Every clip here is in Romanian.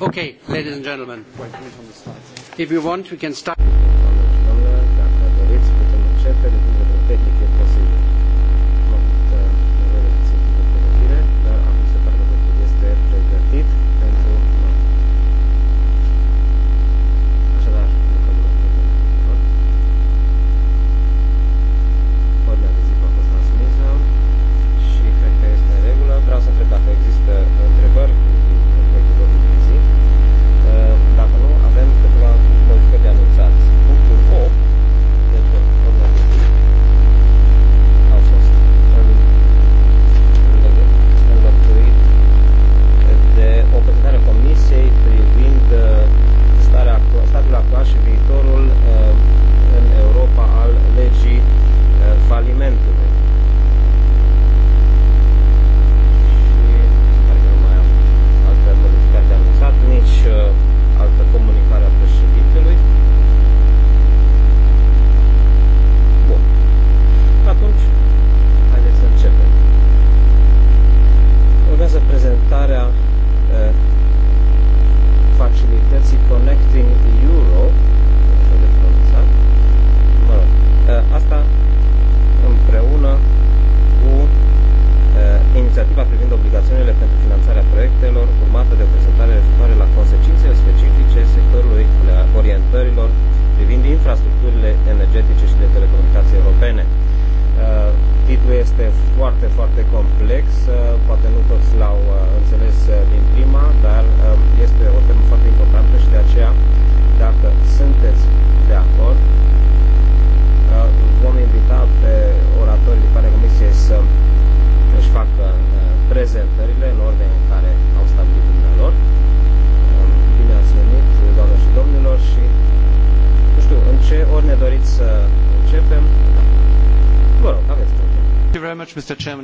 Okay, ladies and gentlemen, if you want, we can start. Mr. Chairman.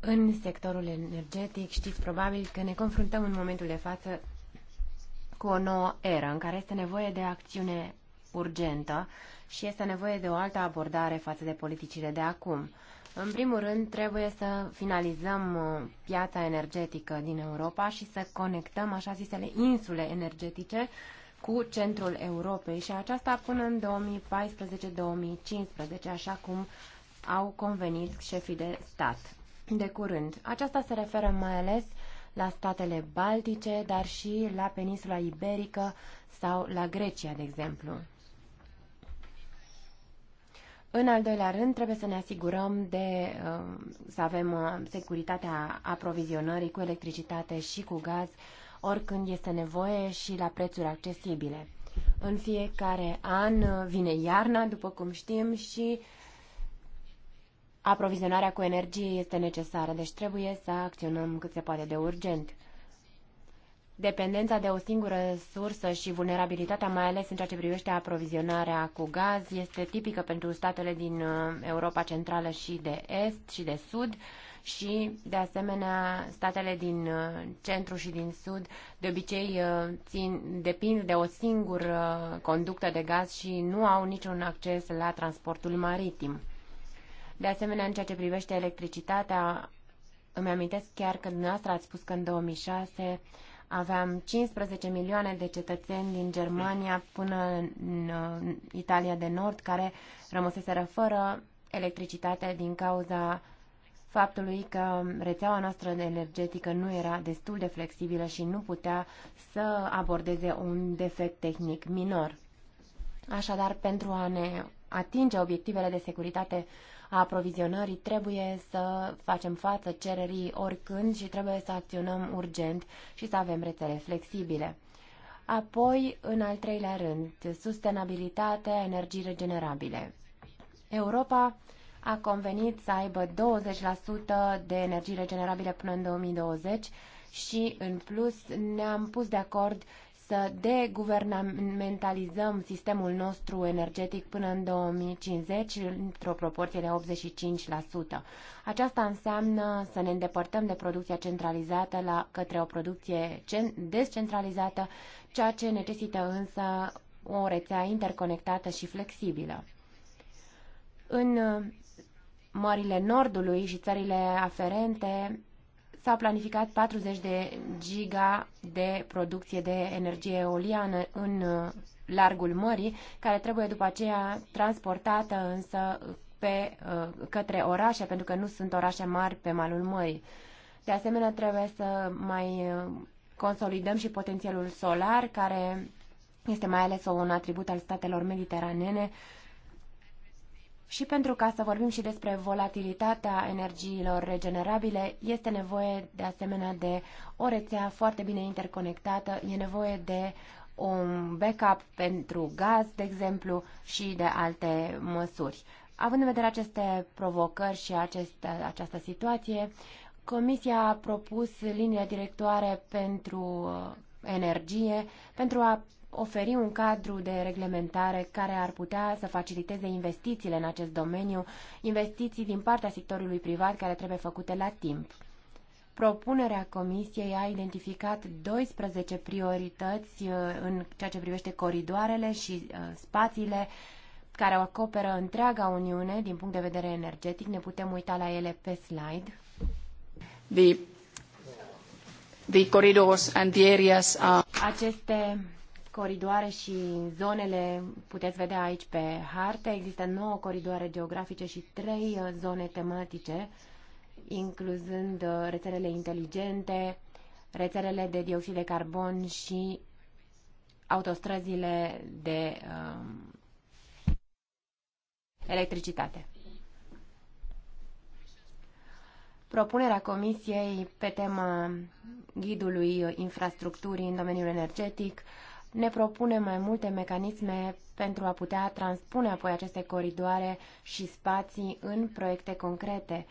În sectorul energetic știți probabil că ne confruntăm în momentul de față cu o nouă eră în care este nevoie de acțiune urgentă și este nevoie de o altă abordare față de politicile de acum. În primul rând, trebuie să finalizăm uh, piața energetică din Europa și să conectăm așa zisele insule energetice cu centrul Europei și aceasta până în 2014-2015, așa cum au convenit șefii de stat de curând. Aceasta se referă mai ales la statele baltice, dar și la peninsula iberică sau la Grecia, de exemplu. În al doilea rând, trebuie să ne asigurăm de um, să avem uh, securitatea aprovizionării cu electricitate și cu gaz oricând este nevoie și la prețuri accesibile. În fiecare an uh, vine iarna, după cum știm, și uh, aprovizionarea cu energie este necesară, deci trebuie să acționăm cât se poate de urgent. Dependența de o singură sursă și vulnerabilitatea, mai ales în ceea ce privește aprovizionarea cu gaz, este tipică pentru statele din uh, Europa Centrală și de Est și de Sud și, de asemenea, statele din uh, centru și din sud de obicei uh, țin, depind de o singură conductă de gaz și nu au niciun acces la transportul maritim. De asemenea, în ceea ce privește electricitatea, îmi amintesc chiar că dumneavoastră ați spus că în 2006 aveam 15 milioane de cetățeni din Germania până în Italia de Nord care rămăseseră fără electricitate din cauza faptului că rețeaua noastră energetică nu era destul de flexibilă și nu putea să abordeze un defect tehnic minor. Așadar, pentru a ne atinge obiectivele de securitate a aprovizionării, trebuie să facem față cererii oricând și trebuie să acționăm urgent și să avem rețele flexibile. Apoi, în al treilea rând, sustenabilitatea energii regenerabile. Europa a convenit să aibă 20% de energii regenerabile până în 2020 și, în plus, ne-am pus de acord să deguvernamentalizăm sistemul nostru energetic până în 2050 într-o proporție de 85%. Aceasta înseamnă să ne îndepărtăm de producția centralizată la către o producție descentralizată, ceea ce necesită însă o rețea interconectată și flexibilă. În mările Nordului și țările aferente, s-au planificat 40 de giga de producție de energie eoliană în uh, largul mării, care trebuie după aceea transportată însă pe, uh, către orașe, pentru că nu sunt orașe mari pe malul mării. De asemenea, trebuie să mai uh, consolidăm și potențialul solar, care este mai ales un atribut al statelor mediteranene, și pentru ca să vorbim și despre volatilitatea energiilor regenerabile, este nevoie de asemenea de o rețea foarte bine interconectată, e nevoie de un backup pentru gaz, de exemplu, și de alte măsuri. Având în vedere aceste provocări și acest, această situație, Comisia a propus linia directoare pentru uh, energie pentru a oferi un cadru de reglementare care ar putea să faciliteze investițiile în acest domeniu, investiții din partea sectorului privat care trebuie făcute la timp. Propunerea Comisiei a identificat 12 priorități uh, în ceea ce privește coridoarele și uh, spațiile care o acoperă întreaga Uniune din punct de vedere energetic. Ne putem uita la ele pe slide. The, the corridors and the areas are... Aceste coridoare și zonele, puteți vedea aici pe hartă, există 9 coridoare geografice și 3 uh, zone tematice, incluzând uh, rețelele inteligente, rețelele de dioxid de carbon și autostrăzile de um, electricitate. Propunerea Comisiei pe tema ghidului uh, infrastructurii în domeniul energetic uh, ne propune mai multe mecanisme pentru a putea transpune apoi aceste coridoare și spații în proiecte concrete,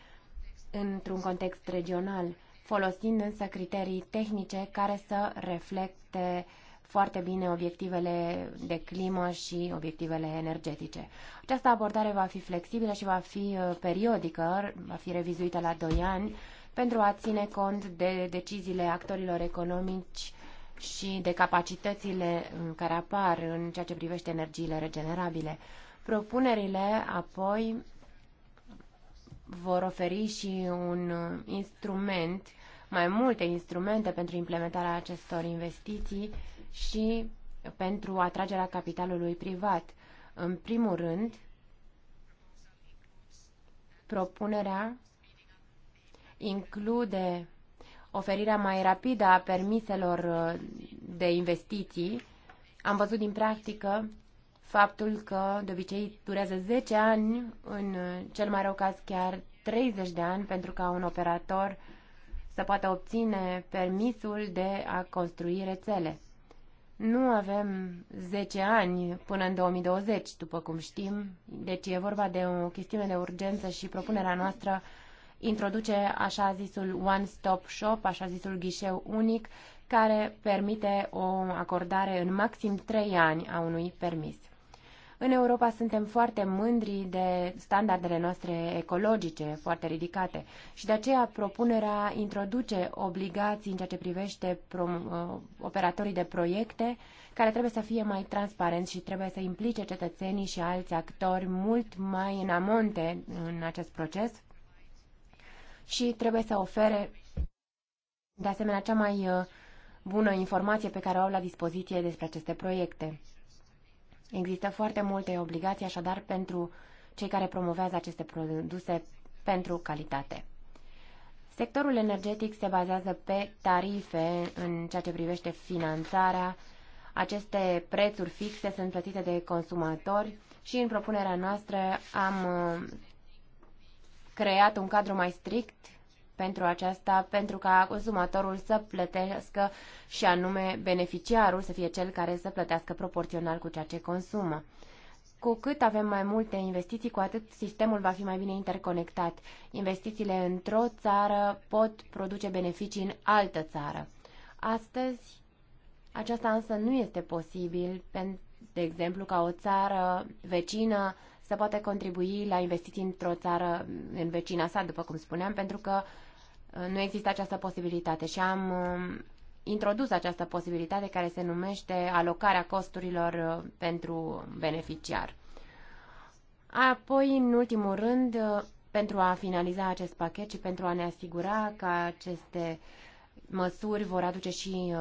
într-un context regional, folosind însă criterii tehnice care să reflecte foarte bine obiectivele de climă și obiectivele energetice. Această abordare va fi flexibilă și va fi uh, periodică, va fi revizuită la 2 ani, pentru a ține cont de deciziile actorilor economici și de capacitățile uh, care apar în ceea ce privește energiile regenerabile. Propunerile apoi vor oferi și un uh, instrument, mai multe instrumente pentru implementarea acestor investiții și pentru atragerea capitalului privat. În primul rând, propunerea include oferirea mai rapidă a permiselor uh, de investiții, am văzut din practică faptul că de obicei durează 10 ani, în uh, cel mai rău caz chiar 30 de ani, pentru ca un operator să poată obține permisul de a construi rețele. Nu avem 10 ani până în 2020, după cum știm, deci e vorba de o chestiune de urgență și propunerea noastră introduce așa zisul one-stop shop, așa zisul ghișeu unic, care permite o acordare în maxim 3 ani a unui permis. În Europa suntem foarte mândri de standardele noastre ecologice foarte ridicate și de aceea propunerea introduce obligații în ceea ce privește uh, operatorii de proiecte care trebuie să fie mai transparenți și trebuie să implice cetățenii și alți actori mult mai în amonte în acest proces și trebuie să ofere de asemenea cea mai uh, bună informație pe care o au la dispoziție despre aceste proiecte. Există foarte multe obligații așadar pentru cei care promovează aceste produse pentru calitate. Sectorul energetic se bazează pe tarife în ceea ce privește finanțarea. Aceste prețuri fixe sunt plătite de consumatori și în propunerea noastră am uh, creat un cadru mai strict pentru aceasta, pentru ca consumatorul să plătească și anume beneficiarul să fie cel care să plătească proporțional cu ceea ce consumă. Cu cât avem mai multe investiții, cu atât sistemul va fi mai bine interconectat. Investițiile într-o țară pot produce beneficii în altă țară. Astăzi, aceasta însă nu este posibil, de exemplu, ca o țară vecină să poate contribui la investiții într-o țară în vecina sa, după cum spuneam, pentru că uh, nu există această posibilitate și am um, introdus această posibilitate care se numește alocarea costurilor uh, pentru beneficiar. Apoi, în ultimul rând, uh, pentru a finaliza acest pachet și pentru a ne asigura că aceste măsuri vor aduce și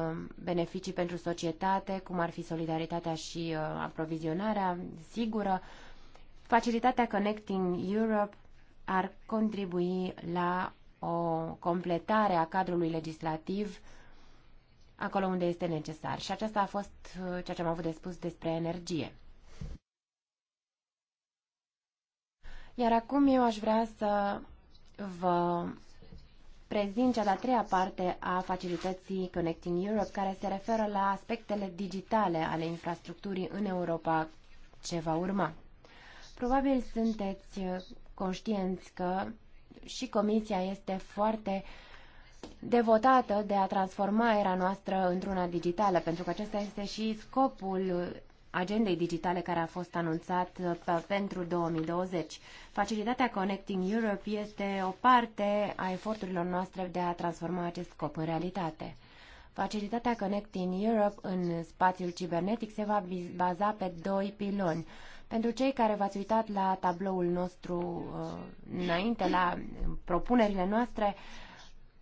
beneficii pentru societate, cum ar fi solidaritatea și aprovizionarea sigură, Facilitatea Connecting Europe ar contribui la o completare a cadrului legislativ acolo unde este necesar. Și aceasta a fost uh, ceea ce am avut de spus despre energie. Iar acum eu aș vrea să vă prezint cea de-a treia parte a facilității Connecting Europe, care se referă la aspectele digitale ale infrastructurii în Europa ce va urma. Probabil sunteți uh, conștienți că și Comisia este foarte devotată de a transforma era noastră într-una digitală, pentru că acesta este și scopul agendei digitale care a fost anunțat uh, pe, pentru 2020. Facilitatea Connecting Europe este o parte a eforturilor noastre de a transforma acest scop în realitate. Facilitatea Connecting Europe în spațiul cibernetic se va baza pe doi piloni. Pentru cei care v-ați uitat la tabloul nostru uh, înainte, la propunerile noastre,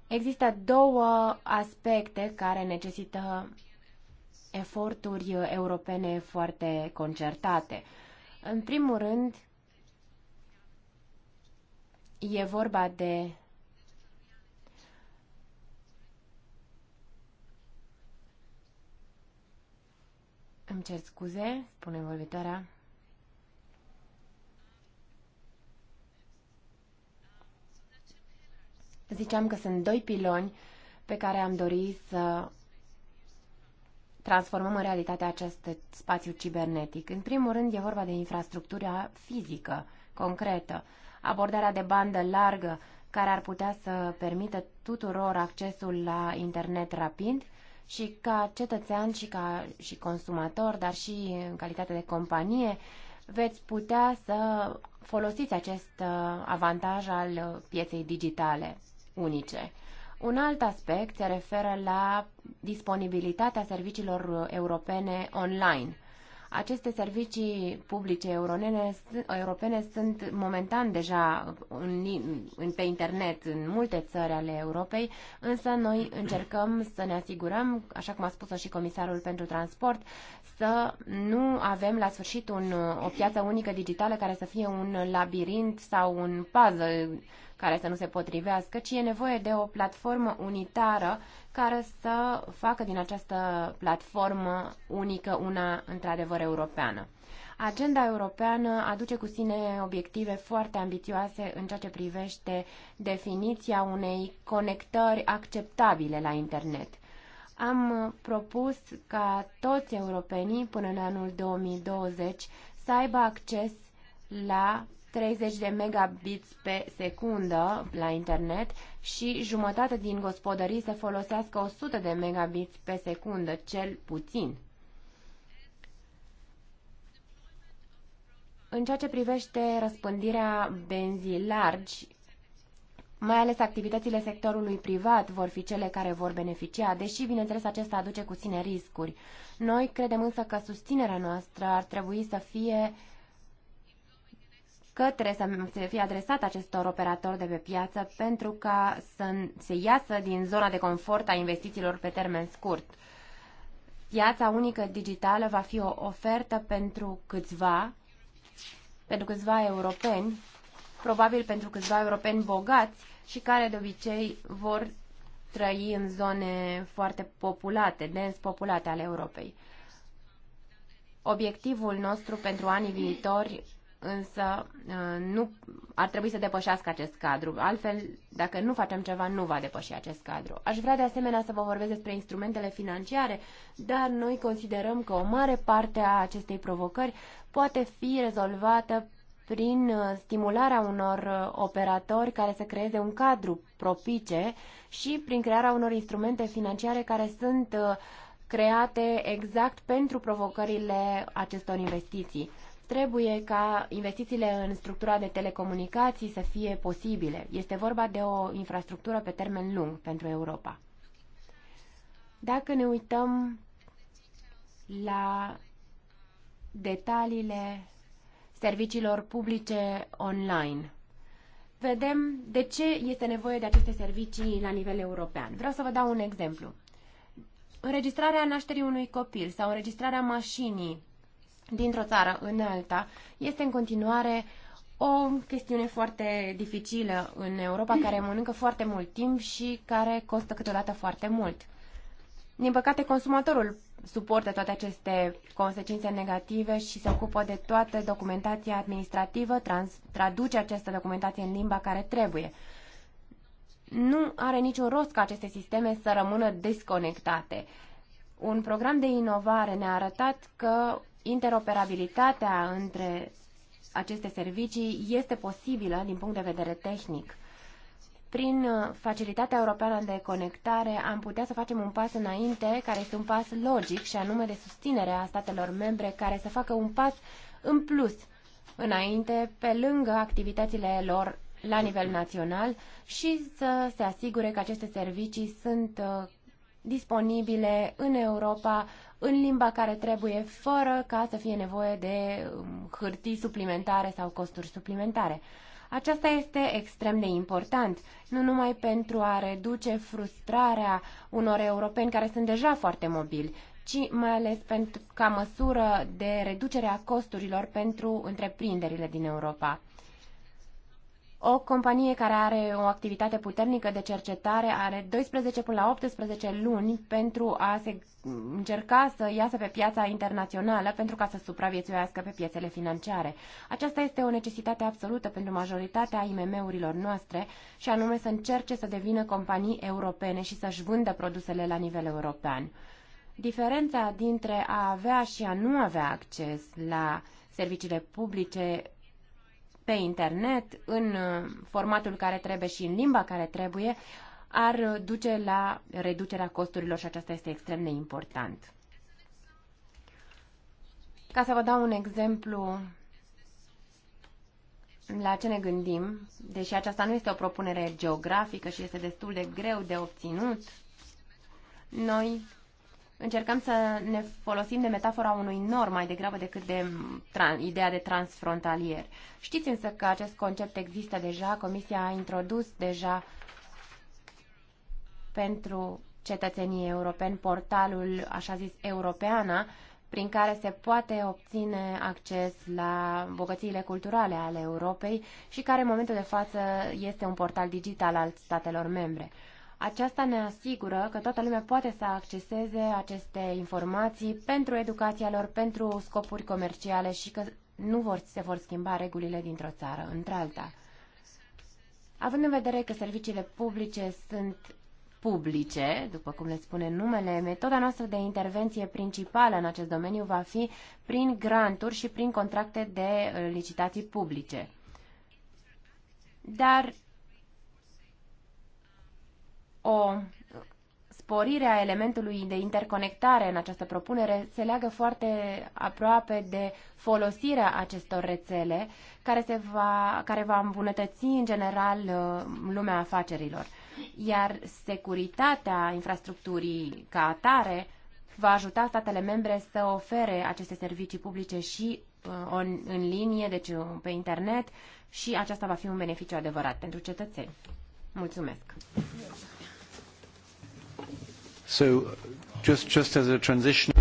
există două aspecte care necesită eforturi europene foarte concertate. În primul rând, e vorba de Îmi cer scuze, spune vorbitoarea. Ziceam că sunt doi piloni pe care am dorit să transformăm în realitate acest spațiu cibernetic. În primul rând, e vorba de infrastructura fizică, concretă, abordarea de bandă largă, care ar putea să permită tuturor accesul la internet rapid și ca cetățean și ca și consumator, dar și în calitate de companie, veți putea să folosiți acest uh, avantaj al uh, pieței digitale unice. Un alt aspect se referă la disponibilitatea serviciilor europene online. Aceste servicii publice europene sunt momentan deja în, pe internet în multe țări ale Europei, însă noi încercăm să ne asigurăm, așa cum a spus-o și Comisarul pentru Transport, să nu avem la sfârșit un, o piață unică digitală care să fie un labirint sau un puzzle care să nu se potrivească, ci e nevoie de o platformă unitară care să facă din această platformă unică una într-adevăr europeană. Agenda europeană aduce cu sine obiective foarte ambițioase în ceea ce privește definiția unei conectări acceptabile la internet. Am propus ca toți europenii până în anul 2020 să aibă acces la 30 de megabits pe secundă la internet și jumătate din gospodării să folosească 100 de megabits pe secundă, cel puțin. În ceea ce privește răspândirea benzii largi, mai ales activitățile sectorului privat vor fi cele care vor beneficia, deși, bineînțeles, acesta aduce cu sine riscuri. Noi credem însă că susținerea noastră ar trebui să fie uh, către să fie adresat acestor operatori de pe piață pentru ca să se iasă din zona de confort a investițiilor pe termen scurt. Piața unică digitală va fi o ofertă pentru câțiva, pentru câțiva europeni, probabil pentru câțiva europeni bogați și care de obicei vor trăi în zone foarte populate, dens populate ale Europei. Obiectivul nostru pentru anii viitori însă uh, nu ar trebui să depășească acest cadru. Altfel, dacă nu facem ceva, nu va depăși acest cadru. Aș vrea de asemenea să vă vorbesc despre instrumentele financiare, dar noi considerăm că o mare parte a acestei provocări poate fi rezolvată prin uh, stimularea unor uh, operatori care să creeze un cadru propice și prin crearea unor instrumente financiare care sunt create exact pentru provocările acestor investiții. Trebuie ca investițiile în structura de telecomunicații să fie posibile. Este vorba de o infrastructură pe termen lung pentru Europa. Dacă ne uităm la detaliile serviciilor publice online, vedem de ce este nevoie de aceste servicii la nivel european. Vreau să vă dau un exemplu. Înregistrarea nașterii unui copil sau înregistrarea mașinii dintr-o țară în alta este în continuare o chestiune foarte dificilă în Europa, care mănâncă foarte mult timp și care costă câteodată foarte mult. Din păcate, consumatorul suportă toate aceste consecințe negative și se ocupă de toată documentația administrativă, trans, traduce această documentație în limba care trebuie. Nu are niciun rost ca aceste sisteme să rămână desconectate. Un program de inovare ne-a arătat că interoperabilitatea între aceste servicii este posibilă din punct de vedere tehnic. Prin uh, Facilitatea Europeană de Conectare am putea să facem un pas înainte, care este un pas logic și anume de susținere a statelor membre care să facă un pas în plus înainte, pe lângă activitățile lor la nivel național și să se asigure că aceste servicii sunt uh, disponibile în Europa în limba care trebuie, fără ca să fie nevoie de um, hârtii suplimentare sau costuri suplimentare. Aceasta este extrem de important, nu numai pentru a reduce frustrarea unor europeni care sunt deja foarte mobili, ci mai ales pentru, ca măsură de reducere a costurilor pentru întreprinderile din Europa. O companie care are o activitate puternică de cercetare are 12 până la 18 luni pentru a se încerca să iasă pe piața internațională pentru ca să supraviețuiască pe piețele financiare. Aceasta este o necesitate absolută pentru majoritatea IMM-urilor noastre și anume să încerce să devină companii europene și să-și vândă produsele la nivel european. Diferența dintre a avea și a nu avea acces la serviciile publice pe internet, în uh, formatul care trebuie și în limba care trebuie, ar uh, duce la reducerea costurilor și aceasta este extrem de important. Ca să vă dau un exemplu la ce ne gândim, deși aceasta nu este o propunere geografică și este destul de greu de obținut, noi încercăm să ne folosim de metafora unui nor mai degrabă decât de ideea de transfrontalier. Știți însă că acest concept există deja, Comisia a introdus deja pentru cetățenii europeni portalul, așa zis, europeana, prin care se poate obține acces la bogățiile culturale ale Europei și care în momentul de față este un portal digital al statelor membre. Aceasta ne asigură că toată lumea poate să acceseze aceste informații pentru educația lor, pentru scopuri comerciale și că nu vor, se vor schimba regulile dintr-o țară într-alta. Având în vedere că serviciile publice sunt publice, după cum le spune numele, metoda noastră de intervenție principală în acest domeniu va fi prin granturi și prin contracte de uh, licitații publice. Dar o sporire a elementului de interconectare în această propunere se leagă foarte aproape de folosirea acestor rețele care, se va, care va îmbunătăți în general uh, lumea afacerilor. Iar securitatea infrastructurii ca atare va ajuta statele membre să ofere aceste servicii publice și în, uh, în linie, deci uh, pe internet, și aceasta va fi un beneficiu adevărat pentru cetățeni. Mulțumesc! So, just, just as a transition...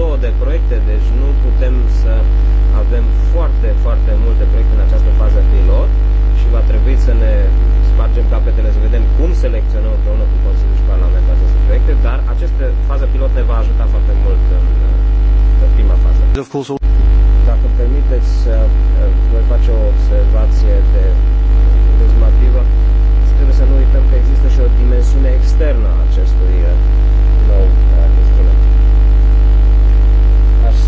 două de proiecte, deci nu putem să avem foarte, foarte multe proiecte în această fază pilot și va trebui să ne spargem capetele, să vedem cum selecționăm împreună cu Consiliul și Parlamentul aceste proiecte, dar aceste fază pilot ne va ajuta foarte mult în, în prima fază. Dacă îmi permiteți, uh, uh, voi face o observație de rezumativă. Trebuie să nu uităm că există și o dimensiune externă a acestui uh, nou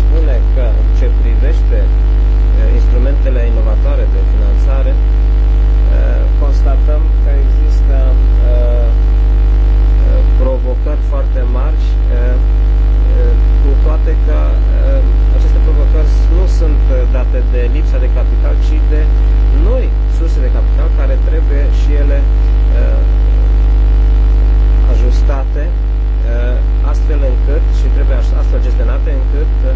spune că ce privește uh, instrumentele inovatoare de finanțare, uh, constatăm că există uh, provocări foarte mari, cu toate că aceste provocări nu sunt date de lipsa de capital, ci de noi surse de capital care trebuie și ele ajustate astfel încât și trebuie astfel gestionate încât uh,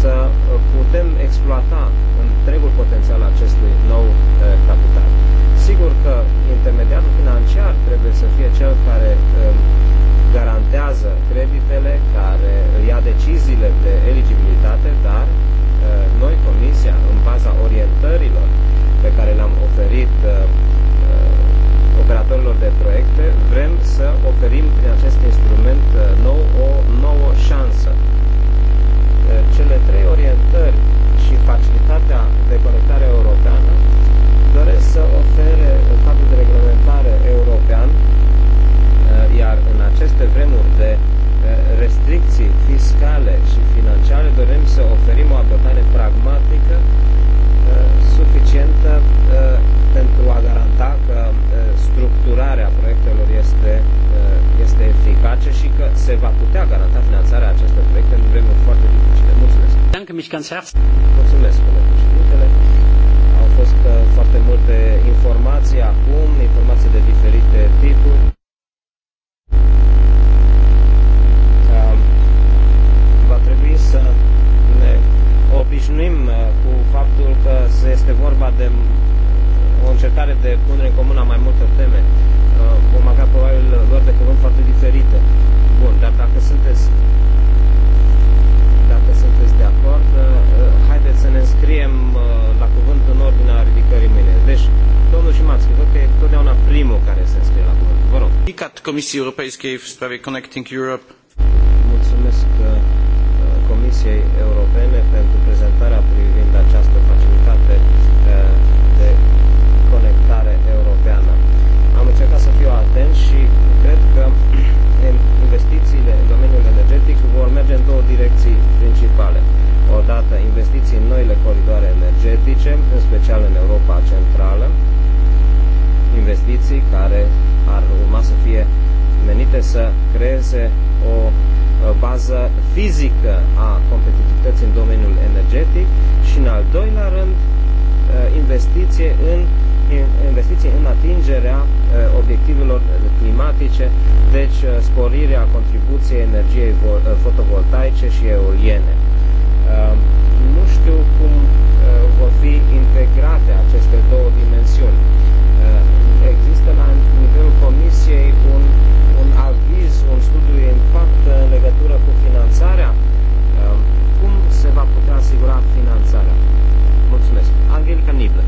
să uh, putem exploata întregul potențial acestui nou uh, capital. Sigur că intermediarul financiar trebuie să fie cel care um, garantează creditele, care ia deciziile de eligibilitate, dar noi, Comisia, în baza orientărilor pe care le-am oferit operatorilor de proiecte, vrem să oferim prin acest instrument uh, nou o nouă șansă. Uh, cele trei orientări și facilitatea de conectare europeană doresc să ofere cadrul de reglementare european, uh, iar în aceste vremuri de restricții fiscale și financiare dorim să oferim o abordare pragmatică, suficientă, pentru a garanta că structurarea proiectelor este, este eficace și că se va putea garanta finanțarea acestor proiecte în vremuri foarte dificile. Mulțumesc! Mulțumesc, domnule președintele. Au fost foarte multe informații acum, informații de diferite tipuri. Va trebui să ne obișnuim cu faptul că se este vorba de o încercare de punere în comun a mai multor teme. Uh, vom avea probabil lor de cuvânt foarte diferite. Bun, dar dacă sunteți dacă sunteți de acord, uh, uh, haideți să ne înscriem la cuvânt în ordinea ridicării mâine. Deci, domnul Șimațchi, văd că e totdeauna primul care se înscrie la cuvânt. Vă rog. ICAT Comisiei Europeiskei w Connecting Europe. Mulțumesc Comisiei Europene pentru prezentarea principale. Odată investiții în noile coridoare energetice, în special în Europa Centrală, investiții care ar urma să fie menite să creeze o uh, bază fizică a competitivității în domeniul energetic și, în al doilea rând, uh, investiție în, investiții în atingerea uh, obiectivelor climatice, deci sporirea contribuției energiei fotovoltaice și eoliene. Ehm, nu știu cum eh, vor fi integrate aceste două dimensiuni. Ehm, există la nivelul Comisiei un, un aviz, un studiu de impact în legătură cu finanțarea. Ehm, cum se va putea asigura finanțarea? Mulțumesc. Angelica Nible.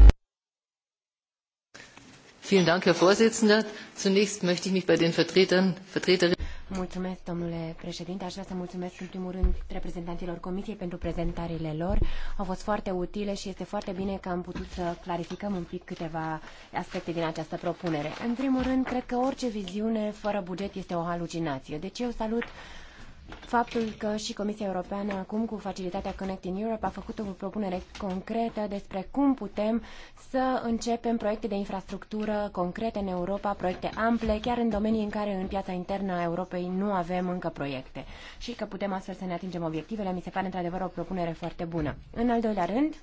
Vielen Dank, Herr Vorsitzender. Zunächst möchte ich mich bei den Vertretern, Vertreterinnen Mulțumesc, domnule președinte. Aș vrea să mulțumesc în primul rând reprezentanților comisiei pentru prezentările lor. Au fost foarte utile și este foarte bine că am putut să clarificăm un pic câteva aspecte din această propunere. În primul rând, cred că orice viziune fără buget este o halucinație. Deci eu salut uh, faptul că și Comisia Europeană acum cu facilitatea Connecting Europe a făcut o propunere concretă despre cum putem să începem proiecte de infrastructură concrete în Europa, proiecte ample, chiar în domenii în care în piața internă a Europei nu avem încă proiecte și că putem astfel să ne atingem obiectivele, mi se pare într-adevăr o propunere foarte bună. În al doilea rând,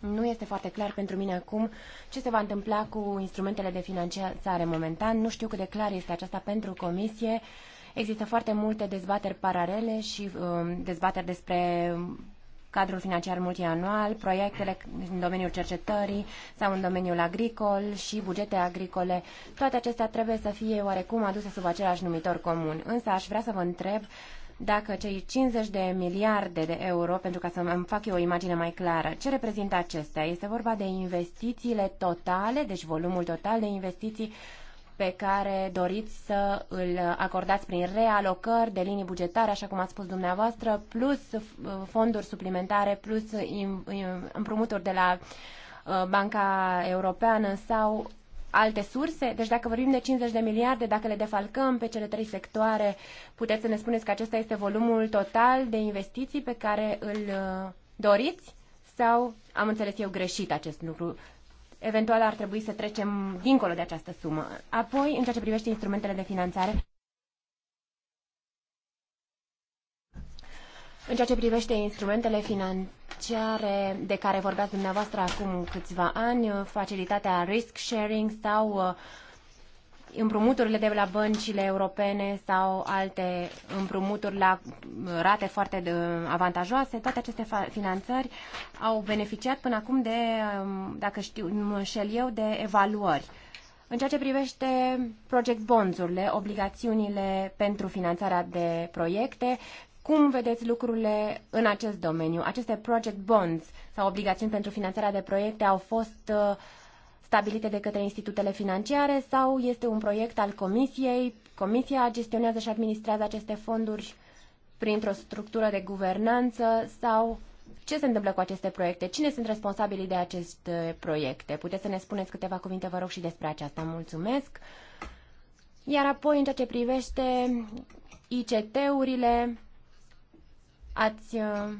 nu este foarte clar pentru mine acum ce se va întâmpla cu instrumentele de finanțare momentan. Nu știu cât de clar este aceasta pentru Comisie. Uh, Există foarte multe dezbateri paralele și um, dezbateri despre cadrul financiar multianual, proiectele în domeniul cercetării sau în domeniul agricol și bugete agricole. Toate acestea trebuie să fie oarecum aduse sub același numitor comun. Însă aș vrea să vă întreb dacă cei 50 de miliarde de euro, pentru ca să îmi fac eu o imagine mai clară, ce reprezintă acestea? Este vorba de investițiile totale, deci volumul total de investiții pe care doriți să îl acordați prin realocări de linii bugetare, așa cum ați spus dumneavoastră, plus uh, fonduri suplimentare, plus împrumuturi de la uh, Banca Europeană sau alte surse? Deci dacă vorbim de 50 de miliarde, dacă le defalcăm pe cele trei sectoare, puteți să ne spuneți că acesta este volumul total de investiții pe care îl uh, doriți? Sau am înțeles eu greșit acest lucru? eventual ar trebui să trecem dincolo de această sumă. Apoi, în ceea ce privește instrumentele de finanțare, În ceea ce privește instrumentele financiare de care vorbeați dumneavoastră acum câțiva ani, facilitatea risk sharing sau uh, împrumuturile de la băncile europene sau alte împrumuturi la rate foarte avantajoase, toate aceste finanțări au beneficiat până acum de, dacă știu, înșel eu, de evaluări. În ceea ce privește project bonds-urile, obligațiunile pentru finanțarea de proiecte, cum vedeți lucrurile în acest domeniu? Aceste project bonds sau obligațiuni pentru finanțarea de proiecte au fost uh, stabilite de către institutele financiare sau este un proiect al Comisiei. Comisia gestionează și administrează aceste fonduri printr-o structură de guvernanță sau ce se întâmplă cu aceste proiecte? Cine sunt responsabilii de aceste proiecte? Puteți să ne spuneți câteva cuvinte, vă rog, și despre aceasta. Mulțumesc! Iar apoi, în ceea ce privește ICT-urile, ați uh,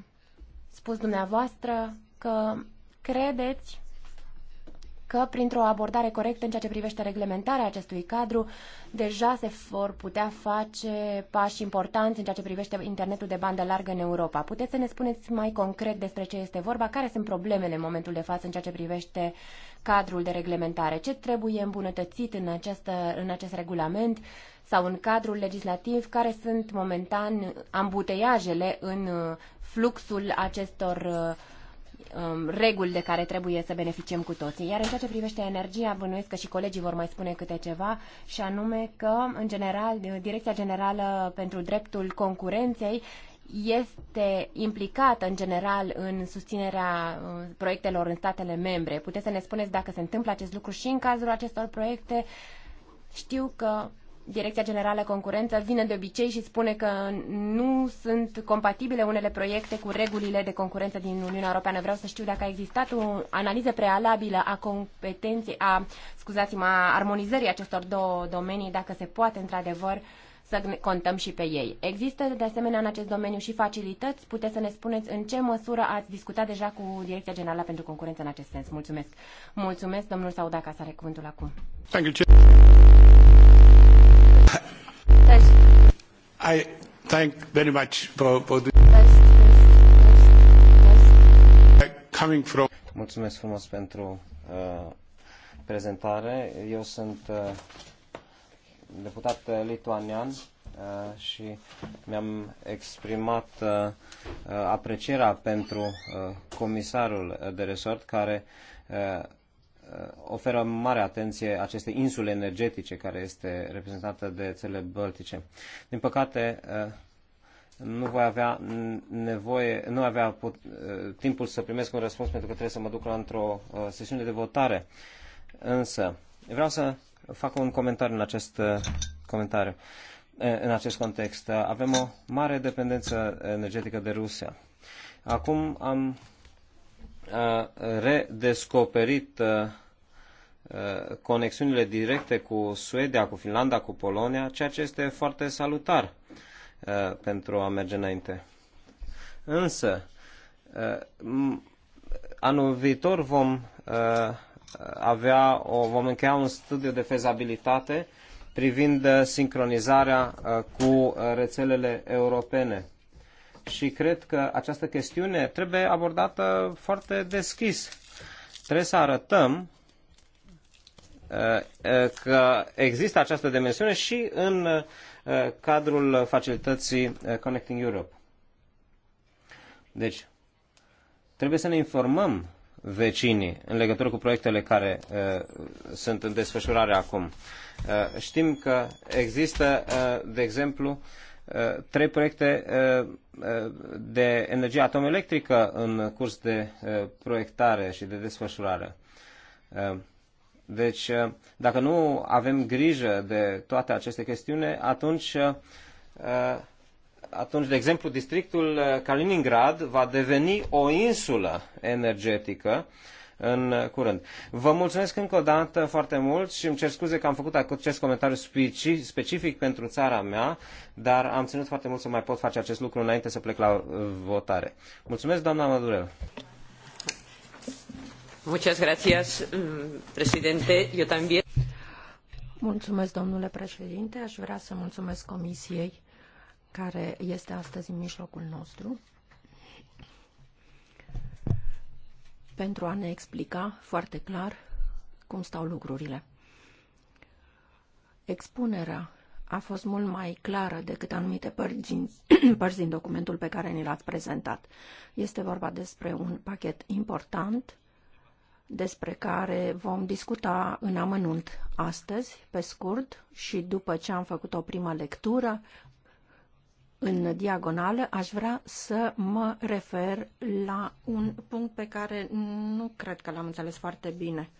spus dumneavoastră că credeți că printr-o abordare corectă în ceea ce privește reglementarea acestui cadru, deja se vor putea face pași importanți în ceea ce privește internetul de bandă largă în Europa. Puteți să ne spuneți mai concret despre ce este vorba, care sunt problemele în momentul de față în ceea ce privește cadrul de reglementare, ce trebuie îmbunătățit în, acest, în acest regulament sau în cadrul legislativ, care sunt momentan ambuteiajele în uh, fluxul acestor uh, um, reguli de care trebuie să beneficiem cu toții. Iar în ceea ce privește energia, bănuiesc că și colegii vor mai spune câte ceva, și anume că, în general, uh, Direcția Generală pentru Dreptul Concurenței este implicată în general în susținerea uh, proiectelor în statele membre. Puteți să ne spuneți dacă se întâmplă acest lucru și în cazul acestor proiecte. Știu că Direcția Generală Concurență vine de obicei și spune că nu sunt compatibile unele proiecte cu regulile de concurență din Uniunea Europeană. Vreau să știu dacă a existat o analiză prealabilă a competenței, a, scuzați-mă, a armonizării acestor două domenii, dacă se poate într-adevăr să contăm și pe ei. Există de asemenea în acest domeniu și facilități? Puteți să ne spuneți în ce măsură ați discutat deja cu Direcția Generală pentru Concurență în acest sens? Mulțumesc. Mulțumesc, domnul Saudaca, să are cuvântul acum. Thank you, I thank very much for, for the... coming from. Mulțumesc frumos pentru uh, prezentare. Eu sunt uh, deputat lituanian uh, și mi-am exprimat uh, uh aprecierea pentru uh, comisarul de resort care uh, Uh, oferă mare atenție aceste insule energetice care este reprezentată de țările baltice. Din păcate, uh, nu voi avea nevoie, nu avea put, uh, timpul să primesc un răspuns pentru că trebuie să mă duc la într-o sesiune de votare. Însă, vreau să fac un comentariu în acest comentariu. În acest context, avem o mare dependență energetică de Rusia. Acum am a redescoperit conexiunile directe cu Suedia, cu Finlanda, cu Polonia, ceea ce este foarte salutar pentru a merge înainte. Însă, anul viitor vom avea, o, vom încheia un studiu de fezabilitate privind sincronizarea cu rețelele europene și cred că această chestiune trebuie abordată foarte deschis. Trebuie să arătăm uh, uh, că există această dimensiune și în uh, cadrul facilității Connecting Europe. Deci, trebuie să ne informăm vecinii în legătură cu proiectele care uh, sunt în desfășurare acum. Uh, știm că există, uh, de exemplu, Eh, trei proiecte eh, eh, de energie atomelectrică în curs de proiectare și de desfășurare. Deci, dacă nu avem grijă de toate aceste chestiuni, atunci, atunci, de exemplu, districtul Kaliningrad va deveni o insulă energetică în curând. Vă mulțumesc încă o dată foarte mult și îmi cer scuze că am făcut acest comentariu specific pentru țara mea, dar am ținut foarte mult să mai pot face acest lucru înainte să plec la uh, votare. Mulțumesc, doamna Madurel. Muchas gracias, presidente. Yo también. Mulțumesc, domnule președinte. Aș vrea să mulțumesc Comisiei care este astăzi în mijlocul nostru. pentru a ne explica foarte clar cum stau lucrurile. Expunerea a fost mult mai clară decât anumite părți din, părți din documentul pe care ni l-ați prezentat. Este vorba despre un pachet important despre care vom discuta în amănunt astăzi, pe scurt, și după ce am făcut o primă lectură, în diagonală, aș vrea să mă refer la un punct pe care nu cred că l-am înțeles foarte bine.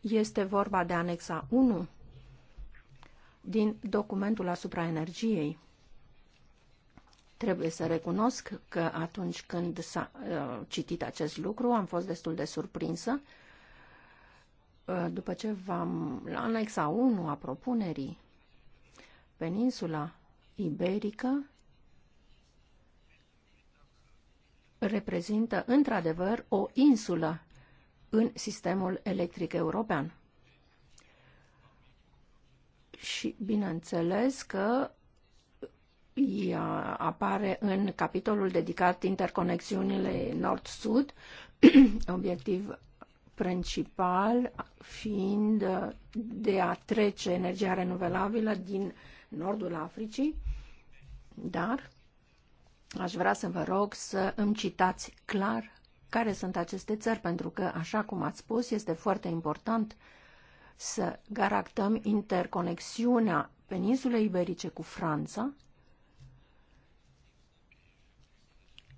Este vorba de anexa 1 din documentul asupra energiei. Trebuie să recunosc că atunci când s-a uh, citit acest lucru am fost destul de surprinsă. Uh, după ce v-am, la anexa 1 a propunerii, peninsula iberică reprezintă într-adevăr o insulă în sistemul electric european. Și bineînțeles că ea apare în capitolul dedicat interconexiunile nord-sud, obiectiv principal fiind de a trece energia renovabilă din nordul Africii dar aș vrea să vă rog să îmi citați clar care sunt aceste țări, pentru că, așa cum ați spus, este foarte important să garantăm interconexiunea peninsulei iberice cu Franța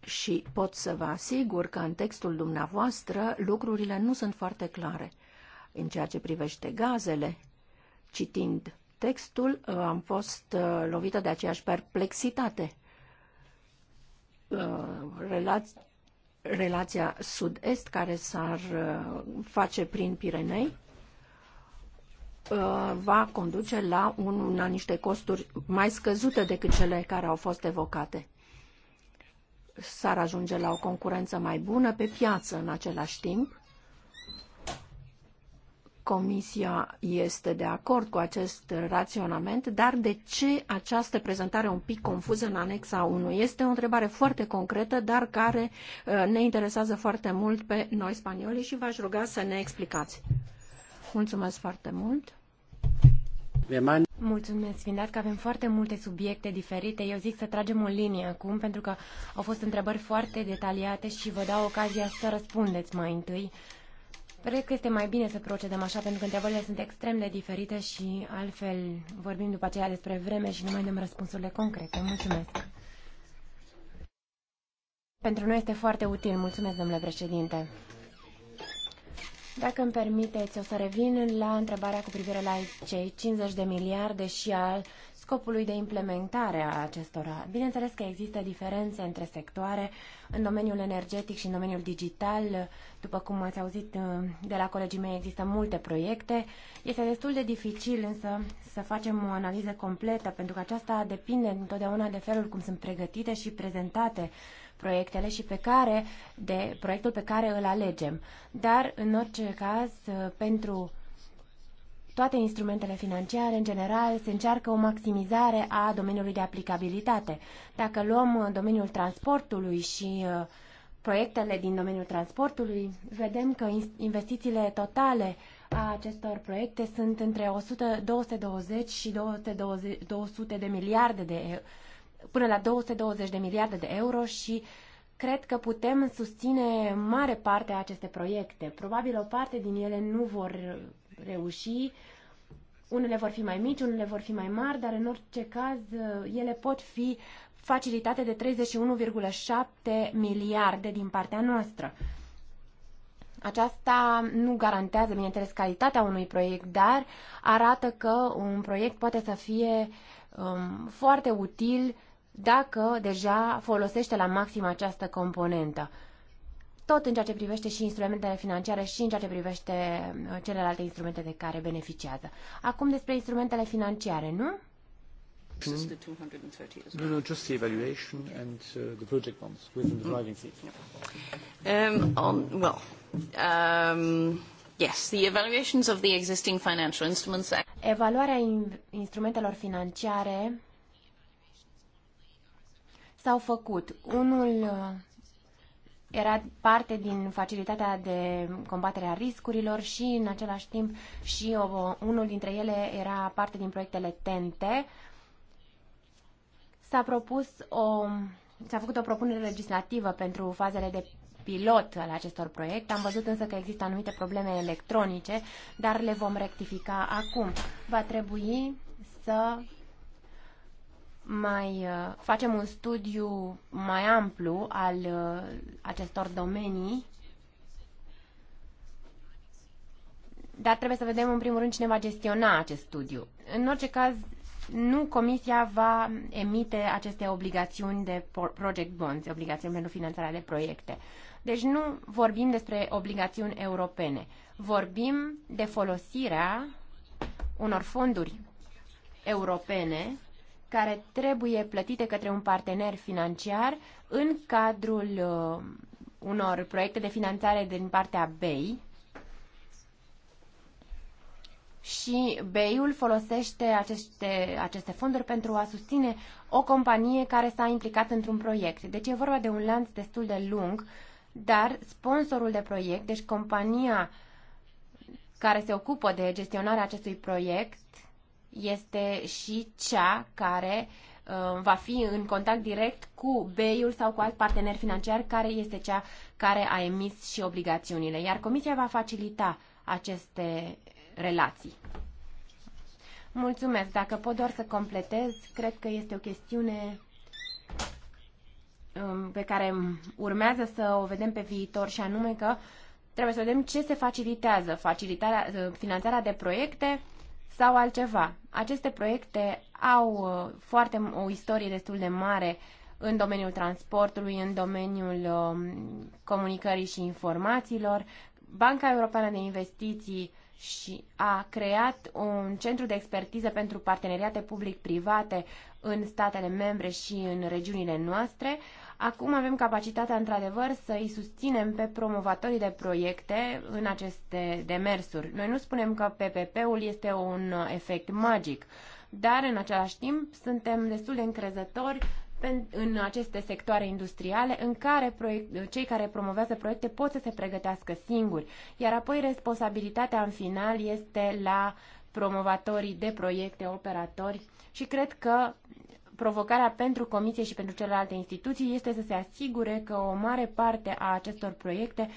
și pot să vă asigur că în textul dumneavoastră lucrurile nu sunt foarte clare. În ceea ce privește gazele, citind textul, uh, am fost uh, lovită de aceeași perplexitate. Uh, relația sud-est care s-ar face prin Pirenei va conduce la, un, la niște costuri mai scăzute decât cele care au fost evocate. S-ar ajunge la o concurență mai bună pe piață în același timp Comisia este de acord cu acest raționament, dar de ce această prezentare un pic confuză în anexa 1? Este o întrebare foarte concretă, dar care uh, ne interesează foarte mult pe noi spaniolii și v-aș ruga să ne explicați. Mulțumesc foarte mult! Mulțumesc, Vindat, că avem foarte multe subiecte diferite. Eu zic să tragem o linie acum, pentru că au fost întrebări foarte detaliate și vă dau ocazia să răspundeți mai întâi Cred că este mai bine să procedăm așa, pentru că întrebările sunt extrem de diferite și altfel vorbim după aceea despre vreme și nu mai dăm răspunsurile concrete. Mulțumesc! Pentru noi este foarte util. Mulțumesc, domnule președinte. Dacă îmi permiteți, o să revin la întrebarea cu privire la cei 50 de miliarde și al scopului de implementare a acestora. Bineînțeles că există diferențe între sectoare în domeniul energetic și în domeniul digital. După cum ați auzit uh, de la colegii mei, există multe proiecte. Este destul de dificil însă să facem o analiză completă, pentru că aceasta depinde întotdeauna de felul cum sunt pregătite și prezentate proiectele și pe care, de proiectul pe care îl alegem. Dar, în orice caz, uh, pentru toate instrumentele financiare, în general, se încearcă o maximizare a domeniului de aplicabilitate. Dacă luăm uh, domeniul transportului și uh, proiectele din domeniul transportului, vedem că investițiile totale a acestor proiecte sunt între 100, 220 și 220, 200 de miliarde de până la 220 de miliarde de euro și cred că putem susține mare parte a aceste proiecte. Probabil o parte din ele nu vor reuși. Unele vor fi mai mici, unele vor fi mai mari, dar în orice caz uh, ele pot fi facilitate de 31,7 miliarde din partea noastră. Aceasta nu garantează, bineînțeles, calitatea unui proiect, dar arată că un proiect poate să fie um, foarte util dacă deja folosește la maxim această componentă tot în ceea ce privește și instrumentele financiare și în ceea ce privește uh, celelalte instrumente de care beneficiază. Acum despre instrumentele financiare, nu? Hmm? No, no, just the evaluation and uh, the project bonds within the hmm. driving seat. Um, on, well, um, yes, the evaluations of the existing financial instruments. Evaluarea in instrumentelor financiare s-au făcut. Unul uh, era parte din facilitatea de combatere a riscurilor și în același timp și o, unul dintre ele era parte din proiectele TNT. S-a propus o s-a făcut o propunere legislativă pentru fazele de pilot al acestor proiecte. Am văzut însă că există anumite probleme electronice, dar le vom rectifica acum. Va trebui să mai uh, facem un studiu mai amplu al uh, acestor domenii, dar trebuie să vedem în primul rând cine va gestiona acest studiu. În orice caz, nu Comisia va emite aceste obligațiuni de project bonds, obligațiuni pentru finanțarea de proiecte. Deci nu vorbim despre obligațiuni europene. Vorbim de folosirea unor fonduri europene care trebuie plătite către un partener financiar în cadrul uh, unor proiecte de finanțare din partea BEI, și BEI-ul folosește aceste, aceste fonduri pentru a susține o companie care s-a implicat într-un proiect. Deci e vorba de un lanț destul de lung, dar sponsorul de proiect, deci compania care se ocupă de gestionarea acestui proiect, este și cea care uh, va fi în contact direct cu BEI-ul sau cu alt partener financiar care este cea care a emis și obligațiunile, iar Comisia va facilita aceste relații. Mulțumesc. Dacă pot doar să completez, cred că este o chestiune um, pe care urmează să o vedem pe viitor și anume că trebuie să vedem ce se facilitează, facilitarea, uh, finanțarea de proiecte sau altceva. Aceste proiecte au uh, foarte o istorie destul de mare în domeniul transportului, în domeniul um, comunicării și informațiilor. Banca Europeană de Investiții și a creat un centru de expertiză pentru parteneriate public-private în statele membre și în regiunile noastre. Acum avem capacitatea, într-adevăr, să îi susținem pe promovatorii de proiecte în aceste demersuri. Noi nu spunem că PPP-ul este un efect magic, dar, în același timp, suntem destul de încrezători în aceste sectoare industriale în care proiect, cei care promovează proiecte pot să se pregătească singuri, iar apoi responsabilitatea în final este la promovatorii de proiecte, operatori și cred că provocarea pentru Comisie și pentru celelalte instituții este să se asigure că o mare parte a acestor proiecte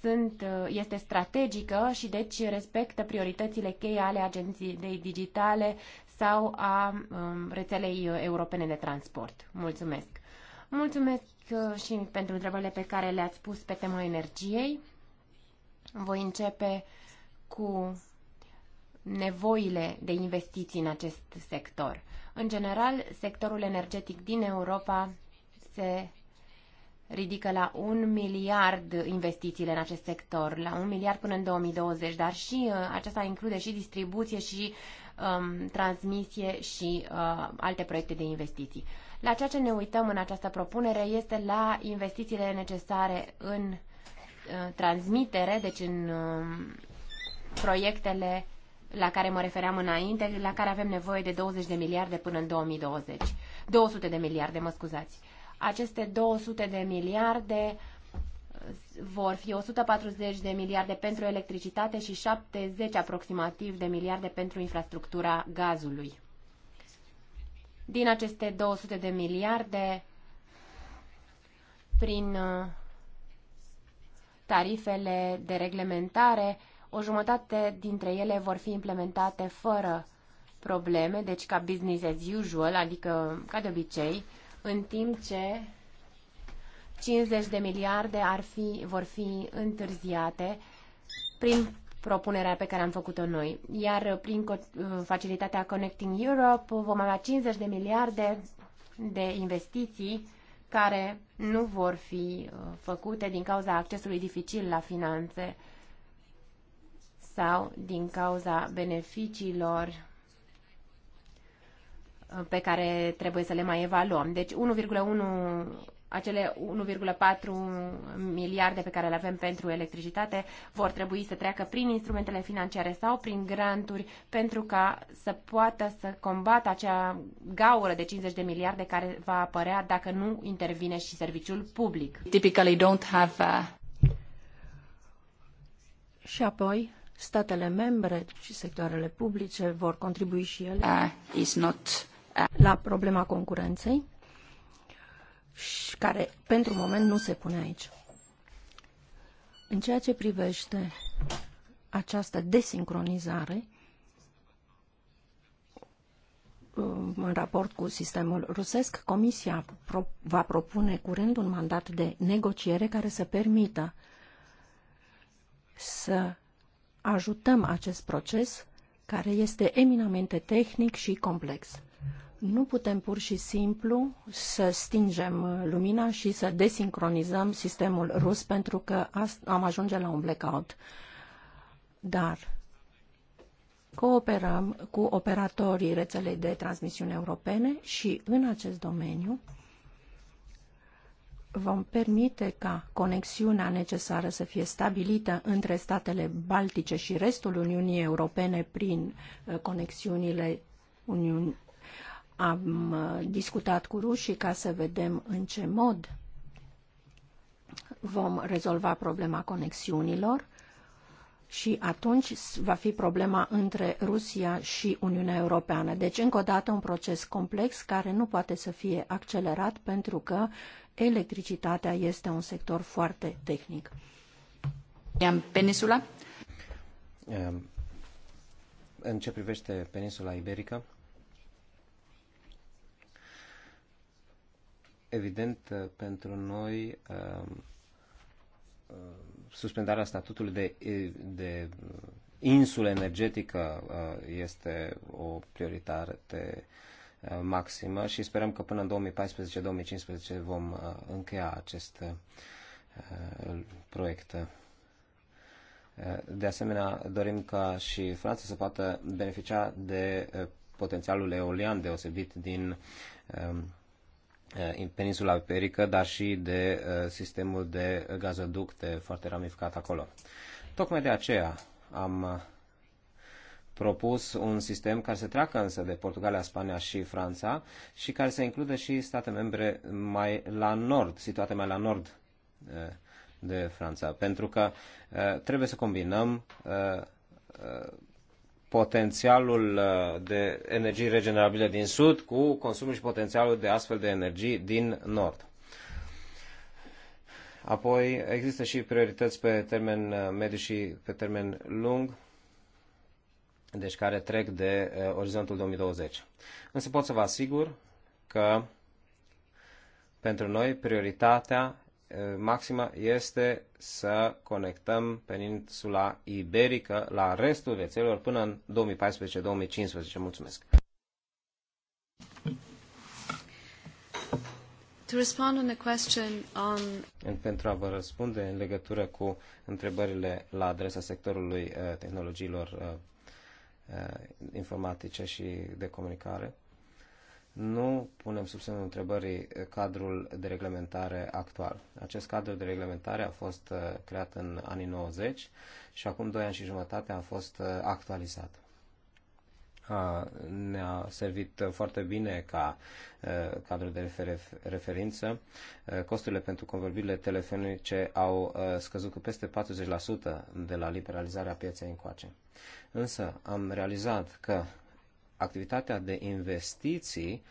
sunt, uh, este strategică și deci respectă prioritățile cheie ale agenției digitale sau a um, rețelei uh, europene de transport. Mulțumesc! Mulțumesc uh, și pentru întrebările pe care le-ați pus pe tema energiei. Voi începe cu nevoile de investiții în acest sector. În general, sectorul energetic din Europa se ridică la un miliard investițiile în acest sector, la un miliard până în 2020, dar și uh, aceasta include și distribuție și um, transmisie și uh, alte proiecte de investiții. La ceea ce ne uităm în această propunere este la investițiile necesare în uh, transmitere, deci în uh, proiectele la care mă refeream înainte, la care avem nevoie de 20 de miliarde până în 2020. 200 de miliarde, mă scuzați. Aceste 200 de miliarde uh, vor fi 140 de miliarde pentru electricitate și 70 aproximativ de miliarde pentru infrastructura gazului. Din aceste 200 de miliarde, prin uh, tarifele de reglementare, o jumătate dintre ele vor fi implementate fără probleme, deci ca business as usual, adică ca de obicei, în timp ce 50 de miliarde ar fi, vor fi întârziate prin propunerea pe care am făcut-o noi. Iar prin facilitatea Connecting Europe vom avea 50 de miliarde de investiții care nu vor fi uh, făcute din cauza accesului dificil la finanțe sau din cauza beneficiilor uh, pe care trebuie să le mai evaluăm. Deci 1,1 acele 1,4 miliarde pe care le avem pentru electricitate vor trebui să treacă prin instrumentele financiare sau prin granturi pentru ca să poată să combată acea gaură de 50 de miliarde care va apărea dacă nu intervine și serviciul public. Typically don't have a... Uh, și apoi statele membre și sectoarele publice vor contribui și ele uh, not, uh... la problema concurenței, care pentru moment nu se pune aici. În ceea ce privește această desincronizare, um, în raport cu sistemul rusesc, Comisia pro va propune curând un mandat de negociere care să permită să ajutăm acest proces care este eminamente tehnic și complex. Nu putem pur și simplu să stingem lumina și să desincronizăm sistemul rus pentru că am ajunge la un blackout. Dar cooperăm cu operatorii rețelei de transmisiune europene și în acest domeniu vom permite ca conexiunea necesară să fie stabilită între statele baltice și restul Uniunii Europene prin uh, conexiunile Uniunii. Am uh, discutat cu rușii ca să vedem în ce mod vom rezolva problema conexiunilor și atunci va fi problema între Rusia și Uniunea Europeană. Deci, încă o dată, un proces complex care nu poate să fie accelerat pentru că electricitatea este un sector foarte tehnic. Peninsula? Ehm, în ce privește peninsula iberică, evident, pentru noi ehm, suspendarea statutului de, de insulă energetică ehm, este o prioritate Eh, maximă și sperăm că până în 2014-2015 vom eh, încheia acest eh, proiect. De asemenea, dorim ca și Franța să poată beneficia de potențialul eolian deosebit din peninsula Perică, dar și de sistemul de gazoducte foarte ramificat acolo. Tocmai de aceea am propus un sistem care să treacă însă de Portugalia, Spania și Franța și care să includă și state membre mai la nord, situate mai la nord eh, de Franța. Pentru că eh, trebuie să combinăm eh, potențialul de energii regenerabile din sud cu consumul și potențialul de astfel de energii din nord. Apoi există și priorități pe termen mediu și pe termen lung deci care trec de uh, orizontul 2020. Însă pot să vă asigur că pentru noi prioritatea eh, maximă este să conectăm peninsula iberică la restul rețelelor până în 2014-2015. Mulțumesc! To respond on the question on... Pentru a vă răspunde în legătură cu întrebările la adresa sectorului eh, tehnologiilor Uh, informatice și de comunicare. Nu punem sub semnul întrebării uh, cadrul de reglementare actual. Acest cadru de reglementare a fost uh, creat în anii 90 și acum 2 ani și jumătate a fost actualizat ne-a servit foarte bine ca cadru de referință. Costurile pentru convorbirile telefonice au scăzut cu peste 40% de la liberalizarea pieței încoace. Însă am realizat că activitatea de investiții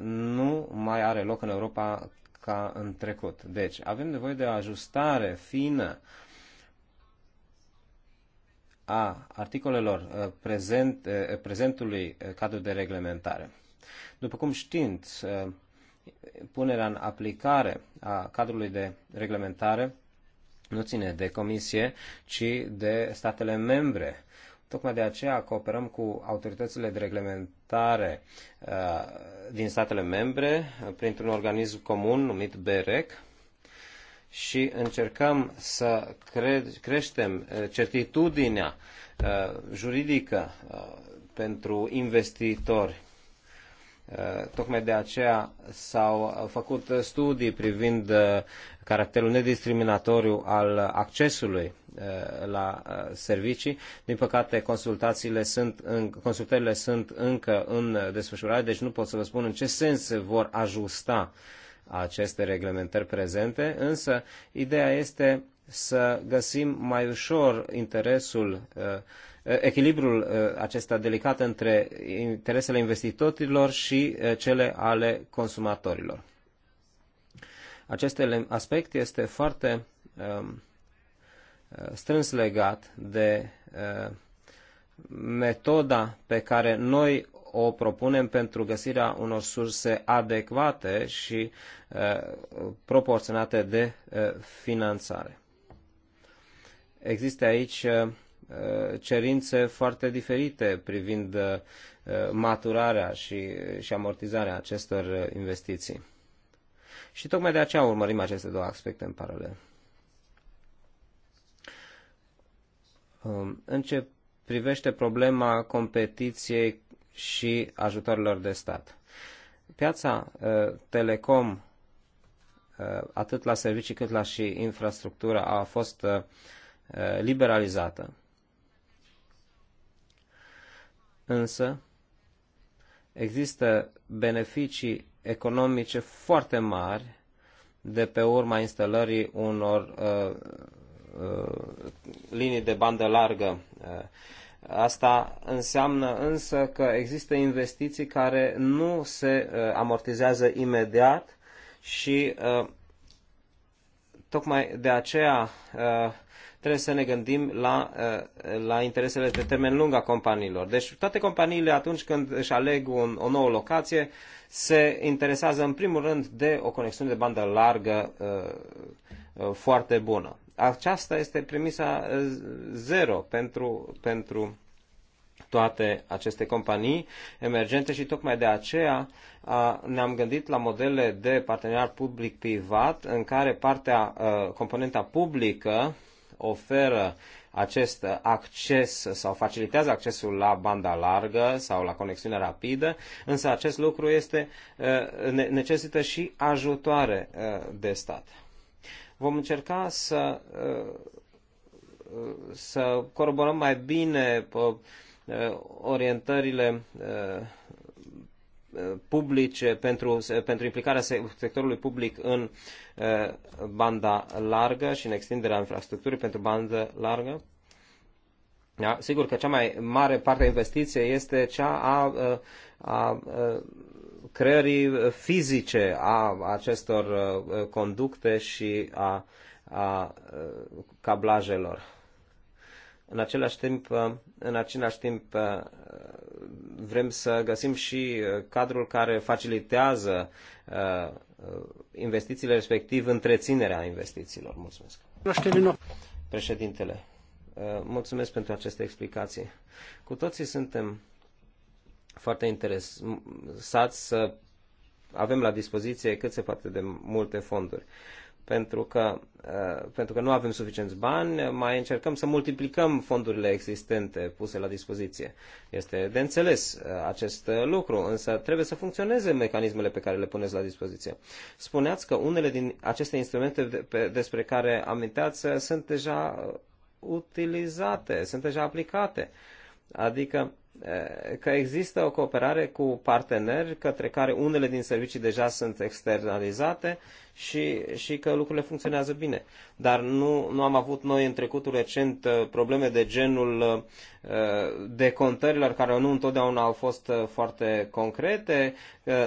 nu mai are loc în Europa ca în trecut. Deci avem nevoie de o ajustare fină uh, a articolelor uh, prezent, uh, prezentului uh, cadru de reglementare. După cum știți, punerea în aplicare a cadrului de reglementare nu ține de comisie, ci de statele membre. Tocmai de aceea cooperăm cu autoritățile de reglementare din statele membre printr-un organism comun numit BEREC, și încercăm să cre- creștem uh, certitudinea uh, juridică uh, pentru investitori. Tocmai de aceea s-au făcut studii privind caracterul nediscriminatoriu al accesului la servicii. Din păcate, consultațiile sunt în, consultările sunt încă în desfășurare, deci nu pot să vă spun în ce sens se vor ajusta uh, aceste reglementări prezente, însă ideea este să găsim mai ușor interesul, uh, echilibrul uh, acesta delicat între interesele investitorilor și uh, cele ale consumatorilor. Acest aspect este foarte um, strâns legat de metoda pe care noi o propunem pentru găsirea unor surse adecvate și eh, proporționate de eh, finanțare. Există aici eh, cerințe foarte diferite privind maturarea și, și amortizarea acestor investiții. Și tocmai de aceea urmărim aceste două aspecte în paralel. Um, în ce privește problema competiției și ajutorilor de stat. Piața uh, telecom, uh, atât la servicii cât la și infrastructura, a fost uh, liberalizată. Însă, există beneficii economice foarte mari de pe urma instalării unor uh, uh, linii de bandă largă uh, Asta înseamnă însă că există investiții care nu se uh, amortizează imediat și uh, tocmai de aceea uh, trebuie să ne gândim la, la interesele de termen lung a companiilor. Deci toate companiile atunci când își aleg un, o nouă locație se interesează în primul rând de o conexiune de bandă largă foarte bună aceasta este premisa eh, zero pentru, pentru toate aceste companii emergente și tocmai de aceea ne-am gândit la modele de parteneriat public-privat în care partea, eh, componenta publică oferă acest acces sau facilitează accesul la banda largă sau la conexiune rapidă, însă acest lucru este, eh, necesită și ajutoare de stat. Vom încerca să, uh, să coroborăm mai bine uh, uh, orientările publice pentru, pentru implicarea sectorului public în banda largă și în extinderea infrastructurii pentru bandă largă. Da? Sigur că cea mai mare parte a investiției este cea a, a, a creării uh, fizice a acestor uh, conducte și a, a uh, cablajelor. În același timp, în același timp vrem să găsim și cadrul care facilitează investițiile, respectiv întreținerea investițiilor. Mulțumesc. Președintele, mulțumesc pentru aceste explicații. Cu toții suntem foarte interesați să avem la dispoziție cât se poate de multe fonduri. Pentru că, uh, pentru că nu avem suficienți bani, mai încercăm să multiplicăm fondurile existente puse la dispoziție. Este de înțeles uh, acest lucru, însă trebuie să funcționeze mecanismele pe care le puneți la dispoziție. Spuneați că unele din aceste instrumente despre care aminteați uh, sunt deja utilizate, sunt deja aplicate. Adică Eh, că există o cooperare cu parteneri către care unele din servicii deja sunt externalizate și, și că lucrurile funcționează bine. Dar nu, nu am avut noi în trecutul recent eh, probleme de genul eh, decontărilor care nu întotdeauna au fost foarte concrete.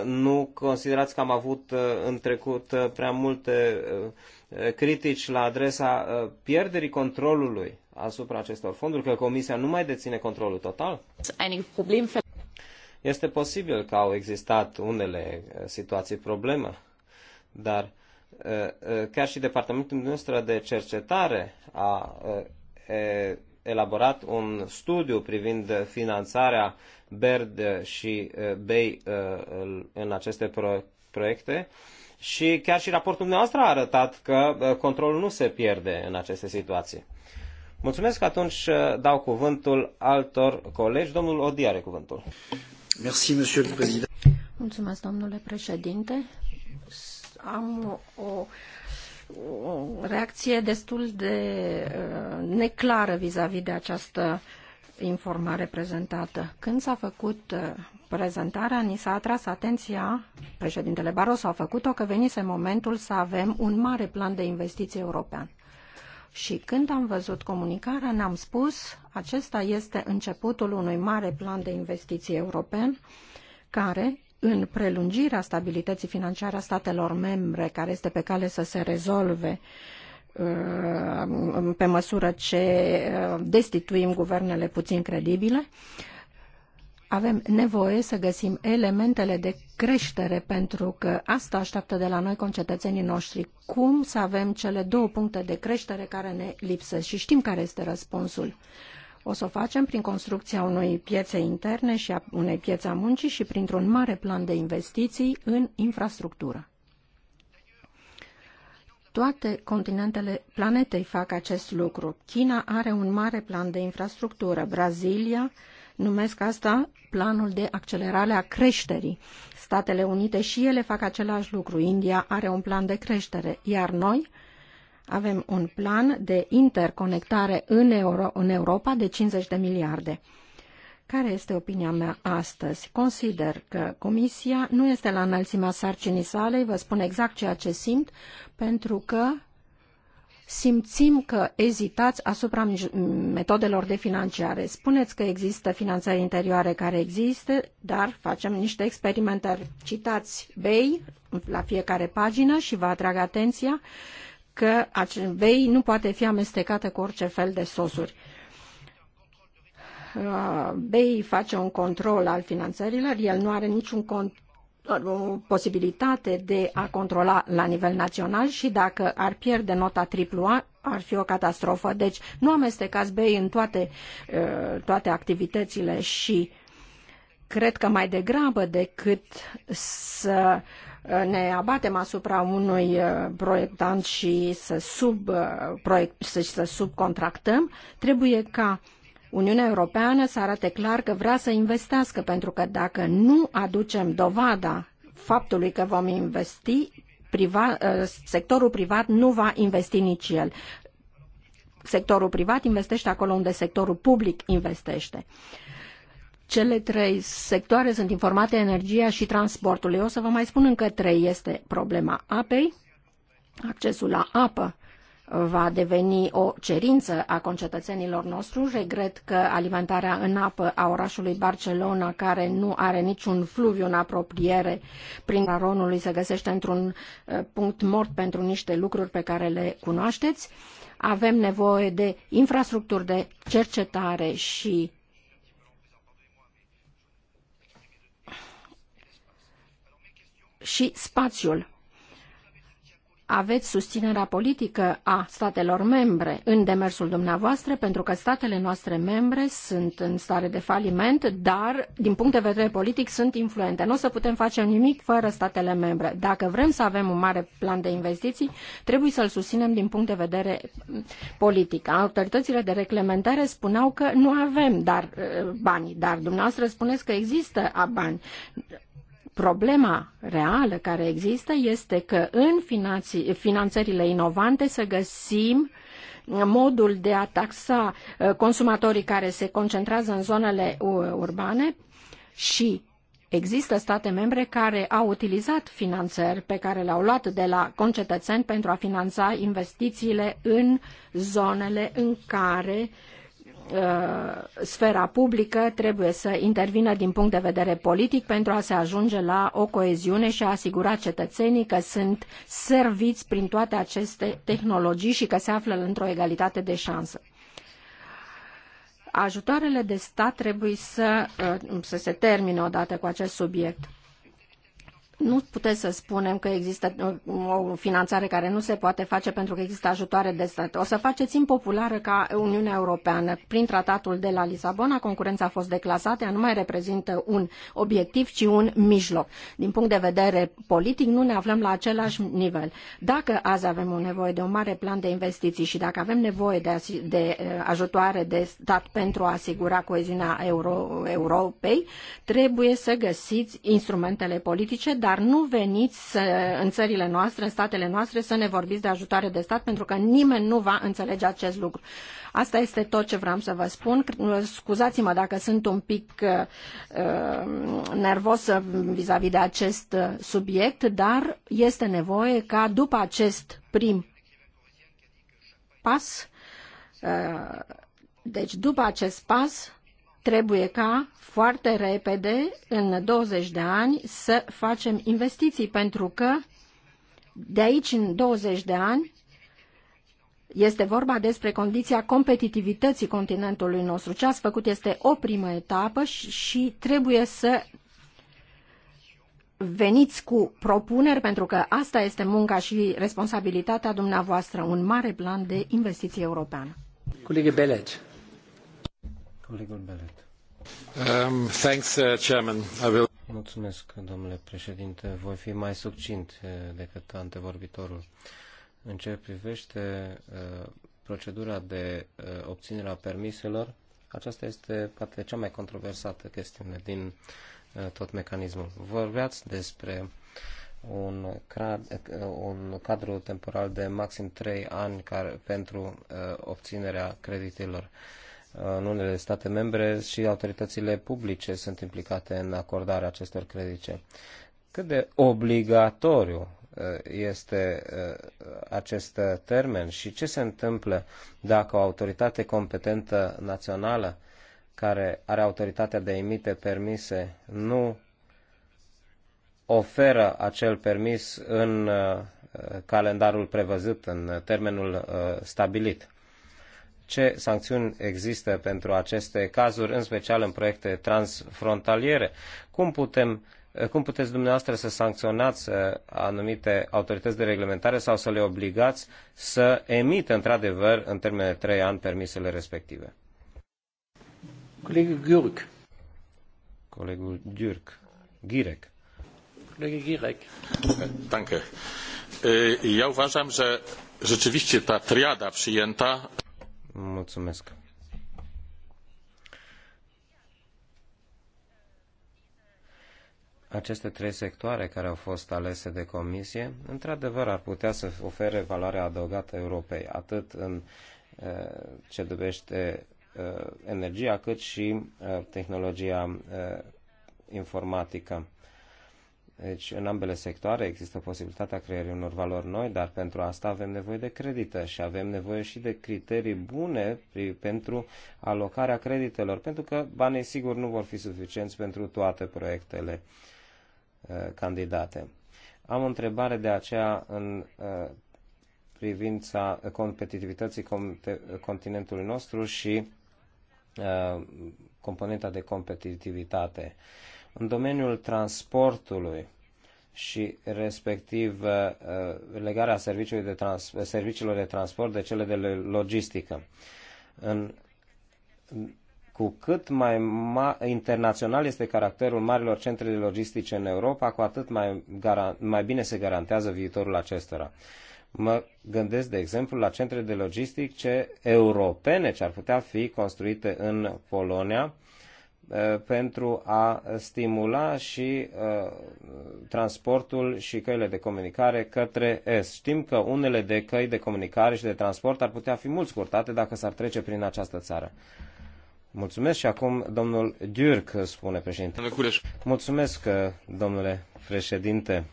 Nu considerați că am avut în trecut prea multe Eh, critici la adresa eh, pierderii controlului asupra acestor fonduri, că Comisia nu mai deține controlul total? Este posibil că au existat unele eh, situații probleme, dar chiar și departamentul nostru de cercetare a elaborat un studiu privind finanțarea BERD și BEI în aceste proiecte și chiar și raportul dumneavoastră a arătat că uh, controlul nu se pierde în aceste situații. Mulțumesc, că atunci uh, dau cuvântul altor colegi. Domnul Odi are cuvântul. Merci, monsieur le président. Mulțumesc, domnule președinte. Am o, o reacție destul de uh, neclară vis-a-vis de această informare prezentată. Când s-a făcut uh, prezentarea, ni s-a atras atenția, președintele Barroso a făcut-o, că venise momentul să avem un mare plan de investiții european. Și când am văzut comunicarea, ne-am spus, acesta este începutul unui mare plan de investiții european, care, în prelungirea stabilității financiare a statelor membre, care este pe cale să se rezolve, uh, Uh, pe măsură ce uh, destituim guvernele puțin credibile. Avem nevoie să găsim elementele de creștere pentru că asta așteaptă de la noi concetățenii noștri. Cum să avem cele două puncte de creștere care ne lipsesc și știm care este răspunsul. O să o facem prin construcția unei piețe interne și a unei piețe a muncii și printr-un mare plan de investiții în infrastructură. Toate continentele planetei fac acest lucru. China are un mare plan de infrastructură. Brazilia numesc asta planul de accelerare a creșterii. Statele Unite și ele fac același lucru. India are un plan de creștere, iar noi avem un plan de interconectare în, Euro- în Europa de 50 de miliarde. Care este opinia mea astăzi? Consider că Comisia nu este la înălțimea sarcinii sale, vă spun exact ceea ce simt, pentru că simțim că ezitați asupra metodelor de finanțare. Spuneți că există finanțări interioare care există, dar facem niște experimentări. Citați BEI la fiecare pagină și vă atrag atenția că BEI nu poate fi amestecată cu orice fel de sosuri. Uh, BEI face un control al finanțărilor, el nu are niciun cont uh, posibilitate de a controla la nivel național și dacă ar pierde nota AAA, ar fi o catastrofă. Deci nu amestecați BEI în toate, uh, toate activitățile și cred că mai degrabă decât să ne abatem asupra unui proiectant și să, sub, proiect, să, să subcontractăm, trebuie ca Uniunea Europeană să arate clar că vrea să investească, pentru că dacă nu aducem dovada faptului că vom investi, priva, uh, sectorul privat nu va investi nici el. Sectorul privat investește acolo unde sectorul public investește. Cele trei sectoare sunt informate energia și transportul. Eu o să vă mai spun încă trei este problema apei, accesul la apă va deveni o cerință a concetățenilor noștri. Regret că alimentarea în apă a orașului Barcelona, care nu are niciun fluviu în apropiere prin Ronului, se găsește într-un uh, punct mort pentru niște lucruri pe care le cunoașteți. Avem nevoie de infrastructuri de cercetare și și spațiul aveți susținerea politică a statelor membre în demersul dumneavoastră, pentru că statele noastre membre sunt în stare de faliment, dar, din punct de vedere politic, sunt influente. Nu o să putem face nimic fără statele membre. Dacă vrem să avem un mare plan de investiții, trebuie să-l susținem din punct de vedere politic. Autoritățile de reglementare spuneau că nu avem dar, eh, banii, dar dumneavoastră spuneți că există bani problema reală care există este că în finanțările inovante să găsim modul de a taxa uh, consumatorii care se concentrează în zonele urbane și Există state membre care au utilizat finanțări pe care le-au luat de la concetățeni pentru a finanța investițiile în zonele în care uh, Uh, sfera publică trebuie să intervină din punct de vedere politic pentru a se ajunge la o coeziune și a asigura cetățenii că sunt serviți prin toate aceste tehnologii și că se află într-o egalitate de șansă ajutoarele de stat trebuie să, uh, să se termine odată cu acest subiect nu putem să spunem că există uh, o finanțare care nu se poate face pentru că există ajutoare de stat. O să faceți impopulară ca Uniunea Europeană. Prin tratatul de la Lisabona, concurența a fost declasată, ea nu mai reprezintă un obiectiv, ci un mijloc. Din punct de vedere politic, nu ne aflăm la același nivel. Dacă azi avem o nevoie de un mare plan de investiții și dacă avem nevoie de, de uh, ajutoare de stat pentru a asigura coeziunea Euro Europei, trebuie să găsiți instrumentele politice, dar nu veniți să, în țările noastre, în statele noastre, să ne vorbiți de ajutoare de stat, pentru că nimeni nu va înțelege acest lucru. Asta este tot ce vreau să vă spun. Scuzați-mă dacă sunt un pic uh, uh nervosă vis-a-vis -vis de acest uh, subiect, dar este nevoie ca după acest prim pas, uh, deci după acest pas, Trebuie ca foarte repede, în 20 de ani, să facem investiții, pentru că de aici în 20 de ani este vorba despre condiția competitivității continentului nostru. Ce ați făcut este o primă etapă și, și trebuie să veniți cu propuneri, pentru că asta este munca și responsabilitatea dumneavoastră, un mare plan de investiție europeană. Colegă Beleci. Colegul Belet. Um, thanks, uh, Chairman. I will... Mulțumesc, domnule președinte. Voi fi mai succint uh, decât antevorbitorul. În ce privește uh, procedura de uh, obținere a permiselor, aceasta este poate cea mai controversată chestiune din uh, tot mecanismul. Vorbeați despre un, crad, uh, un cadru temporal de maxim 3 ani care, pentru uh, obținerea creditelor. Uh, în unele state membre și autoritățile publice sunt implicate în acordarea acestor credite. Cât de obligatoriu uh, este uh, acest uh, termen și ce se întâmplă dacă o autoritate competentă națională care are autoritatea de a emite permise nu oferă acel permis în calendarul prevăzut, în termenul stabilit ce sancțiuni există pentru aceste cazuri, în special în proiecte transfrontaliere. Cum putem cum puteți dumneavoastră să sancționați uh, anumite autorități de reglementare sau să le obligați să emită într-adevăr în termen de trei ani permisele respective? Colegul Ghiurc. Colegul Ghiurc. Ghirec. Colegul Ghirec. Danke. Ja uważam, że rzeczywiście ta triada przyjęta Mulțumesc. Aceste trei sectoare care au fost alese de comisie, într-adevăr, ar putea să ofere valoare adăugată Europei, atât în eh, ce privește eh, energia, cât și eh, tehnologia informatică. Deci, în ambele sectoare există posibilitatea creării unor valori noi, dar pentru asta avem nevoie de credită și avem nevoie și de criterii bune pentru alocarea creditelor, pentru că banii sigur nu vor fi suficienți pentru toate proiectele uh, candidate. Am o întrebare de aceea în uh, privința competitivității continentului nostru și uh, componenta de competitivitate. În domeniul transportului și respectiv uh, legarea serviciului de trans- serviciilor de transport de cele de logistică. În, cu cât mai ma- internațional este caracterul marilor centre de logistice în Europa, cu atât mai, mai bine se garantează viitorul acestora. Mă gândesc, de exemplu, la centre de logistice europene ce ar putea fi construite în Polonia, Uh, pentru a stimula și uh, transportul și căile de comunicare către est. Știm că unele de căi de comunicare și de transport ar putea fi mult scurtate dacă s-ar trece prin această țară. Mulțumesc și acum domnul Dürk spune președinte. Mulțumesc, uh, domnule președinte.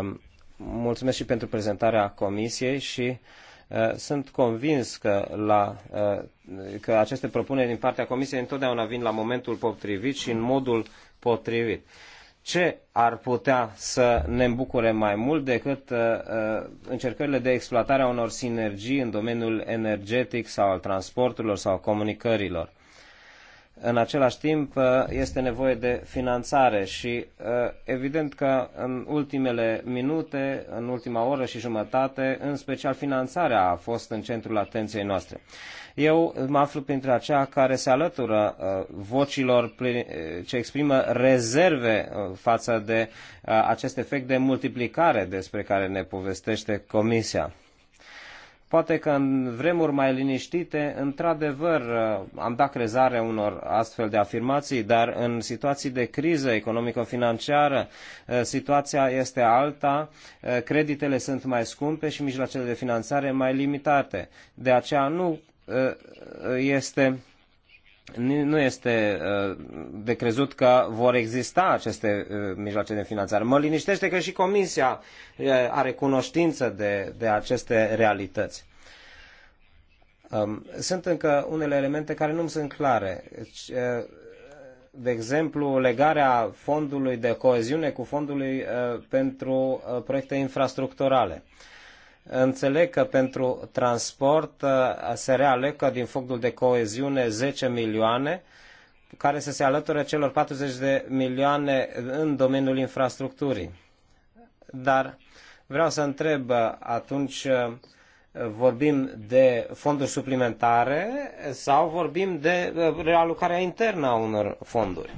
Um, mulțumesc și pentru prezentarea comisiei și uh, Uh, sunt convins că, la, uh, că aceste propuneri din partea Comisiei întotdeauna vin la momentul potrivit și în modul potrivit. Ce ar putea să ne îmbucure mai mult decât uh, încercările de exploatare a unor sinergii în domeniul energetic sau al transporturilor sau comunicărilor? În același timp, uh, este nevoie de finanțare și uh, evident că în ultimele minute, în ultima oră și jumătate, în special finanțarea a fost în centrul atenției noastre. Eu mă aflu printre aceia care se alătură uh, vocilor ce exprimă rezerve față de acest efect de multiplicare despre care ne povestește Comisia. Poate că în vremuri mai liniștite, într-adevăr, uh, am dat crezare unor astfel de afirmații, dar în situații de criză economico-financiară, uh, situația este alta, uh, creditele sunt mai scumpe și mijloacele de finanțare mai limitate. De aceea nu este nu este uh, de crezut că vor exista aceste uh, mijloace de finanțare. Mă liniștește că și Comisia uh, are cunoștință de, de aceste realități. Um, sunt încă unele elemente care nu sunt clare. Deci, de exemplu, legarea fondului de coeziune cu fondului pentru proiecte infrastructurale. Înțeleg că pentru transport uh, se realecă din fondul de coeziune 10 milioane, care să se alăture celor 40 de milioane în domeniul infrastructurii. Dar vreau să întreb uh, atunci, uh, vorbim de fonduri suplimentare sau vorbim de realocarea internă a unor fonduri?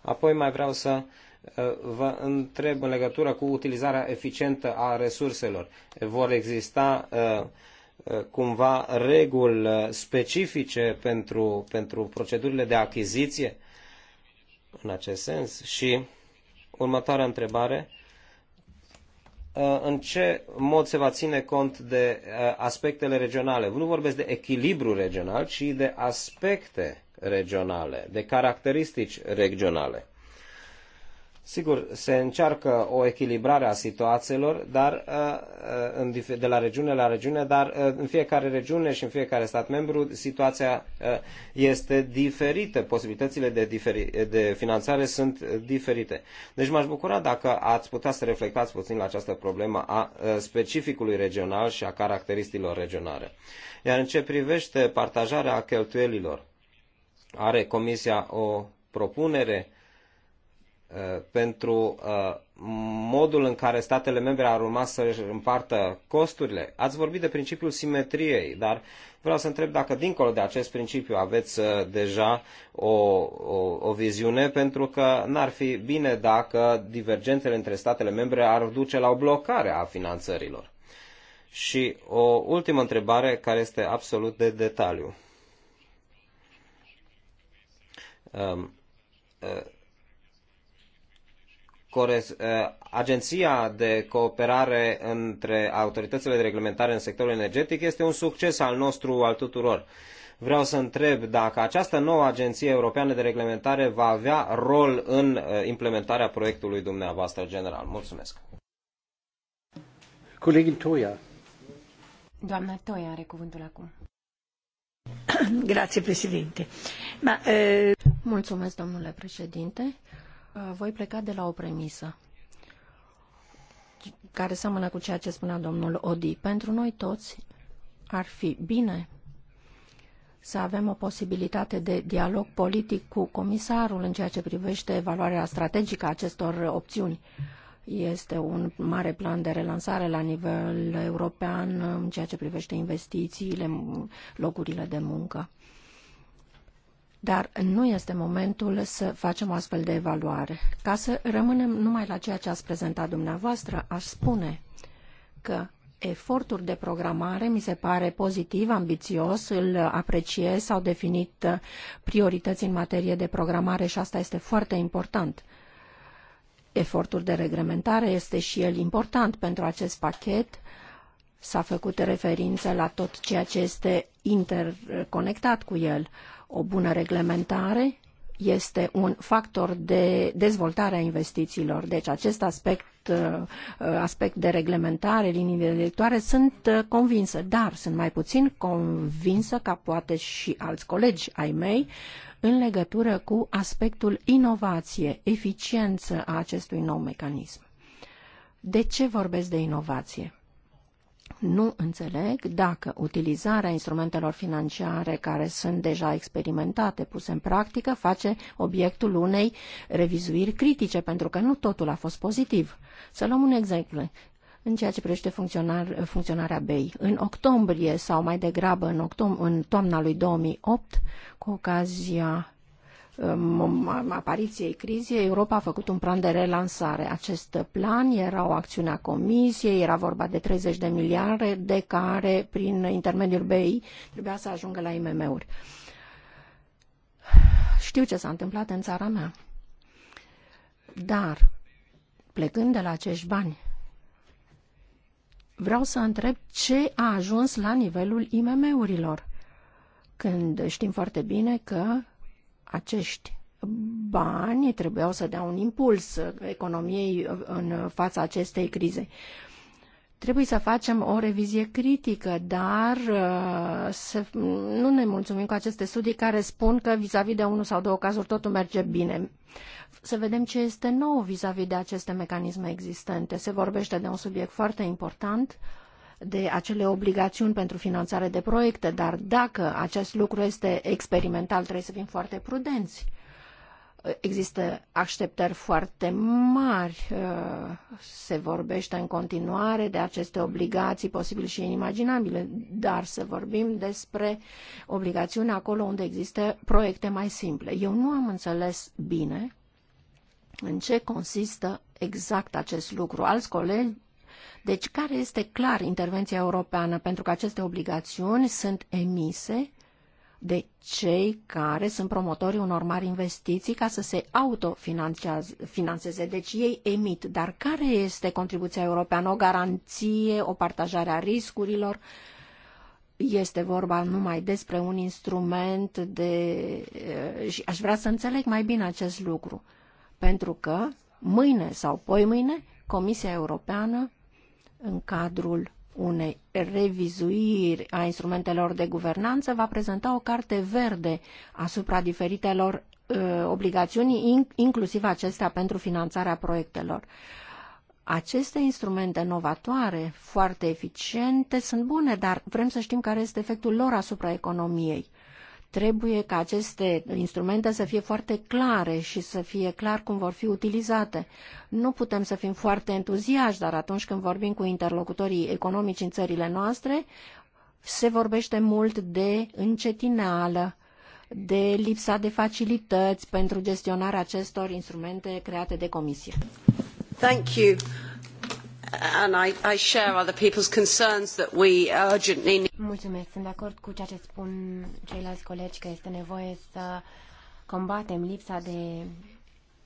Apoi mai vreau să Uh, vă întreb în legătură cu utilizarea eficientă a resurselor. Vor exista uh, uh, cumva reguli specifice pentru, pentru procedurile de achiziție în acest sens? Și următoarea întrebare, în ce mod se va ține cont de aspectele regionale? Nu vorbesc de echilibru regional, ci de aspecte regionale, de caracteristici regionale. Sigur, se încearcă o echilibrare a situațiilor dar, uh, uh, de la regiune la regiune, dar uh, în fiecare regiune și în fiecare stat membru situația este diferită, posibilitățile de, diferi, de finanțare sunt diferite. Deci m-aș bucura dacă ați putea să reflectați puțin la această problemă a specificului regional și a caracteristicilor regionale. Iar în ce privește partajarea cheltuielilor, are Comisia o propunere Uh, pentru uh, modul în care statele membre ar urma să își împartă costurile. Ați vorbit de principiul simetriei, dar vreau să întreb dacă dincolo de acest principiu aveți uh, deja o, o, o viziune, pentru că n-ar fi bine dacă divergențele între statele membre ar duce la o blocare a finanțărilor. Și o ultimă întrebare care este absolut de detaliu. Um, uh, Uh, agenția de cooperare între autoritățile de reglementare în sectorul energetic este un succes al nostru, al tuturor. Vreau să întreb dacă această nouă agenție europeană de reglementare va avea rol în uh, implementarea proiectului dumneavoastră general. Mulțumesc. Colegii Toia. Doamna Toia are cuvântul acum. Grazie, președinte. Ma, e... Mulțumesc, domnule președinte. Uh, voi pleca de la o premisă care seamănă cu ceea ce spunea domnul Odi. Pentru noi toți ar fi bine să avem o posibilitate de dialog politic cu comisarul în ceea ce privește evaluarea strategică a acestor opțiuni. Este un mare plan de relansare la nivel european în ceea ce privește investițiile, locurile de muncă dar nu este momentul să facem o astfel de evaluare. Ca să rămânem numai la ceea ce ați prezentat dumneavoastră, aș spune că eforturi de programare mi se pare pozitiv, ambițios, îl apreciez, s-au definit priorități în materie de programare și asta este foarte important. Efortul de reglementare este și el important pentru acest pachet. S-a făcut referință la tot ceea ce este interconectat cu el. Uh, o bună reglementare este un factor de dezvoltare a investițiilor. Deci acest aspect uh, uh, aspect de reglementare, linii directoare, sunt uh, convinsă, dar sunt mai puțin convinsă, ca poate și alți colegi ai mei, în legătură cu aspectul inovație, eficiență a acestui nou mecanism. De ce vorbesc de inovație? nu înțeleg dacă utilizarea instrumentelor financiare care sunt deja experimentate, puse în practică, face obiectul unei revizuiri critice, pentru că nu totul a fost pozitiv. Să luăm un exemplu în ceea ce privește funcționar, funcționarea BEI. În octombrie sau mai degrabă în, octom- în toamna lui 2008, cu ocazia Um, apariției crizei, Europa a făcut un plan de relansare. Acest plan era o acțiune a Comisiei, era vorba de 30 de miliarde de care, prin intermediul BI, trebuia să ajungă la IMM-uri. Știu ce s-a întâmplat în țara mea, dar plecând de la acești bani, vreau să întreb ce a ajuns la nivelul IMM-urilor, când știm foarte bine că acești bani trebuiau să dea un impuls economiei în fața acestei crize. Trebuie să facem o revizie critică, dar uh, să nu ne mulțumim cu aceste studii care spun că vis-a-vis -vis de unul sau două cazuri totul merge bine. Să vedem ce este nou vis-a-vis -vis de aceste mecanisme existente. Se vorbește de un subiect foarte important, uh, de acele obligațiuni pentru finanțare de proiecte, dar dacă acest lucru este experimental, trebuie să fim foarte prudenți. Există așteptări foarte mari, uh, se vorbește în continuare de aceste obligații posibil și inimaginabile, dar să vorbim despre obligațiuni acolo unde există proiecte mai simple. Eu nu am înțeles bine în ce consistă exact acest lucru. Alți colegi deci care este clar intervenția europeană? Pentru că aceste obligațiuni sunt emise de cei care sunt promotorii unor mari investiții ca să se autofinanțeze. Deci ei emit. Dar care este contribuția europeană? O garanție, o partajare a riscurilor? Este vorba numai despre un instrument de... Eh, și aș vrea să înțeleg mai bine acest lucru. Pentru că mâine sau poimâine Comisia Europeană în cadrul unei revizuiri a instrumentelor de guvernanță, va prezenta o carte verde asupra diferitelor uh, obligațiuni, inclusiv acestea pentru finanțarea proiectelor. Aceste instrumente novatoare, foarte eficiente, sunt bune, dar vrem să știm care este efectul lor asupra economiei. Trebuie ca aceste instrumente să fie foarte clare și să fie clar cum vor fi utilizate. Nu putem să fim foarte entuziaști, dar atunci când vorbim cu interlocutorii economici în țările noastre, se vorbește mult de încetineală, de lipsa de facilități pentru gestionarea acestor instrumente create de comisie. Thank you and I, I share other people's concerns that we urgently need. Mulțumesc, sunt de acord cu ceea ce spun ceilalți colegi că este nevoie să combatem lipsa de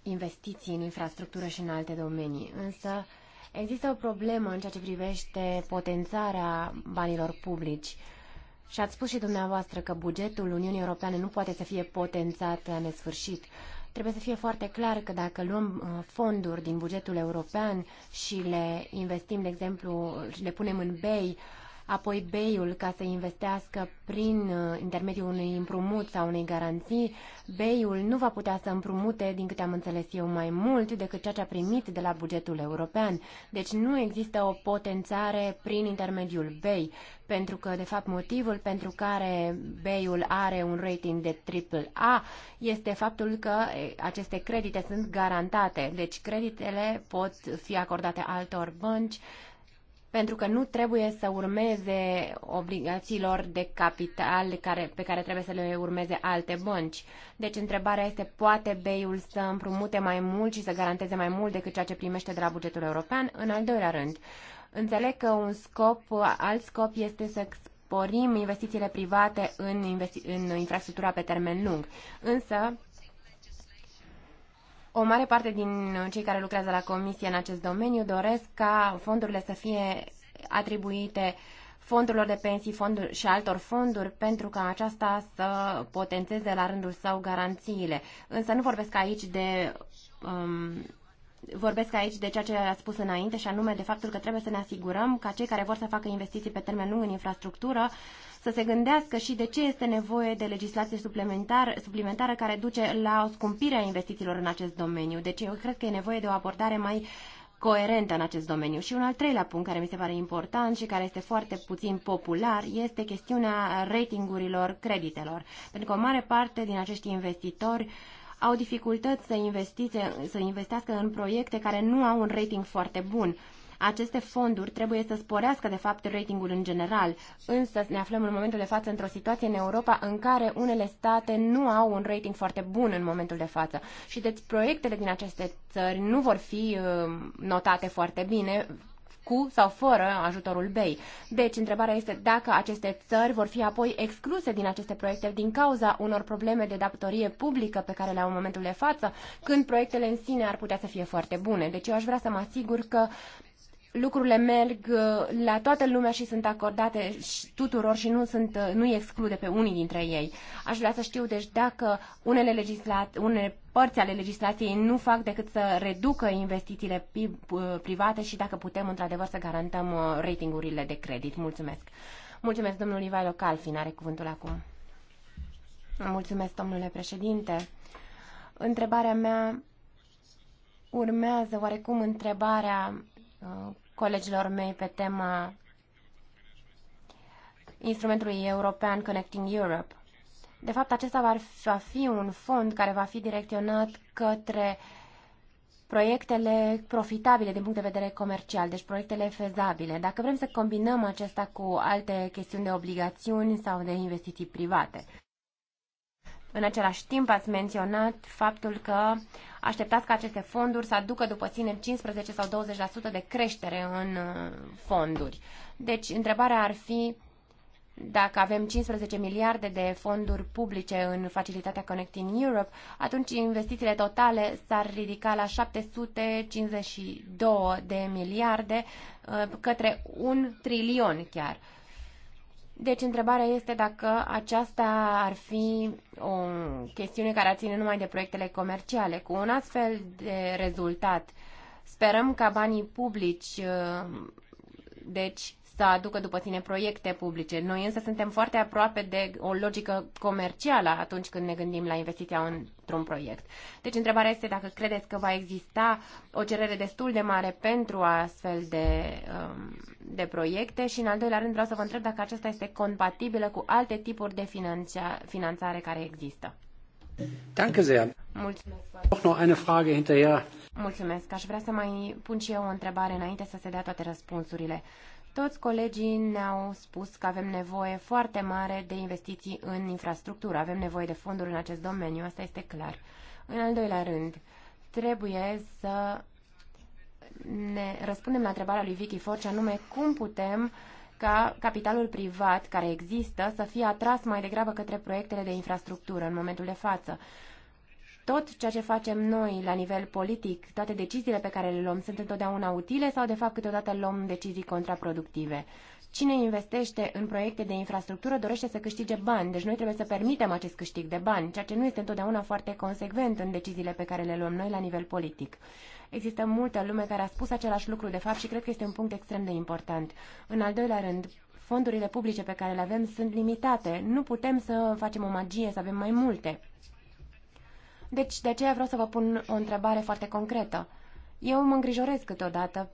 investiții în infrastructură și în alte domenii. Însă există o problemă în ceea ce privește potențarea banilor publici. Și ați spus și dumneavoastră că bugetul Uniunii Europene nu poate să fie potențat la nesfârșit. Trebuie să fie foarte clar că dacă luăm uh, fonduri din bugetul european și le investim, de exemplu, și le punem în BEI, apoi BEI-ul ca să investească prin uh, intermediul unui împrumut sau unei garanții, BEI-ul nu va putea să împrumute, din câte am înțeles eu, mai mult decât ceea ce a primit de la bugetul european. Deci nu există o potențare prin intermediul BEI, pentru că, de fapt, motivul pentru care BEI-ul are un rating de AAA este faptul că aceste credite sunt garantate. Deci creditele pot fi acordate altor bănci, pentru că nu trebuie să urmeze obligațiilor de capital care, pe care trebuie să le urmeze alte bănci. Deci întrebarea este, poate BEI-ul să împrumute mai mult și să garanteze mai mult decât ceea ce primește de la bugetul european? În al doilea rând, înțeleg că un scop, alt scop este să sporim investițiile private în, investi- în infrastructura pe termen lung. Însă, o mare parte din cei care lucrează la comisie în acest domeniu doresc ca fondurile să fie atribuite fondurilor de pensii fonduri și altor fonduri pentru ca aceasta să potențeze la rândul său garanțiile. Însă nu vorbesc aici de um, Vorbesc aici de ceea ce a spus înainte și anume de faptul că trebuie să ne asigurăm ca cei care vor să facă investiții pe termen lung în infrastructură să se gândească și de ce este nevoie de legislație suplimentar, suplimentară care duce la o scumpire a investițiilor în acest domeniu. Deci eu cred că e nevoie de o abordare mai coerentă în acest domeniu. Și un al treilea punct care mi se pare important și care este foarte puțin popular este chestiunea ratingurilor creditelor. Pentru că o mare parte din acești investitori uh, au dificultăți să, investite, să investească în proiecte care nu au un rating foarte bun. Aceste fonduri trebuie să sporească, de fapt, ratingul în general, însă ne aflăm în momentul de față într-o situație în Europa în care unele state nu au un rating foarte bun în momentul de față și deci proiectele din aceste țări nu vor fi uh, notate foarte bine cu sau fără ajutorul BEI. Deci, întrebarea este dacă aceste țări vor fi apoi excluse din aceste proiecte din cauza unor probleme de datorie publică pe care le au în momentul de față, când proiectele în sine ar putea să fie foarte bune. Deci, eu aș vrea să mă asigur că lucrurile merg uh, la toată lumea și sunt acordate tuturor și nu, sunt, uh, nu exclude pe unii dintre ei. Aș vrea să știu, deci, dacă unele, legislat, unele părți ale legislației nu fac decât să reducă investițiile uh, private și dacă putem, într-adevăr, să garantăm ratingurile de credit. Mulțumesc. Mulțumesc, domnul Ivailo Calfin, are cuvântul acum. Mulțumesc, domnule președinte. Întrebarea mea urmează oarecum întrebarea Uh, colegilor mei pe tema instrumentului european Connecting Europe. De fapt, acesta va fi un fond care va fi direcționat către proiectele profitabile din punct de vedere comercial, deci proiectele fezabile. Dacă vrem să combinăm acesta cu alte chestiuni de obligațiuni sau de investiții private. În același timp, ați menționat faptul că așteptați ca aceste fonduri să aducă după sine 15 sau 20% de creștere în uh, fonduri. Deci, întrebarea ar fi dacă avem 15 miliarde de fonduri publice în facilitatea Connecting Europe, atunci investițiile totale s-ar ridica la 752 de miliarde uh, către un trilion chiar. Deci întrebarea este dacă aceasta ar fi o chestiune care ar ține numai de proiectele comerciale. Cu un astfel de rezultat, sperăm ca banii publici, uh, deci să aducă după sine proiecte publice. Noi însă suntem foarte aproape de o logică comercială atunci când ne gândim la investiția într-un proiect. Deci întrebarea este dacă credeți că va exista o cerere destul de mare pentru astfel de, um, de proiecte și în al doilea rând vreau să vă întreb dacă aceasta este compatibilă cu alte tipuri de finanța, finanțare care există. Danke sehr. Mulțumesc. Noch eine Frage hinterher. Mulțumesc. Aș vrea să mai pun și eu o întrebare înainte să se dea toate răspunsurile. Uh, toți colegii ne-au spus că avem nevoie foarte mare de investiții în infrastructură, avem nevoie de fonduri în acest domeniu, asta este clar. În al doilea rând, trebuie să ne răspundem la întrebarea lui Vicky Forci, anume cum putem ca capitalul privat care există să fie atras mai degrabă către proiectele de infrastructură în momentul de față tot ceea ce facem noi la nivel politic, toate deciziile pe care le luăm sunt întotdeauna utile sau de fapt câteodată luăm decizii contraproductive. Cine investește în proiecte de infrastructură dorește să câștige bani, deci noi trebuie să permitem acest câștig de bani, ceea ce nu este întotdeauna foarte consecvent în deciziile pe care le luăm noi la nivel politic. Există multă lume care a spus același lucru de fapt și cred că este un punct extrem de important. În al doilea rând, fondurile publice pe care le avem sunt limitate. Nu putem să facem o magie, să avem mai multe. Deci, de aceea vreau să vă pun o întrebare foarte concretă. Eu mă îngrijorez câteodată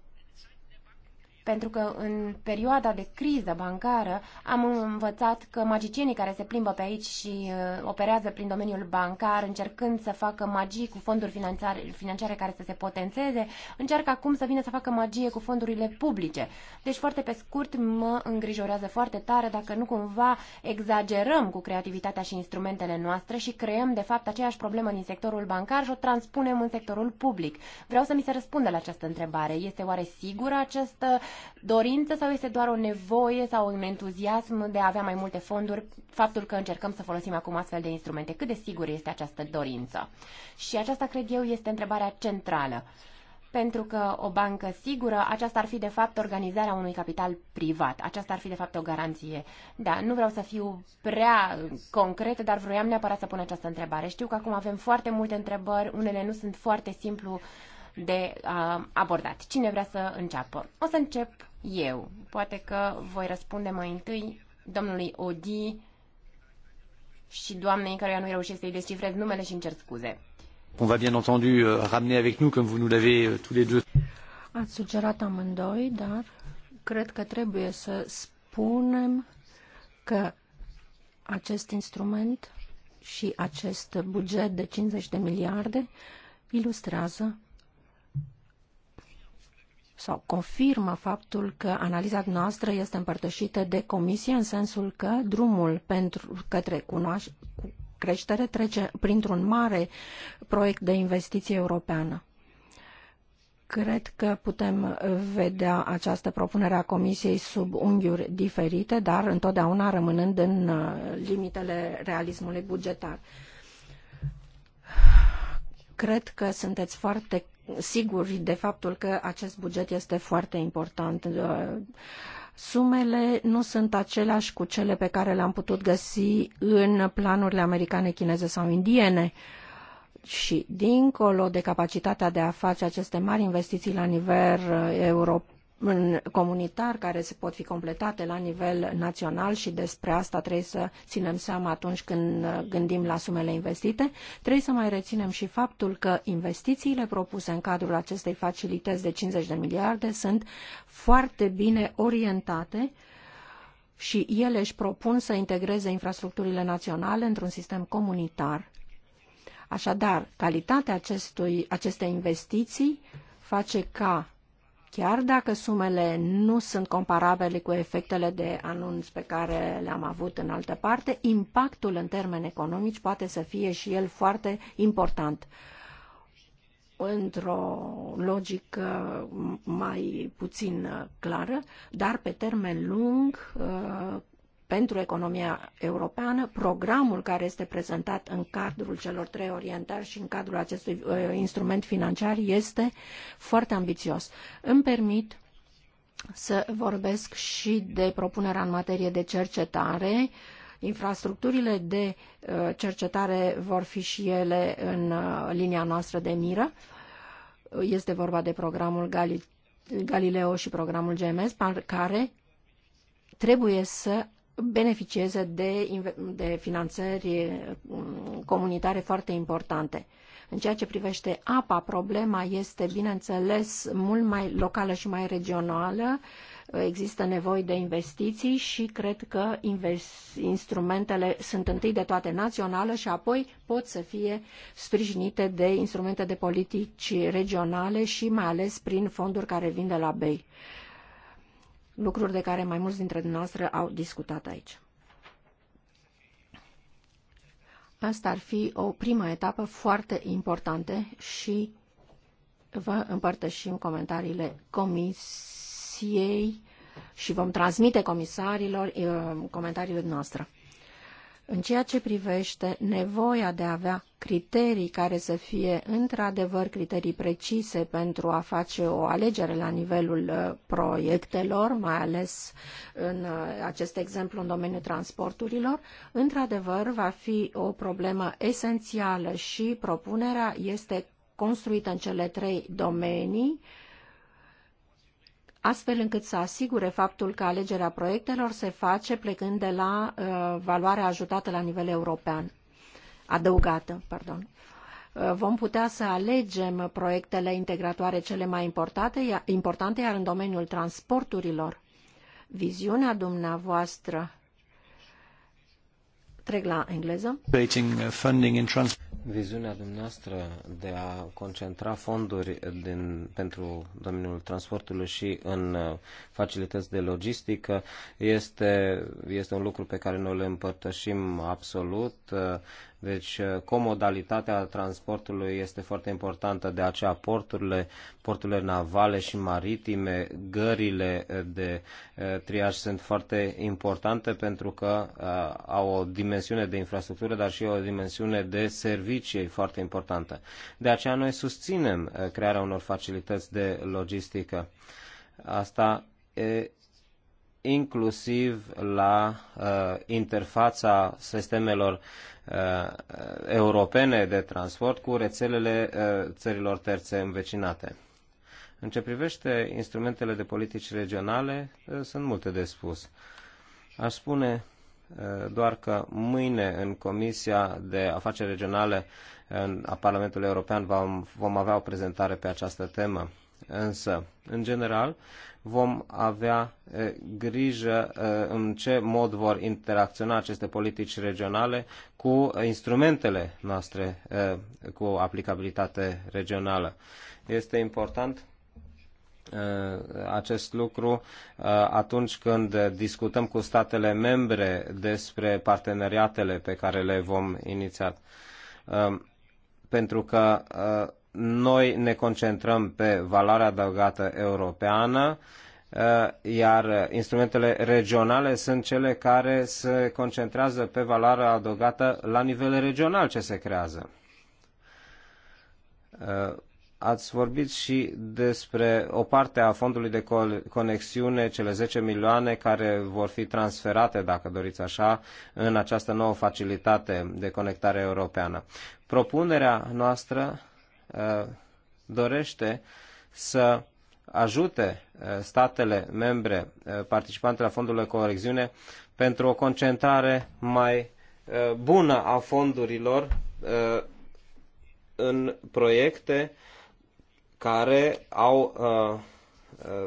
pentru că în perioada de criză bancară am învățat că magicienii care se plimbă pe aici și uh, operează prin domeniul bancar, încercând să facă magie cu fonduri financiare, financiare care să se potențeze, încearcă acum să vină să facă magie cu fondurile publice. Deci, foarte pe scurt, mă îngrijorează foarte tare dacă nu cumva exagerăm cu creativitatea și instrumentele noastre și creăm, de fapt, aceeași problemă din sectorul bancar și o transpunem în sectorul public. Vreau să mi se răspundă la această întrebare. Este oare sigură această uh, dorință sau este doar o nevoie sau un entuziasm de a avea mai multe fonduri, faptul că încercăm să folosim acum astfel de instrumente? Cât de sigur este această dorință? Și aceasta, cred eu, este întrebarea centrală. Pentru că o bancă sigură, aceasta ar fi de fapt organizarea unui capital privat. Aceasta ar fi de fapt o garanție. Da, nu vreau să fiu prea concret, dar vroiam neapărat să pun această întrebare. Știu că acum avem foarte multe întrebări, unele nu sunt foarte simplu uh, de uh, abordat. Cine vrea să înceapă? O să încep eu. Poate că voi răspunde mai întâi domnului Odi și doamnei care nu reușesc să-i descifrez numele și îmi cer scuze. On va bien entendu euh, ramener avec nous, comme vous nous l'avez euh, tous les deux. Ați sugerat amândoi, dar cred că trebuie să spunem că acest instrument și acest buget de 50 de miliarde ilustrează sau confirmă faptul că analiza noastră este împărtășită de comisie în sensul că drumul pentru către cunoaș- creștere trece printr-un mare proiect de investiție europeană. Cred că putem vedea această propunere a Comisiei sub unghiuri diferite, dar întotdeauna rămânând în uh, limitele realismului bugetar. Cred că sunteți foarte siguri de faptul că acest buget este foarte important. Uh, sumele nu sunt aceleași cu cele pe care le-am putut găsi în planurile americane, chineze sau indiene și dincolo de capacitatea de a face aceste mari investiții la nivel uh, european, comunitar care se pot fi completate la nivel național și despre asta trebuie să ținem seama atunci când uh, gândim la sumele investite. Trebuie să mai reținem și faptul că investițiile propuse în cadrul acestei facilități de 50 de miliarde sunt foarte bine orientate și ele își propun să integreze infrastructurile naționale într-un sistem comunitar. Așadar, calitatea acestui, acestei investiții face ca Chiar dacă sumele nu sunt comparabile cu efectele de anunț pe care le-am avut în altă parte, impactul în termeni economici poate să fie și el foarte important într-o logică mai puțin clară, dar pe termen lung pentru economia europeană, programul care este prezentat în cadrul celor trei orientări și în cadrul acestui uh, instrument financiar este foarte ambițios. Îmi permit să vorbesc și de propunerea în materie de cercetare. Infrastructurile de uh, cercetare vor fi și ele în uh, linia noastră de miră. Este vorba de programul Gali Galileo și programul GMS, care trebuie să beneficieze de, de finanțări um, comunitare foarte importante. În ceea ce privește apa, problema este, bineînțeles, mult mai locală și mai regională. Există nevoie de investiții și cred că instrumentele sunt întâi de toate naționale și apoi pot să fie sprijinite de instrumente de politici regionale și mai ales prin fonduri care vin de la BEI lucruri de care mai mulți dintre dumneavoastră au discutat aici. Asta ar fi o primă etapă foarte importantă și vă împărtășim comentariile comisiei și vom transmite comisarilor uh, comentariile noastre. În ceea ce privește nevoia de a avea criterii care să fie într-adevăr criterii precise pentru a face o alegere la nivelul uh, proiectelor, mai ales în uh, acest exemplu în domeniul transporturilor, într-adevăr va fi o problemă esențială și propunerea este construită în cele trei domenii, astfel încât să asigure faptul că alegerea proiectelor se face plecând de la uh, valoarea ajutată la nivel european, adăugată, pardon. Uh, vom putea să alegem proiectele integratoare cele mai importante, importante iar în domeniul transporturilor, viziunea dumneavoastră, trec la engleză, uh, funding in transport viziunea dumneavoastră de a concentra fonduri din, pentru domeniul transportului și în uh, facilități de logistică este, este un lucru pe care noi îl împărtășim absolut. Uh, deci uh, comodalitatea transportului este foarte importantă, de aceea porturile, porturile navale și maritime, gările uh, de uh, triaj sunt foarte importante pentru că au o dimensiune de infrastructură, dar și o dimensiune de servicii foarte importantă. De aceea noi susținem crearea unor facilități de logistică. Asta inclusiv la uh, interfața sistemelor uh, europene de transport cu rețelele uh, țărilor terțe învecinate. În ce privește instrumentele de politici regionale, uh, sunt multe de spus. Aș spune uh, doar că mâine în Comisia de Afaceri Regionale a Parlamentului European vom avea o prezentare pe această temă. Însă, în general, vom avea grijă în ce mod vor interacționa aceste politici regionale cu instrumentele noastre cu aplicabilitate regională. Este important acest lucru atunci când discutăm cu statele membre despre parteneriatele pe care le vom iniția. Pentru că noi ne concentrăm pe valoarea adăugată europeană, eh, iar instrumentele regionale sunt cele care se concentrează pe valoarea adăugată la nivel regional ce se creează. Eh, ați vorbit și despre o parte a fondului de conexiune, cele 10 milioane care vor fi transferate, dacă doriți așa, în această nouă facilitate de conectare europeană. Propunerea noastră Uh, dorește să ajute uh, statele membre uh, participante la fondurile coreziune pentru o concentrare mai bună a fondurilor în proiecte care au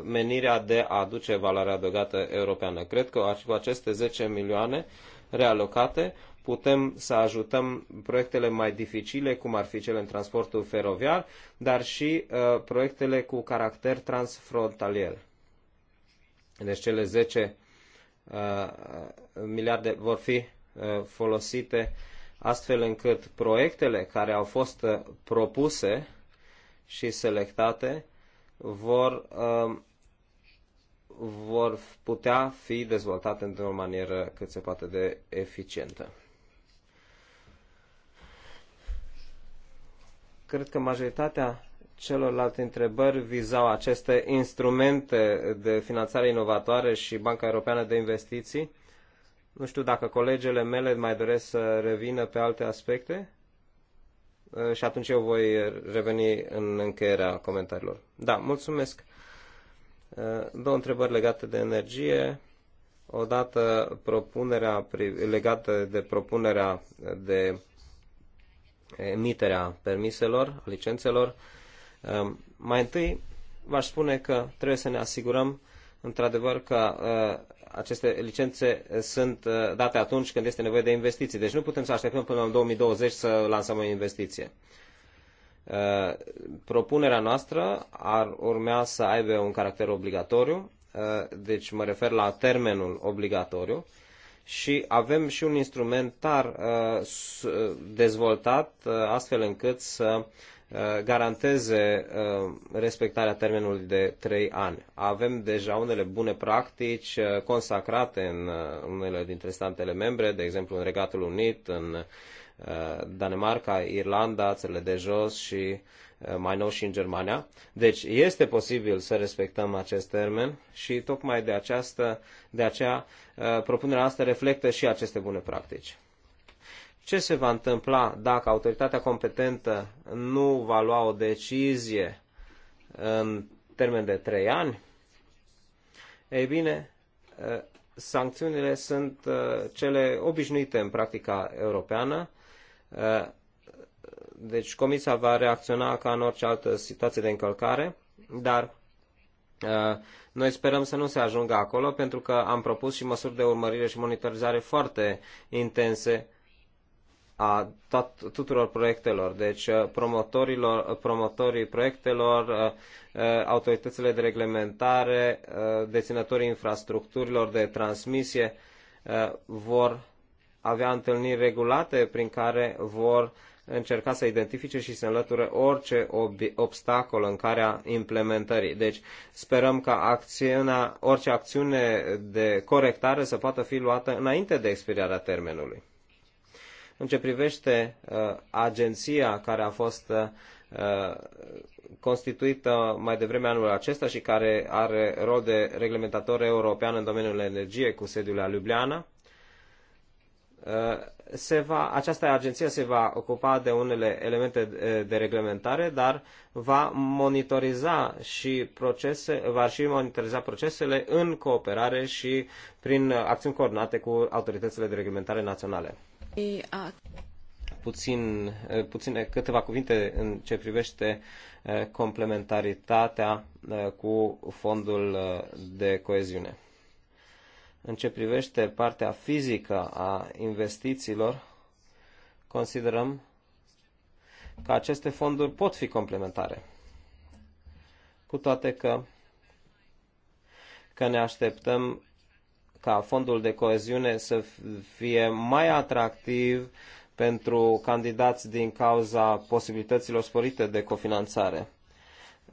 menirea de a aduce valoarea adăugată europeană. Cred că cu aceste 10 milioane realocate putem să ajutăm proiectele mai dificile, cum ar fi cele în transportul feroviar, dar și uh, proiectele cu caracter transfrontalier. Deci cele 10 uh, miliarde vor fi uh, folosite astfel încât proiectele care au fost uh, propuse și selectate vor, uh, vor putea fi dezvoltate într-o manieră cât se poate de eficientă. Cred că majoritatea celorlalte întrebări vizau aceste instrumente de finanțare inovatoare și Banca Europeană de Investiții. Nu știu dacă colegele mele mai doresc să revină pe alte aspecte uh, și atunci eu voi reveni în încheierea comentariilor. Da, mulțumesc. Uh, două întrebări legate de energie. Odată propunerea legată de propunerea de emiterea permiselor, licențelor. Ehm, mai întâi, v-aș spune că trebuie să ne asigurăm într-adevăr că eh, aceste licențe sunt eh, date atunci când este nevoie de investiții. Deci nu putem să așteptăm până în 2020 să lansăm o investiție. Eh, propunerea noastră ar urmea să aibă un caracter obligatoriu, deci mă refer la termenul obligatoriu, și avem și un instrumentar uh, uh, dezvoltat uh, astfel încât să garanteze respectarea termenului de trei ani. Avem deja unele bune practici consacrate în unele dintre statele membre, de exemplu în Regatul Unit, în Danemarca, Irlanda, țările de jos și Eh, mai nou și în Germania. Deci este posibil să respectăm acest termen și tocmai de, această, de aceea eh, propunerea asta reflectă și aceste bune practici. Ce se va întâmpla dacă autoritatea competentă nu va lua o decizie în termen de trei ani? Ei bine, eh, sancțiunile sunt cele obișnuite în practica europeană deci Comisia va reacționa ca în orice altă situație de încălcare, dar uh, noi sperăm să nu se ajungă acolo pentru că am propus și măsuri de urmărire și monitorizare foarte intense a tuturor proiectelor, deci uh, promotorilor, uh, promotorii proiectelor, autoritățile de reglementare, deținătorii infrastructurilor de transmisie vor avea întâlniri regulate prin care vor încerca să identifice și să înlăture orice obstacol în calea implementării. Deci sperăm ca acțiunea, orice acțiune de corectare să poată fi luată înainte de expirarea termenului. În ce privește uh, agenția care a fost uh, constituită mai devreme anul acesta și care are rol de reglementator european în domeniul energiei cu sediul la Ljubljana, uh, se va, această agenție se va ocupa de unele elemente de reglementare, dar va monitoriza și procese, va și monitoriza procesele în cooperare și prin acțiuni coordonate cu autoritățile de reglementare naționale. Puțin, puține câteva cuvinte în ce privește eh, complementaritatea eh, cu fondul eh, de coeziune. În ce privește partea fizică a investițiilor, considerăm că aceste fonduri pot fi complementare. Cu toate că, că ne așteptăm ca fondul de coeziune să fie mai atractiv pentru candidați din cauza posibilităților sporite de cofinanțare.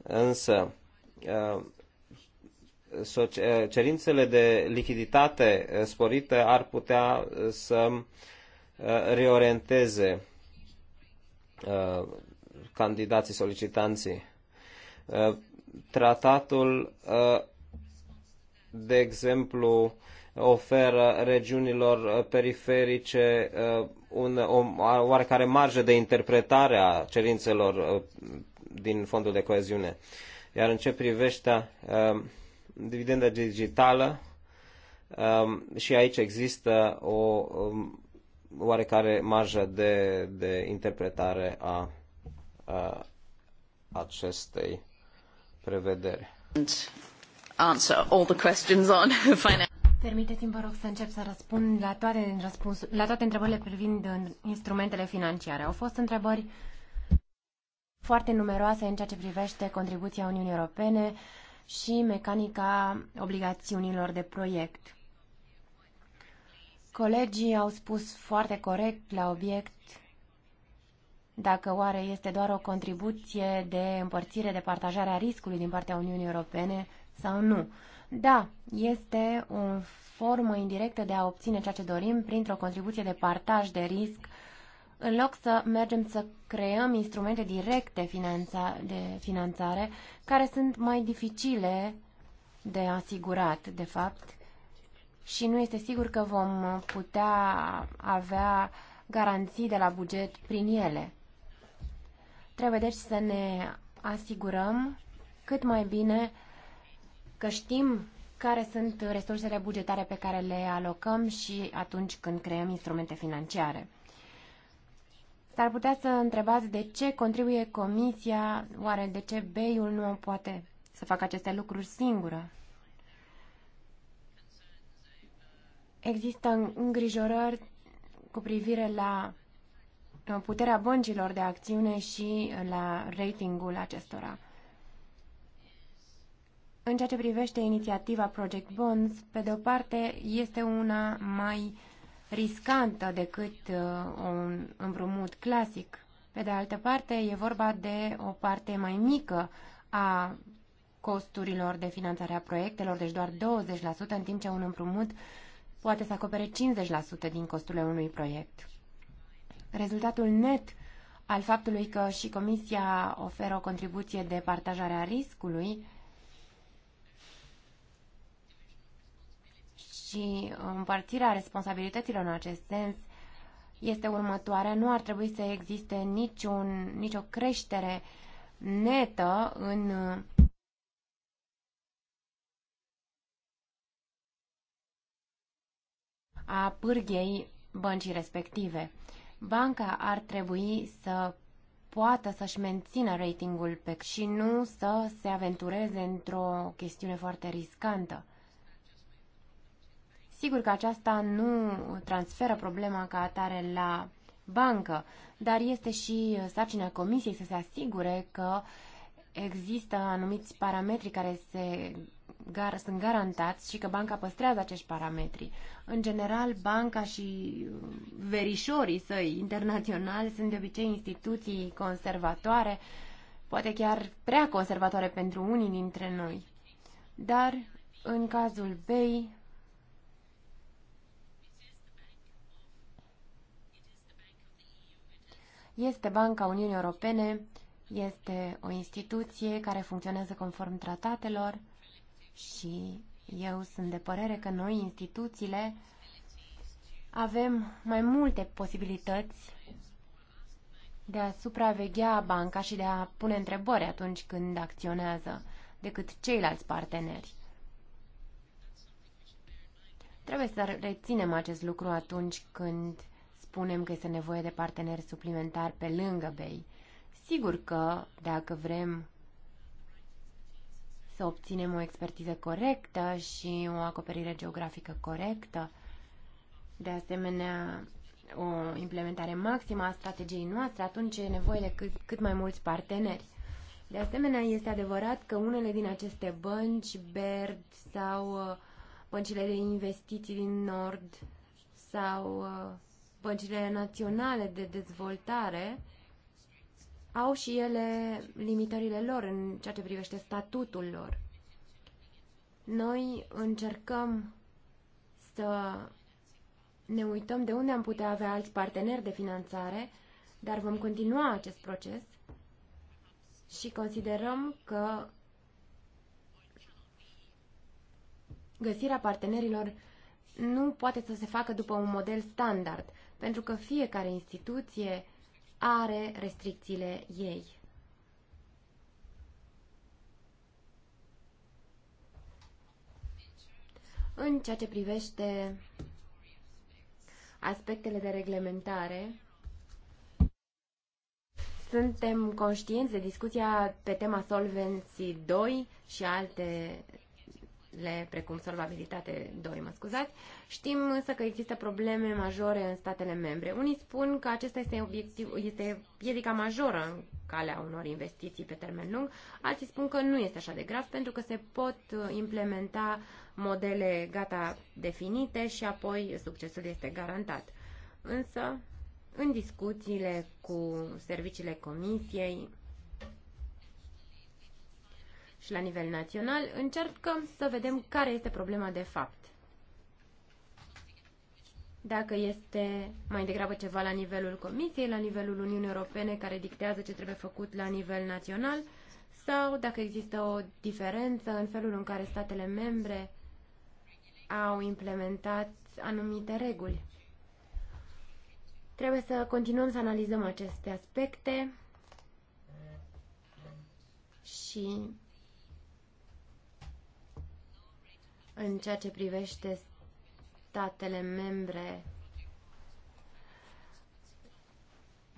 Însă, Eh, cerințele de lichiditate eh, sporită ar putea eh, să reorienteze candidații, solicitanții. Tratatul, de exemplu, oferă regiunilor periferice un, o oarecare marjă de interpretare a cerințelor din fondul de coeziune. Iar în ce privește dividenda digitală um, și aici există o um, oarecare marjă de, de interpretare a, a acestei prevederi. Permiteți-mi, vă rog, să încep să răspund la toate, răspuns, la toate întrebările privind uh, instrumentele financiare. Au fost întrebări foarte numeroase în ceea ce privește contribuția Uniunii Europene și mecanica obligațiunilor de proiect. Colegii au spus foarte corect la obiect dacă oare este doar o contribuție de împărțire, de partajare a riscului din partea Uniunii Europene sau nu. Da, este o formă indirectă de a obține ceea ce dorim printr-o contribuție de partaj de risc în loc să mergem să creăm instrumente directe finanța, de finanțare care sunt mai dificile de asigurat, de fapt, și nu este sigur că vom putea avea garanții de la buget prin ele. Trebuie deci să ne asigurăm cât mai bine că știm care sunt resursele bugetare pe care le alocăm și atunci când creăm instrumente financiare. S-ar putea să întrebați de ce contribuie comisia, oare de ce BEI-ul nu poate să facă aceste lucruri singură? Există îngrijorări cu privire la uh, puterea băncilor de acțiune și la ratingul acestora. În ceea ce privește inițiativa Project Bonds, pe de o parte este una mai riscantă decât uh, un împrumut clasic. Pe de altă parte, e vorba de o parte mai mică a costurilor de finanțare a proiectelor, deci doar 20%, în timp ce un împrumut poate să acopere 50% din costurile unui proiect. Rezultatul net al faptului că și Comisia oferă o contribuție de partajare a riscului și împărțirea responsabilităților în acest sens este următoarea. Nu ar trebui să existe niciun, nicio creștere netă în a pârghei băncii respective. Banca ar trebui să poată să-și mențină ratingul pe și nu să se aventureze într-o chestiune foarte riscantă. Sigur că aceasta nu transferă problema ca atare la bancă, dar este și sarcina comisiei să se asigure că există anumiți parametri care se gar, sunt garantați și că banca păstrează acești parametri. În general, banca și verișorii săi internaționali sunt de obicei instituții conservatoare, poate chiar prea conservatoare pentru unii dintre noi. Dar, în cazul BEI, este Banca Uniunii Europene, este o instituție care funcționează conform tratatelor și eu sunt de părere că noi, instituțiile, avem mai multe posibilități de a supraveghea banca și de a pune întrebări atunci când acționează decât ceilalți parteneri. Trebuie să reținem acest lucru atunci când spunem că este nevoie de parteneri suplimentari pe lângă BEI. Sigur că dacă vrem să obținem o expertiză corectă și o acoperire geografică corectă, de asemenea o implementare maximă a strategiei noastre, atunci e nevoie de cât, cât mai mulți parteneri. De asemenea, este adevărat că unele din aceste bănci, BERD sau uh, băncile de investiții din Nord sau uh, băncile naționale de dezvoltare au și ele limitările lor în ceea ce privește statutul lor. Noi încercăm să ne uităm de unde am putea avea alți parteneri de finanțare, dar vom continua acest proces și considerăm că găsirea partenerilor nu poate să se facă după un model standard pentru că fiecare instituție are restricțiile ei. În ceea ce privește aspectele de reglementare, suntem conștienți de discuția pe tema Solvency 2 și alte le precum solvabilitate 2, mă scuzați. Știm însă că există probleme majore în statele membre. Unii spun că acesta este, obiectiv, este piedica majoră în calea unor investiții pe termen lung, alții spun că nu este așa de grav pentru că se pot implementa modele gata definite și apoi succesul este garantat. Însă, în discuțiile cu serviciile comisiei, și la nivel național, încercăm să vedem care este problema de fapt. Dacă este mai degrabă ceva la nivelul Comisiei, la nivelul Uniunii Europene, care dictează ce trebuie făcut la nivel național, sau dacă există o diferență în felul în care statele membre au implementat anumite reguli. Trebuie să continuăm să analizăm aceste aspecte și în ceea ce privește statele membre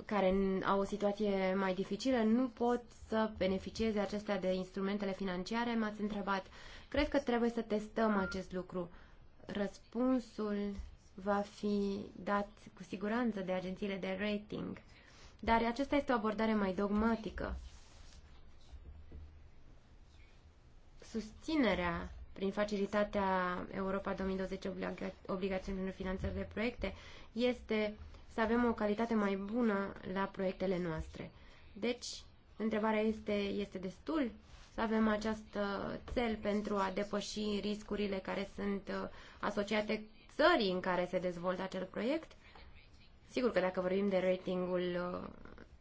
care au o situație mai dificilă nu pot să beneficieze acestea de instrumentele financiare? M-ați întrebat. Cred că trebuie să testăm acest lucru. Răspunsul va fi dat cu siguranță de agențiile de rating. Dar aceasta este o abordare mai dogmatică. Susținerea prin facilitatea Europa 2020 obliga obligațiunilor finanțări de proiecte, este să avem o calitate mai bună la proiectele noastre. Deci, întrebarea este, este destul să avem acest cel uh, pentru a depăși riscurile care sunt uh, asociate țării în care se dezvoltă acel proiect? Sigur că dacă vorbim de ratingul uh,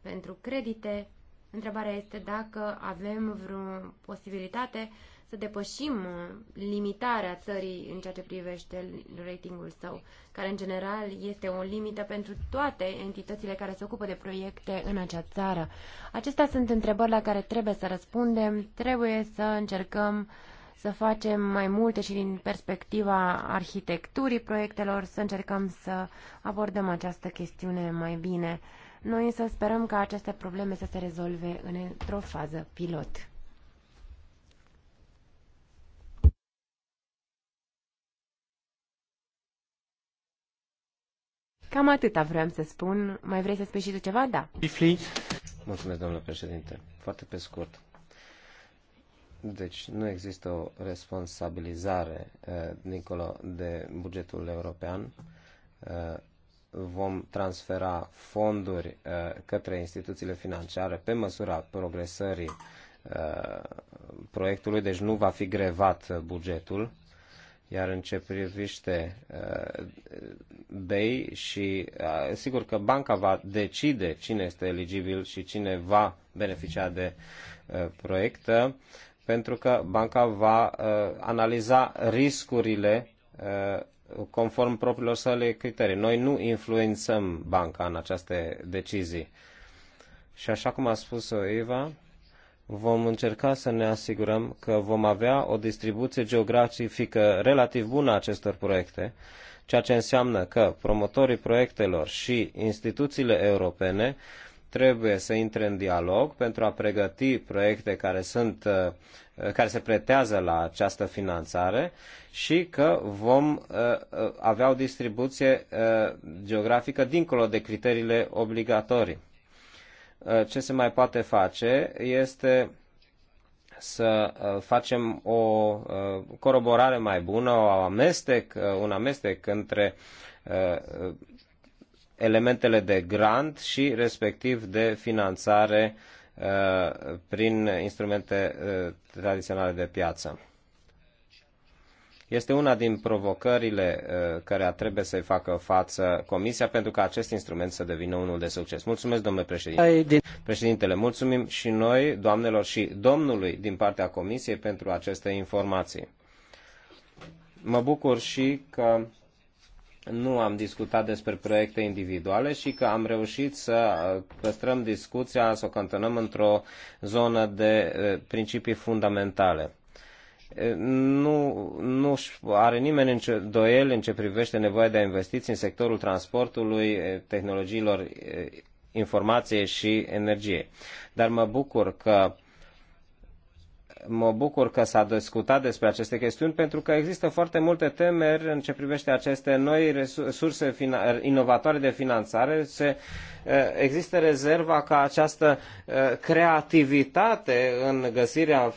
pentru credite, întrebarea este dacă avem vreo posibilitate să depășim uh, limitarea țării în ceea ce privește ratingul său, care în general este o limită pentru toate entitățile care se ocupă de proiecte în acea țară. Acestea sunt întrebări la care trebuie să răspundem, trebuie să încercăm să facem mai multe și din perspectiva arhitecturii proiectelor, să încercăm să abordăm această chestiune mai bine. Noi să sperăm ca aceste probleme să se rezolve într-o fază pilot. Cam atâta vreau să spun. Mai vrei să spui și tu ceva? Da. Mulțumesc, domnule președinte. Foarte pe scurt. Deci nu există o responsabilizare, eh, Nicolo, de bugetul european. Eh, vom transfera fonduri eh, către instituțiile financiare pe măsura progresării proiectului, deci nu va fi grevat bugetul iar în ce privește uh, BEI și uh, sigur că banca va decide cine este eligibil și cine va beneficia de uh, proiect, uh, pentru că banca va uh, analiza riscurile uh, conform propriilor sale criterii. Noi nu influențăm banca în aceste decizii. Și așa cum a spus-o Eva, vom încerca să ne asigurăm că vom avea o distribuție geografică relativ bună a acestor proiecte, ceea ce înseamnă că promotorii proiectelor și instituțiile europene trebuie să intre în dialog pentru a pregăti proiecte care, sunt, uh, care se pretează la această finanțare și că vom uh, uh, avea o distribuție geografică dincolo de criteriile obligatorii. Uh, ce se mai poate face este să uh, facem o uh, coroborare mai bună, o amestec, un amestec între elementele de grant și respectiv de finanțare prin instrumente tradiționale de piață. Este una din provocările uh, care trebuie să-i facă față Comisia pentru ca acest instrument să devină unul de succes. Mulțumesc, domnule președinte. Președintele, mulțumim și noi, doamnelor și domnului, din partea Comisiei pentru aceste informații. Mă bucur și că nu am discutat despre proiecte individuale și că am reușit să uh, păstrăm discuția, să o cantonăm într-o zonă de uh, principii fundamentale nu, nu are nimeni nicio doiel în ce privește nevoia de a investiții în sectorul transportului, tehnologiilor informației și energiei. Dar mă bucur că uh, mă bucur că s-a discutat despre aceste chestiuni, pentru că există foarte multe temeri în ce privește aceste noi resurse inovatoare de finanțare. Se, eh, există rezerva ca această eh, creativitate în găsirea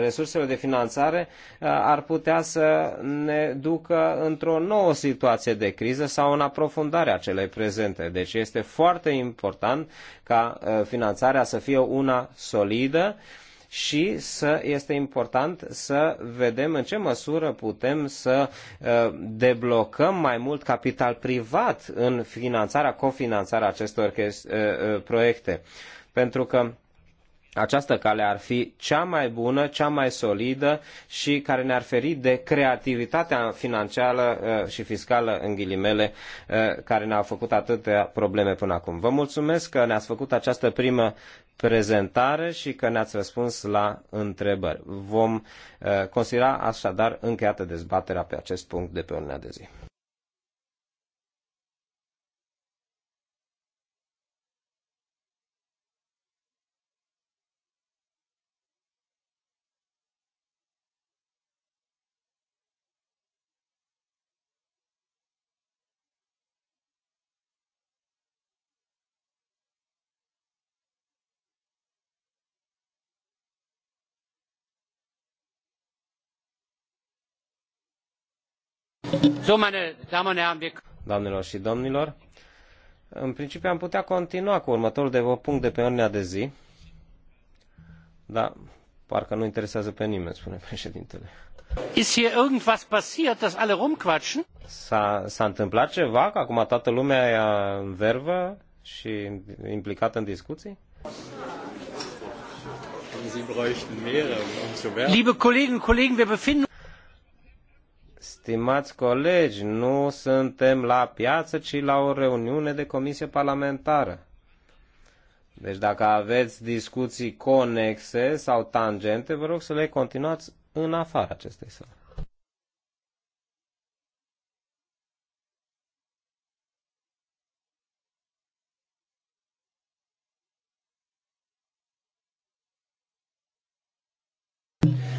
resurselor de finanțare eh, ar putea să ne ducă într-o nouă situație de criză sau în aprofundarea celei prezente. Deci este foarte important ca finanțarea să fie una solidă, uh, și să este important să vedem în ce măsură putem să uh, deblocăm mai mult capital privat în finanțarea, cofinanțarea acestor uh, uh, proiecte. Pentru că această cale ar fi cea mai bună, cea mai solidă și care ne-ar feri de creativitatea financiară și fiscală, în ghilimele, care ne-a făcut atâtea probleme până acum. Vă mulțumesc că ne-ați făcut această primă prezentare și că ne-ați răspuns la întrebări. Vom uh, considera așadar încheiată dezbaterea pe acest punct de pe ordinea de zi. Doamnelor și domnilor, în principiu am putea continua cu următorul de punct de pe ordinea de zi, dar parcă nu interesează pe nimeni, spune președintele. Ist hier irgendwas passiert, dass alle rumquatschen? S-a, s-a întâmplat ceva, că acum toată lumea e în vervă și implicată în discuții? Um Liebe Kolleginnen und Kollegen, wir befinden Stimați colegi, nu suntem la piață, ci la o reuniune de comisie parlamentară. Deci dacă aveți discuții conexe sau tangente, vă rog să le continuați în afara acestei sale.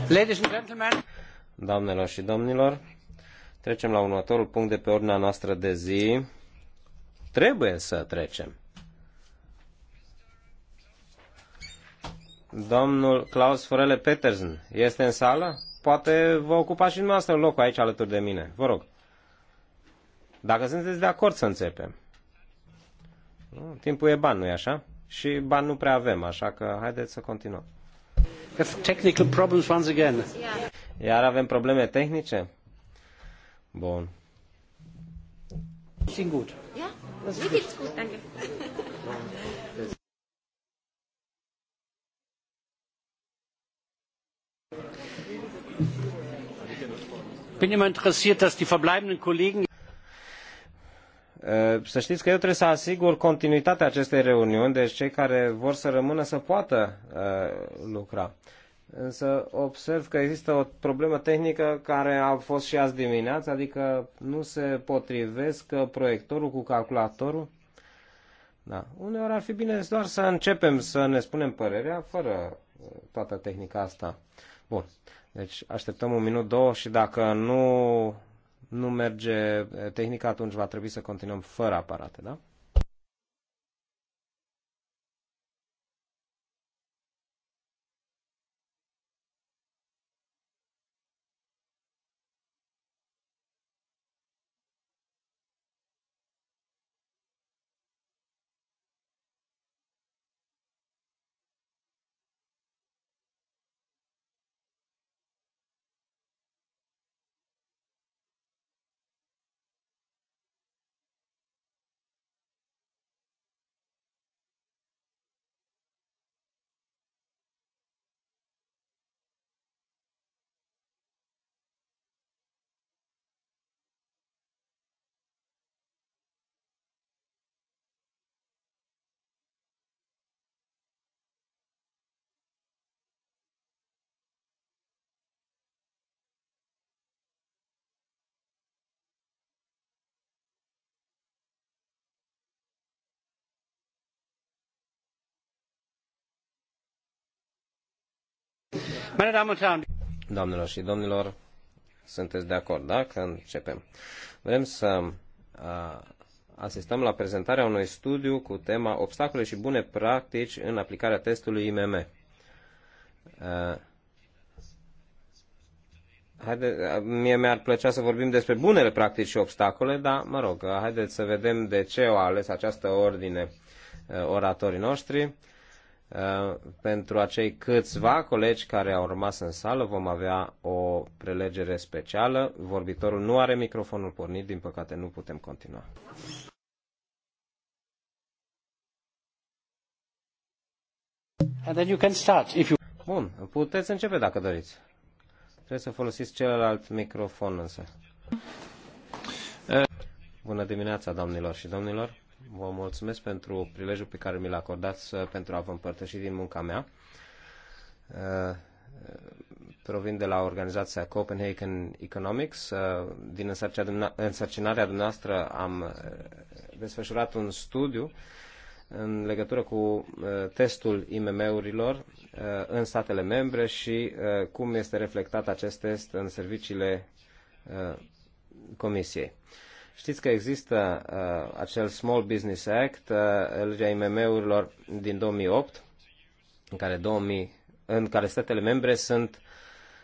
Ladies and gentlemen, doamnelor și domnilor. Trecem la următorul punct de pe ordinea noastră de zi. Trebuie să trecem. Domnul Klaus Forele Petersen este în sală? Poate vă ocupați și dumneavoastră locul aici alături de mine. Vă rog. Dacă sunteți de acord să începem. Nu? Timpul e bani, nu-i așa? Și bani nu prea avem, așa că haideți să continuăm. Technical problems once again. Yeah. Iar avem probleme tehnice? Bun. Singur. gut. Ja, mir geht's gut, Bin immer interessiert, dass die verbleibenden Kollegen să știți că eu trebuie să asigur continuitatea acestei reuniuni, deci cei care vor să rămână să poată uh, lucra însă observ că există o problemă tehnică care a fost și azi dimineață, adică nu se potrivesc proiectorul cu calculatorul. Da. Uneori ar fi bine doar să începem să ne spunem părerea fără uh, toată tehnica asta. Bun. Deci așteptăm un minut, două și dacă nu, nu merge uh, tehnica, atunci va trebui să continuăm fără aparate, da? Doamnelor și domnilor, sunteți de acord, da? Că începem. Vrem să asistăm la prezentarea unui studiu cu tema Obstacole și bune practici în aplicarea testului IMM. Haide, mie mi-ar plăcea să vorbim despre bunele practici și obstacole, dar, mă rog, haideți să vedem de ce au ales această ordine oratorii noștri. Uh, pentru acei câțiva colegi care au rămas în sală vom avea o prelegere specială. Vorbitorul nu are microfonul pornit, din păcate nu putem continua. And then you can start if you... Bun, puteți începe dacă doriți. Trebuie să folosiți celălalt microfon însă. Uh. Bună dimineața, doamnelor și domnilor. Vă mulțumesc pentru prilejul pe care mi l-a acordat uh, pentru a vă împărtăși din munca mea. Uh, provin de la organizația Copenhagen Economics. Uh, din însărcinarea dumneavoastră am desfășurat un studiu în legătură cu testul IMM-urilor în statele membre și cum este reflectat acest test în serviciile Comisiei. Știți că există uh, acel Small Business Act, uh, legea IMM-urilor din 2008, în care, 2000, în care statele membre sunt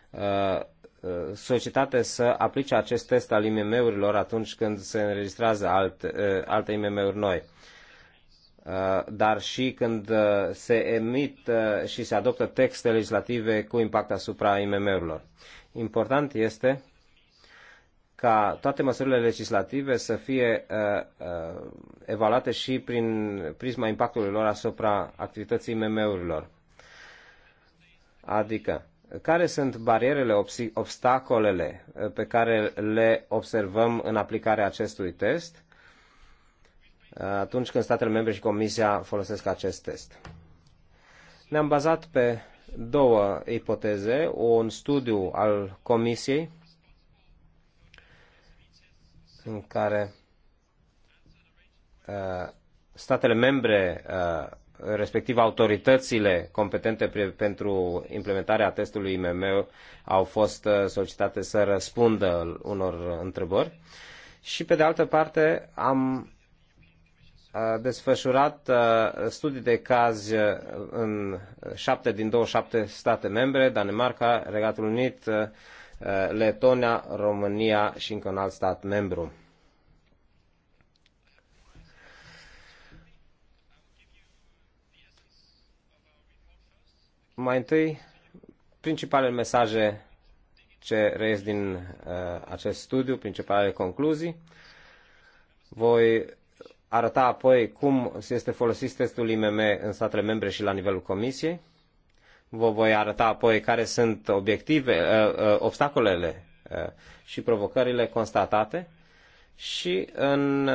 uh, uh, solicitate să aplice acest test al IMM-urilor atunci când se înregistrează alt, uh, alte IMM-uri noi. Uh, dar și când uh, se emit uh, și se adoptă texte legislative cu impact asupra IMM-urilor. Important este ca toate măsurile legislative să fie uh, uh, evaluate și prin prisma impactului lor asupra activității MM-urilor. Adică, care sunt barierele, obstacolele uh, pe care le observăm în aplicarea acestui test uh, atunci când statele membre și Comisia folosesc acest test? Ne-am bazat pe două ipoteze, un studiu al Comisiei în care uh, statele membre, uh, respectiv autoritățile competente pentru implementarea testului IMM au fost uh, solicitate să răspundă unor întrebări. Și pe de altă parte am desfășurat studii de caz în 7 din 27 state membre, Danemarca, Regatul Unit, Eh, Letonia, România și încă un alt stat membru. Mai întâi, principalele mesaje ce reiesc din uh, acest studiu, principalele concluzii. Voi arăta apoi cum se este folosit testul IMM în statele membre și la nivelul Comisiei. Vă voi arăta apoi care sunt obiective, uh, uh, obstacolele uh, și provocările constatate și în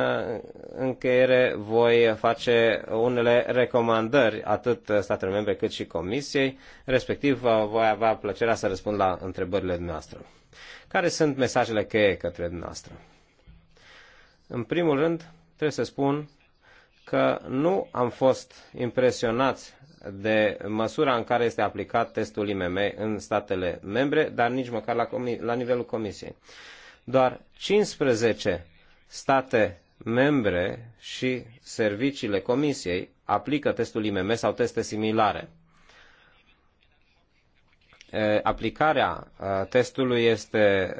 încheiere voi face unele recomandări atât statelor membre cât și Comisiei, respectiv voi avea plăcerea să răspund la întrebările dumneavoastră. Care sunt mesajele cheie către dumneavoastră? În primul rând, trebuie să spun că nu am fost impresionați de măsura în care este aplicat testul IMM în statele membre, dar nici măcar la, la nivelul Comisiei. Doar 15 state membre și serviciile Comisiei aplică testul IMM sau teste similare. Aplicarea testului este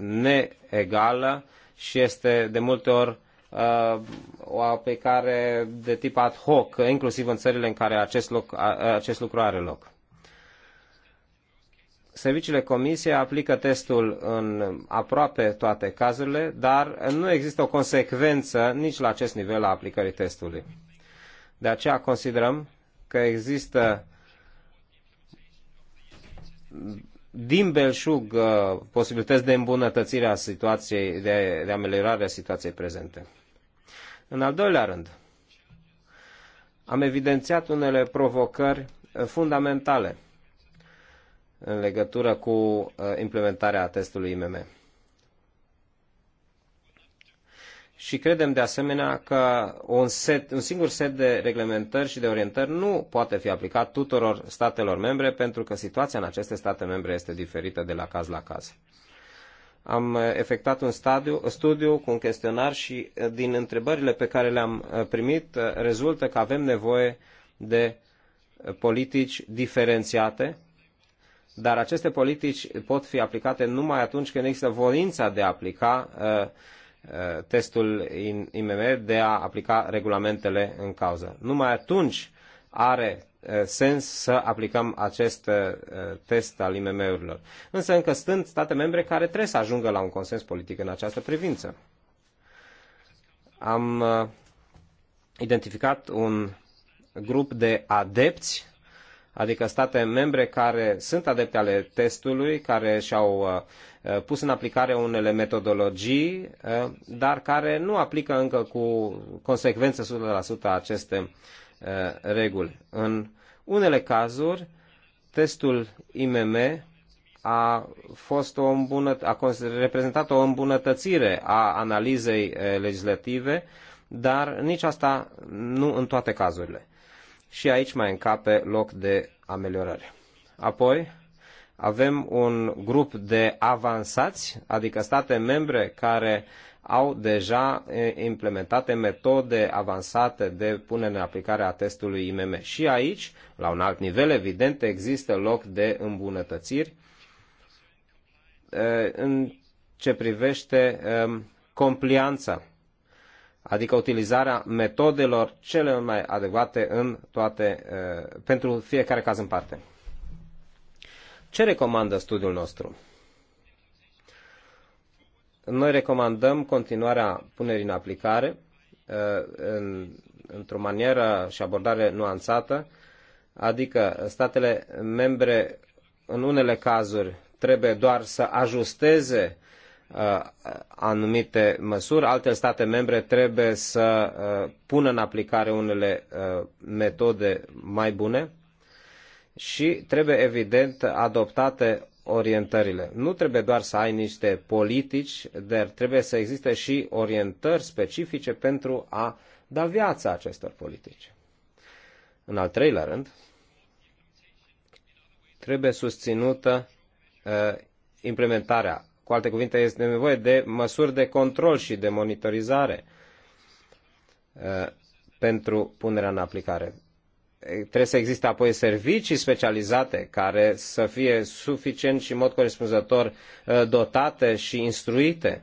neegală și este de multe ori Uh, o aplicare de tip ad hoc, inclusiv în țările în care acest, loc, acest lucru are loc. Serviciile Comisiei aplică testul în aproape toate cazurile, dar nu există o consecvență nici la acest nivel a aplicării testului. De aceea considerăm că există din belșug uh, posibilități de îmbunătățire a situației, de, de ameliorare a situației prezente. În al doilea rând, am evidențiat unele provocări eh, fundamentale în legătură cu eh, implementarea testului IMM. Și credem de asemenea că un, set, un singur set de reglementări și de orientări nu poate fi aplicat tuturor statelor membre pentru că situația în aceste state membre este diferită de la caz la caz am uh, efectuat un stadiu, studiu cu un chestionar și uh, din întrebările pe care le-am uh, primit rezultă că avem nevoie de politici diferențiate, dar aceste politici pot fi aplicate numai atunci când există voința de a aplica testul IMM, de a aplica regulamentele în cauză. Numai atunci are Uh, sens să aplicăm acest uh, test al IMM-urilor. Însă încă sunt state membre care trebuie să ajungă la un consens politic în această privință. Am uh, identificat un grup de adepți, adică state membre care sunt adepte ale testului, care și-au pus în aplicare unele metodologii, dar care nu aplică încă cu consecvență 100% aceste Uh, reguli. În unele cazuri, testul IMM a fost o îmbunăt- a reprezentat o îmbunătățire a analizei uh, legislative, dar nici asta nu în toate cazurile. Și aici mai încape loc de ameliorare. Apoi, avem un grup de avansați, adică state membre care uh, au deja implementate metode avansate de punere în aplicare a testului IMM. Și aici, la un alt nivel, evident, există loc de îmbunătățiri în ce privește complianța, adică utilizarea metodelor cele mai adecvate în toate, pentru fiecare caz în parte. Ce recomandă studiul nostru? Noi recomandăm continuarea punerii în aplicare uh, în, într-o manieră și abordare nuanțată, adică statele membre în unele cazuri trebuie doar să ajusteze uh, anumite măsuri, alte state membre trebuie să uh, pună în aplicare unele metode mai bune și trebuie evident adoptate orientările. Nu trebuie doar să ai niște politici, dar trebuie să existe și orientări specifice pentru a da viața acestor politici. În al treilea rând, trebuie susținută uh, implementarea. Cu alte cuvinte, este nevoie de măsuri de control și de monitorizare uh, pentru punerea în aplicare trebuie să existe apoi servicii specializate care să fie suficient și în mod corespunzător uh, dotate și instruite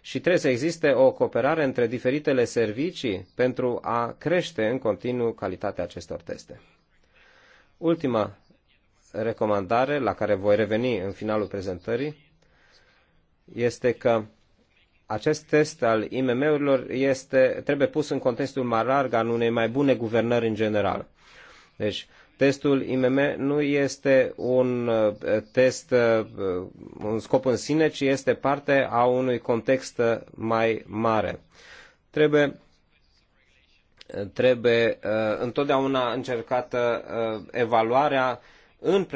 și trebuie să existe o cooperare între diferitele servicii pentru a crește în continuu calitatea acestor teste. Ultima recomandare la care voi reveni în finalul prezentării este că acest test al IMM-urilor este, trebuie pus în contextul mai larg al unei mai bune guvernări în general. Deci, testul IMM nu este un uh, test, uh, un scop în sine, ci este parte a unui context mai mare. Trebuie trebuie uh, întotdeauna încercată evaluarea în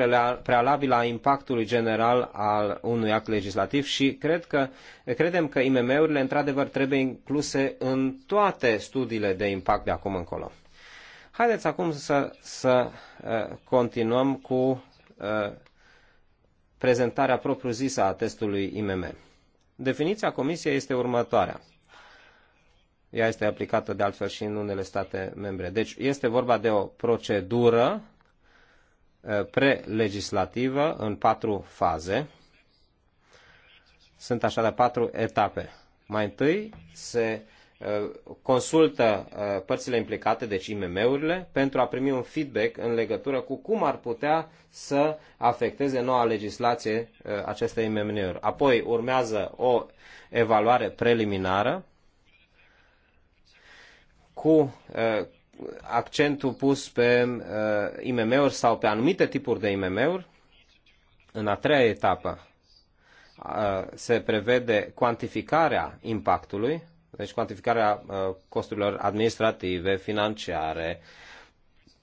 prealabil a impactului general al unui act legislativ și cred că, credem că IMM-urile într-adevăr trebuie incluse în toate studiile de impact de acum încolo. Haideți acum să, să uh, continuăm cu uh, prezentarea propriu-zisă a testului IMM. Definiția Comisiei este următoarea. Ea este aplicată de altfel și în unele state membre. Deci este vorba de o procedură uh, prelegislativă în patru faze. Sunt așa de patru etape. Mai întâi se Uh, consultă uh, părțile implicate, deci IMM-urile, pentru a primi un feedback în legătură cu cum ar putea să afecteze noua legislație uh, aceste IMM-uri. Apoi urmează o evaluare preliminară cu accentul pus pe IMM-uri sau pe anumite tipuri de IMM-uri. În a treia etapă se prevede cuantificarea impactului deci cuantificarea uh, costurilor administrative, financiare,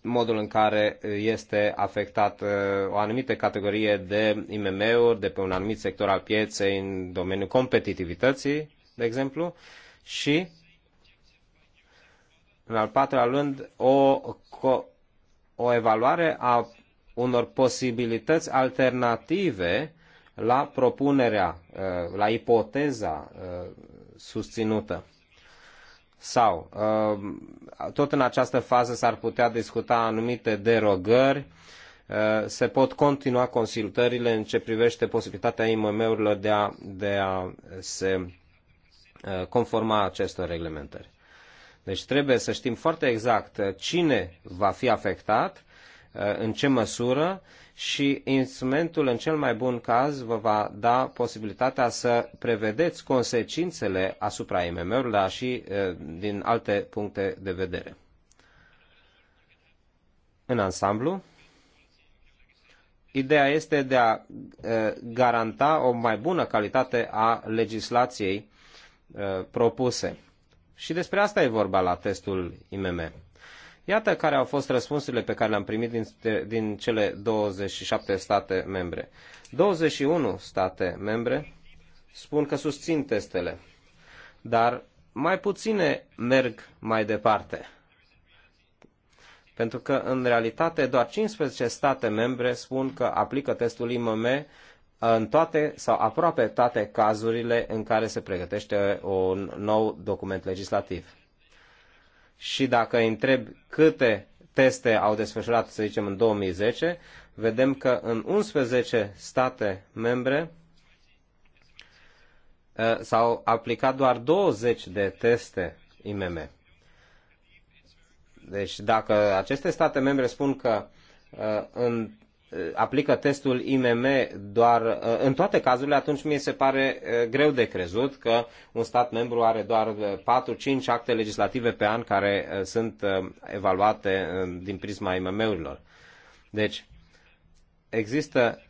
modul în care uh, este afectat uh, o anumită categorie de IMM-uri de pe un anumit sector al pieței în domeniul competitivității, de exemplu, și în al patrulea rând o, o evaluare a unor posibilități alternative la propunerea, la ipoteza susținută. Sau, uh, tot în această fază s-ar putea discuta anumite derogări, uh, se pot continua consultările în ce privește posibilitatea IMM-urilor de a, de a se uh, conforma acestor reglementări. Deci trebuie să știm foarte exact cine va fi afectat Uh, în ce măsură și instrumentul în cel mai bun caz vă va da posibilitatea să prevedeți consecințele asupra imm ului dar și uh, din alte puncte de vedere. În ansamblu, ideea este de a uh, garanta o mai bună calitate a legislației propuse. Și despre asta e vorba la testul IMM. Iată care au fost răspunsurile pe care le-am primit din, din cele 27 state membre. 21 state membre spun că susțin testele, dar mai puține merg mai departe. Pentru că, în realitate, doar 15 state membre spun că aplică testul IMM în toate sau aproape toate cazurile în care se pregătește un nou document legislativ și dacă îi întreb câte teste au desfășurat, să zicem, în 2010, vedem că în 11 state membre uh, s-au aplicat doar 20 de teste IMM. Deci dacă aceste state membre spun că uh, în Uh, aplică testul IMM doar uh, în toate cazurile, atunci mie se pare uh, greu de crezut că un stat membru are doar 4-5 acte legislative pe an care sunt evaluate din prisma IMM-urilor. Deci, există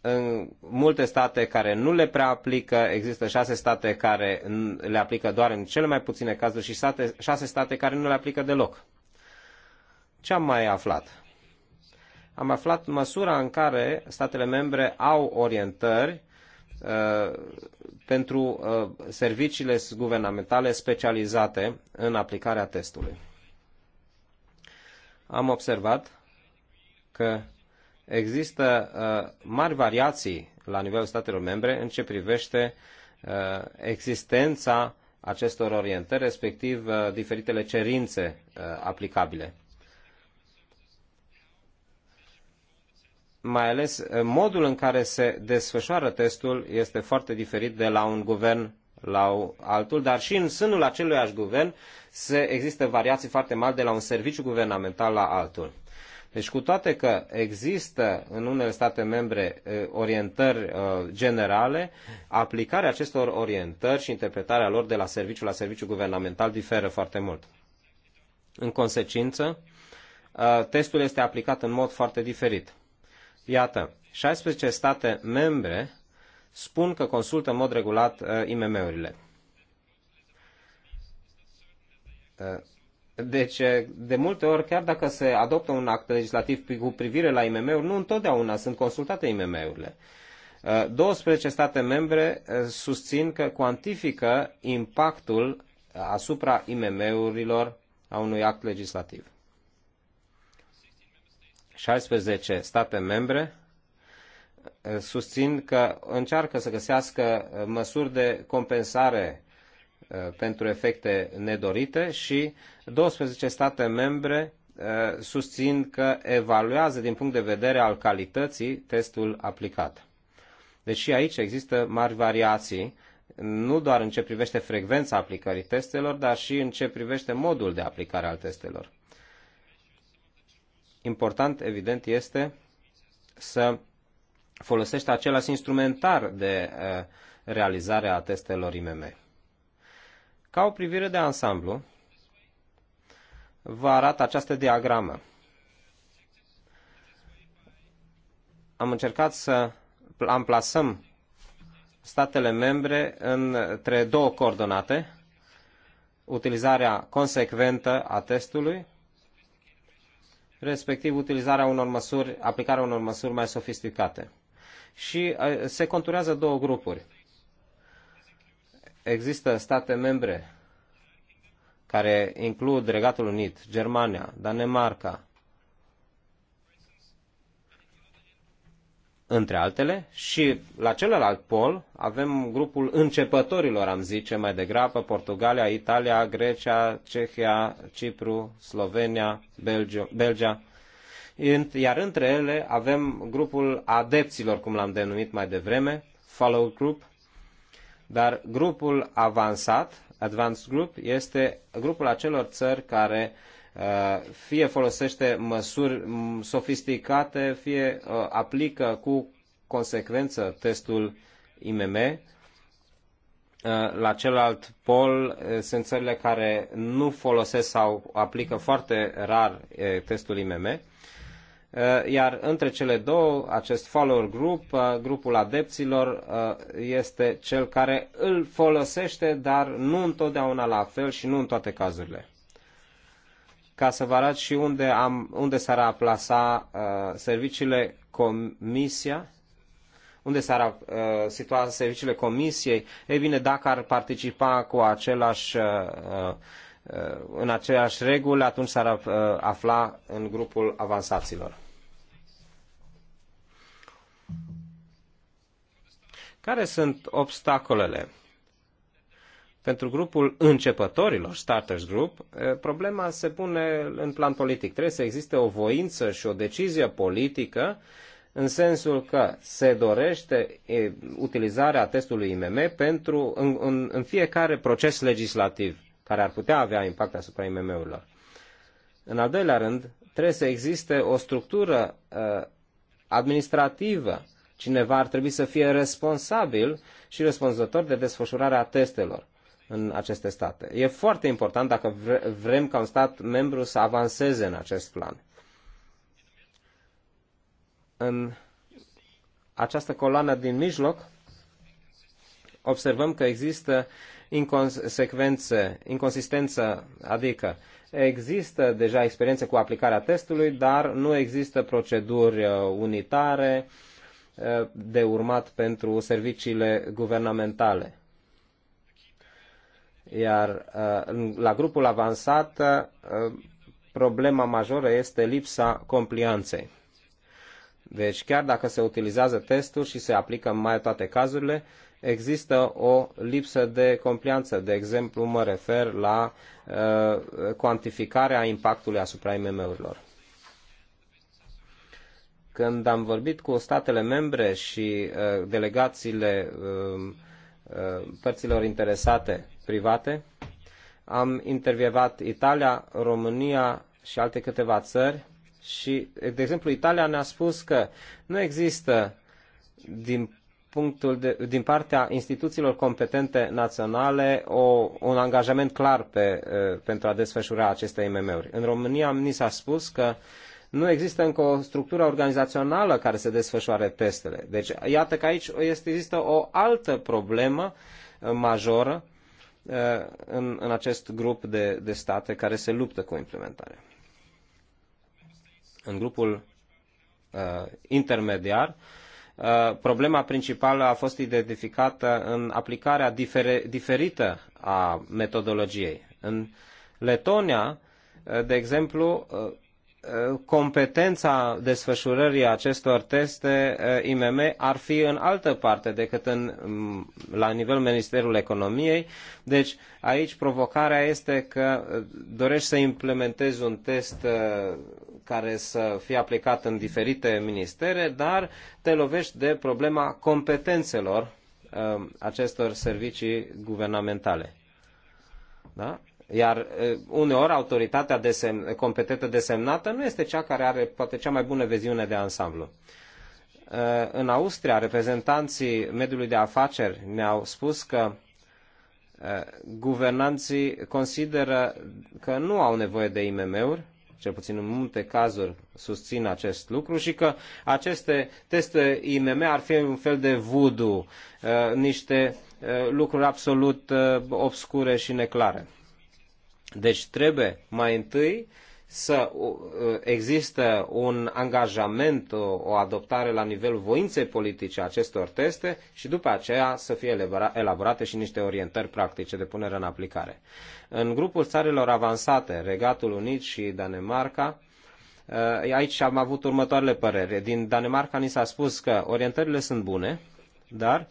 în multe state care nu le prea aplică, există șase state care le aplică doar în cele mai puține cazuri și state, șase state care nu le aplică deloc. Ce am mai aflat? am aflat măsura în care statele membre au orientări uh, pentru uh, serviciile guvernamentale specializate în aplicarea testului. Am observat că există uh, mari variații la nivelul statelor membre în ce privește uh, existența acestor orientări, respectiv uh, diferitele cerințe uh, aplicabile. mai ales eh, modul în care se desfășoară testul este foarte diferit de la un guvern la altul, dar și în sânul aceluiași guvern se există variații foarte mari de la un serviciu guvernamental la altul. Deci cu toate că există în unele state membre eh, orientări eh, generale, aplicarea acestor orientări și interpretarea lor de la serviciu la serviciu guvernamental diferă foarte mult. În consecință, testul este aplicat în mod foarte diferit. Iată, 16 state membre spun că consultă în mod regulat uh, IMM-urile. Uh, deci, uh, de multe ori, chiar dacă se adoptă un act legislativ cu privire la IMM-uri, nu întotdeauna sunt consultate IMM-urile. 12 state membre susțin că cuantifică impactul asupra IMM-urilor a unui act legislativ. 16 state membre eh, susțin că încearcă să găsească eh, măsuri de compensare eh, pentru efecte nedorite și 12 state membre susțin că evaluează din punct de vedere al calității testul aplicat. Deci aici există mari variații, nu doar în ce privește frecvența aplicării testelor, dar și în ce privește modul de aplicare al testelor important, evident, este să folosești același instrumentar de uh, realizare a testelor IMM. Ca o privire de ansamblu, vă arat această diagramă. Am încercat să amplasăm statele membre între două coordonate, utilizarea consecventă a testului respectiv utilizarea unor măsuri, aplicarea unor măsuri mai sofisticate. Și uh, se conturează două grupuri. Există state membre care includ Regatul Unit, Germania, Danemarca, între altele, și la celălalt pol avem grupul începătorilor, am zice, mai degrabă, Portugalia, Italia, Grecia, Cehia, Cipru, Slovenia, Belgio, Belgia, iar între ele avem grupul adepților, cum l-am denumit mai devreme, follow group, dar grupul avansat, advanced group, este grupul acelor țări care uh, Uh, fie folosește măsuri sofisticate, fie uh, aplică cu consecvență testul IMM. Uh, la celălalt pol sunt țările care nu folosesc sau aplică foarte rar testul IMM. Iar între cele două, acest follower group, grupul adepților, este cel care îl folosește, dar nu întotdeauna la fel și nu în toate cazurile ca să vă arăt și unde, am, unde s-ar plasa uh, serviciile comisia, unde s-ar uh, situa serviciile comisiei. Ei bine, dacă ar participa cu același, uh, uh, în aceleași reguli, atunci s-ar uh, afla în grupul avansaților. Care sunt obstacolele? pentru grupul începătorilor, Starters Group, problema se pune în plan politic. Trebuie să existe o voință și o decizie politică în sensul că se dorește utilizarea testului IMM pentru, în, în, în fiecare proces legislativ care ar putea avea impact asupra IMM-urilor. În al doilea rând, trebuie să existe o structură uh, administrativă. Cineva ar trebui să fie responsabil și răspunzător de desfășurarea testelor în aceste state. E foarte important dacă vrem ca un stat membru să avanseze în acest plan. În această coloană din mijloc observăm că există inconsecvențe, inconsistență, adică există deja experiențe cu aplicarea testului, dar nu există proceduri uh, unitare uh, de urmat pentru serviciile guvernamentale iar uh, la grupul avansat, uh, problema majoră este lipsa complianței. Deci chiar dacă se utilizează testul și se aplică în mai toate cazurile, există o lipsă de complianță. De exemplu, mă refer la uh, cuantificarea impactului asupra IMM-urilor. Când am vorbit cu statele membre și uh, delegațiile uh, Uh, părților interesate private. Am intervievat Italia, România și alte câteva țări și, de exemplu, Italia ne-a spus că nu există din punctul de, din partea instituțiilor competente naționale o, un angajament clar pe, uh, pentru a desfășura aceste IMM-uri. În România ni s-a spus că nu există încă o structură organizațională care să desfășoare testele. Deci, iată că aici este, există o altă problemă uh, majoră uh, în, în acest grup de, de state care se luptă cu implementarea. În grupul uh, intermediar, uh, problema principală a fost identificată în aplicarea difere, diferită a metodologiei. În Letonia, de exemplu, competența desfășurării acestor teste eh, IMM ar fi în altă parte decât în, mm, la nivel Ministerul Economiei. Deci aici provocarea este că eh, dorești să implementezi un test eh, care să fie aplicat în diferite ministere, dar te lovești de problema competențelor acestor servicii guvernamentale. Da? Iar uneori autoritatea desem, competentă desemnată nu este cea care are poate cea mai bună viziune de ansamblu. În Austria, reprezentanții mediului de afaceri ne-au spus că guvernanții consideră că nu au nevoie de IMM-uri, cel puțin în multe cazuri susțin acest lucru și că aceste teste IMM ar fi un fel de voodoo, niște lucruri absolut obscure și neclare. Deci trebuie mai întâi să uh, există un angajament, o adoptare la nivelul voinței politice a acestor teste și după aceea să fie elaborate și niște orientări practice de punere în aplicare. În grupul țărilor avansate, Regatul Unit și Danemarca, uh, aici am avut următoarele păreri. Din Danemarca ni s-a spus că orientările sunt bune, dar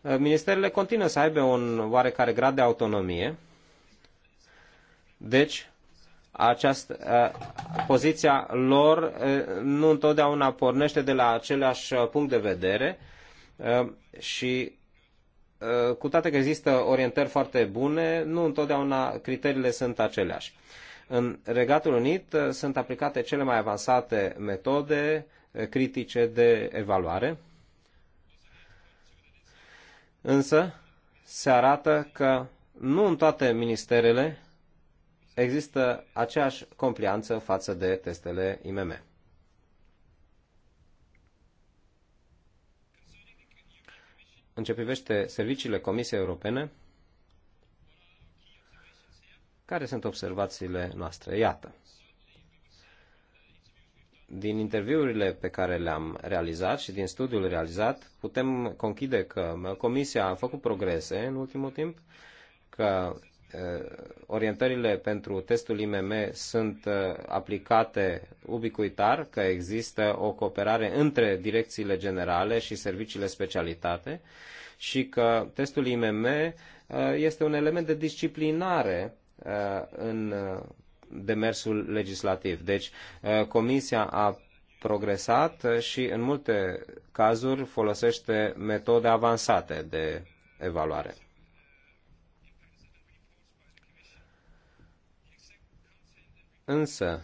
uh, ministerele continuă să aibă un oarecare grad de autonomie deci, această, poziția lor nu întotdeauna pornește de la același punct de vedere și cu toate că există orientări foarte bune, nu întotdeauna criteriile sunt aceleași. În Regatul Unit sunt aplicate cele mai avansate metode critice de evaluare, însă se arată că nu în toate ministerele există aceeași complianță față de testele IMM. În ce privește serviciile Comisiei Europene, care sunt observațiile noastre? Iată. Din interviurile pe care le-am realizat și din studiul realizat, putem conchide că Comisia a făcut progrese în ultimul timp, că Uh, orientările pentru testul IMM sunt uh, aplicate ubicuitar, că există o cooperare între direcțiile generale și serviciile specialitate și că testul IMM uh, este un element de disciplinare în demersul legislativ. Deci, Comisia a progresat și în multe cazuri folosește metode avansate de evaluare. Însă,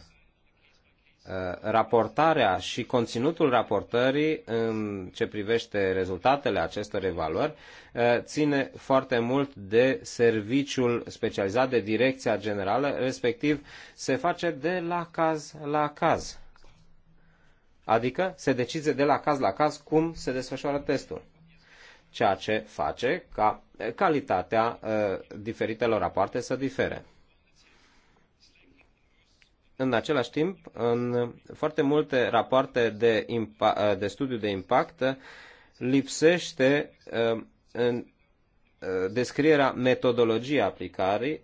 uh, raportarea și conținutul raportării în ce privește rezultatele acestor evaluări uh, ține foarte mult de serviciul specializat de direcția generală, respectiv se face de la caz la caz. Adică se decide de la caz la caz cum se desfășoară testul. Ceea ce face ca calitatea uh, diferitelor rapoarte să difere în același timp, în foarte multe rapoarte de, impact, de studiu de impact, lipsește uh, în uh, descrierea metodologiei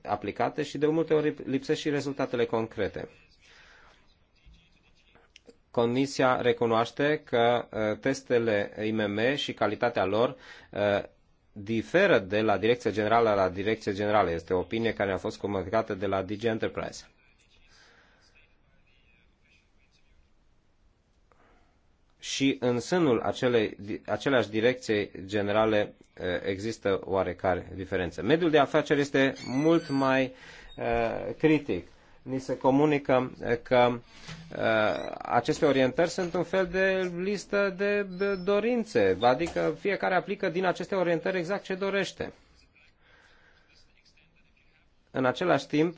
aplicate și de multe ori lipsesc și rezultatele concrete. Comisia recunoaște că uh, testele IMM și calitatea lor diferă de la Direcția Generală la direcția Generală. Este o opinie care a fost comunicată de la DG Enterprise. și în sânul acelei, aceleași direcții generale există oarecare diferență. Mediul de afaceri este mult mai critic. Ni se comunică că aceste orientări sunt un fel de listă de dorințe, adică fiecare aplică din aceste orientări exact ce dorește. În același timp,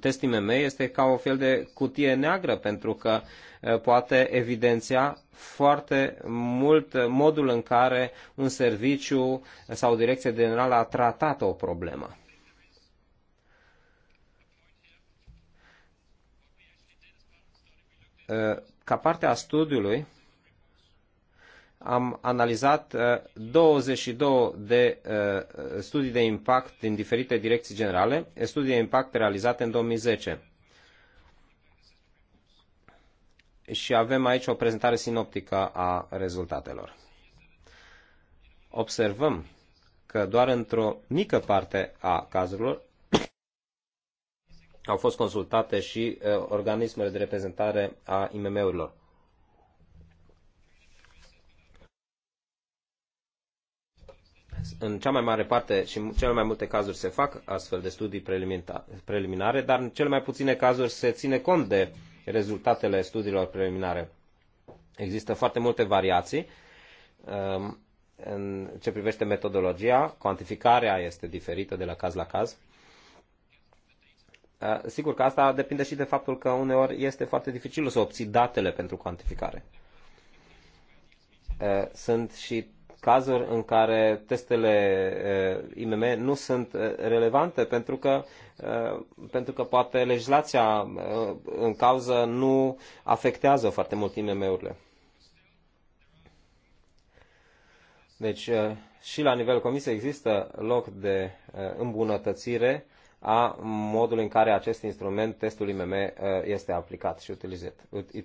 Test IMM este ca o fel de cutie neagră pentru că poate evidenția foarte mult modul în care un serviciu sau o direcție generală a tratat o problemă. Ca parte a studiului, am analizat 22 uh, de uh, studii de impact din diferite direcții generale, studii de impact realizate în 2010. Și avem aici o prezentare sinoptică a rezultatelor. Observăm că doar într-o mică parte a cazurilor au fost consultate și uh, organismele de reprezentare a IMM-urilor. În cea mai mare parte și în cele mai multe cazuri se fac astfel de studii preliminare, dar în cele mai puține cazuri se ține cont de rezultatele studiilor preliminare. Există foarte multe variații ehm, în ce privește metodologia, cuantificarea este diferită de la caz la caz. Ehm, sigur că asta depinde și de faptul că uneori este foarte dificil să obții datele pentru cuantificare. Ehm, sunt și cazuri în care testele IMM nu sunt relevante pentru că, pentru că poate legislația în cauză nu afectează foarte mult IMM-urile. Deci și la nivel comisiei există loc de îmbunătățire a modului în care acest instrument, testul IMM, este aplicat și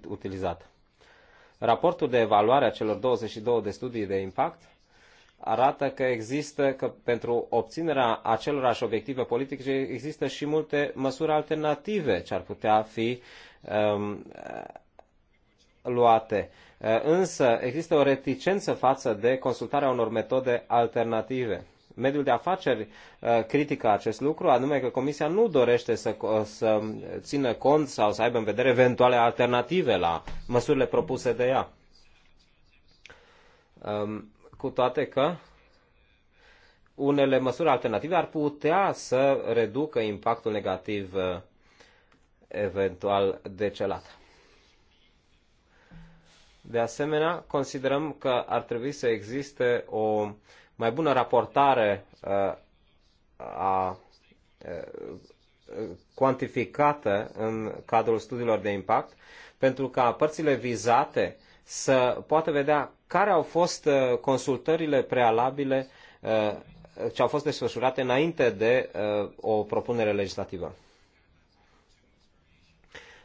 utilizat. Raportul de evaluare a celor 22 de studii de impact arată că există, că pentru obținerea acelorași obiective politice există și multe măsuri alternative ce ar putea fi um, luate. Uh, însă există o reticență față de consultarea unor metode alternative mediul de afaceri uh, critică acest lucru, anume că Comisia nu dorește să, să țină cont sau să aibă în vedere eventuale alternative la măsurile propuse de ea. Um, cu toate că unele măsuri alternative ar putea să reducă impactul negativ uh, eventual decelat. De asemenea, considerăm că ar trebui să existe o mai bună raportare uh, a uh, cuantificată în cadrul studiilor de impact, pentru ca părțile vizate să poată vedea care au fost uh, consultările prealabile ce au fost desfășurate înainte de o propunere legislativă.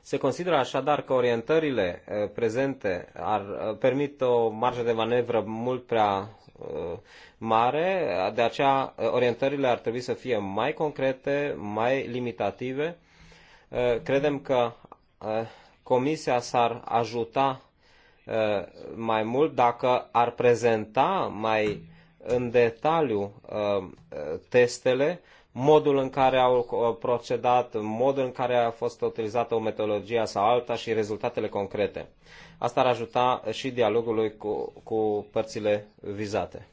Se consideră așadar că orientările prezente ar permit o marjă de manevră mult prea Uh, mare, de aceea uh, orientările ar trebui să fie mai concrete, mai limitative. Uh, credem că Comisia s-ar ajuta mai mult dacă ar prezenta mai în detaliu testele, modul în care au procedat, modul în care a fost utilizată o metodologie sau alta și rezultatele concrete. Asta ar ajuta și dialogului cu, cu părțile vizate.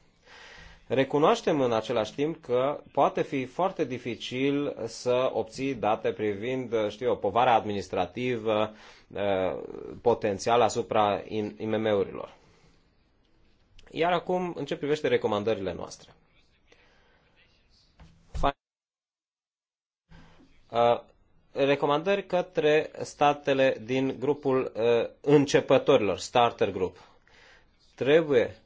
Recunoaștem în același timp că poate fi foarte dificil să obții date privind, știu eu, povara administrativă eh, potențială asupra IMM-urilor. Iar acum, în ce privește recomandările noastre. Eh, recomandări către statele din grupul uh, începătorilor, starter group. Trebuie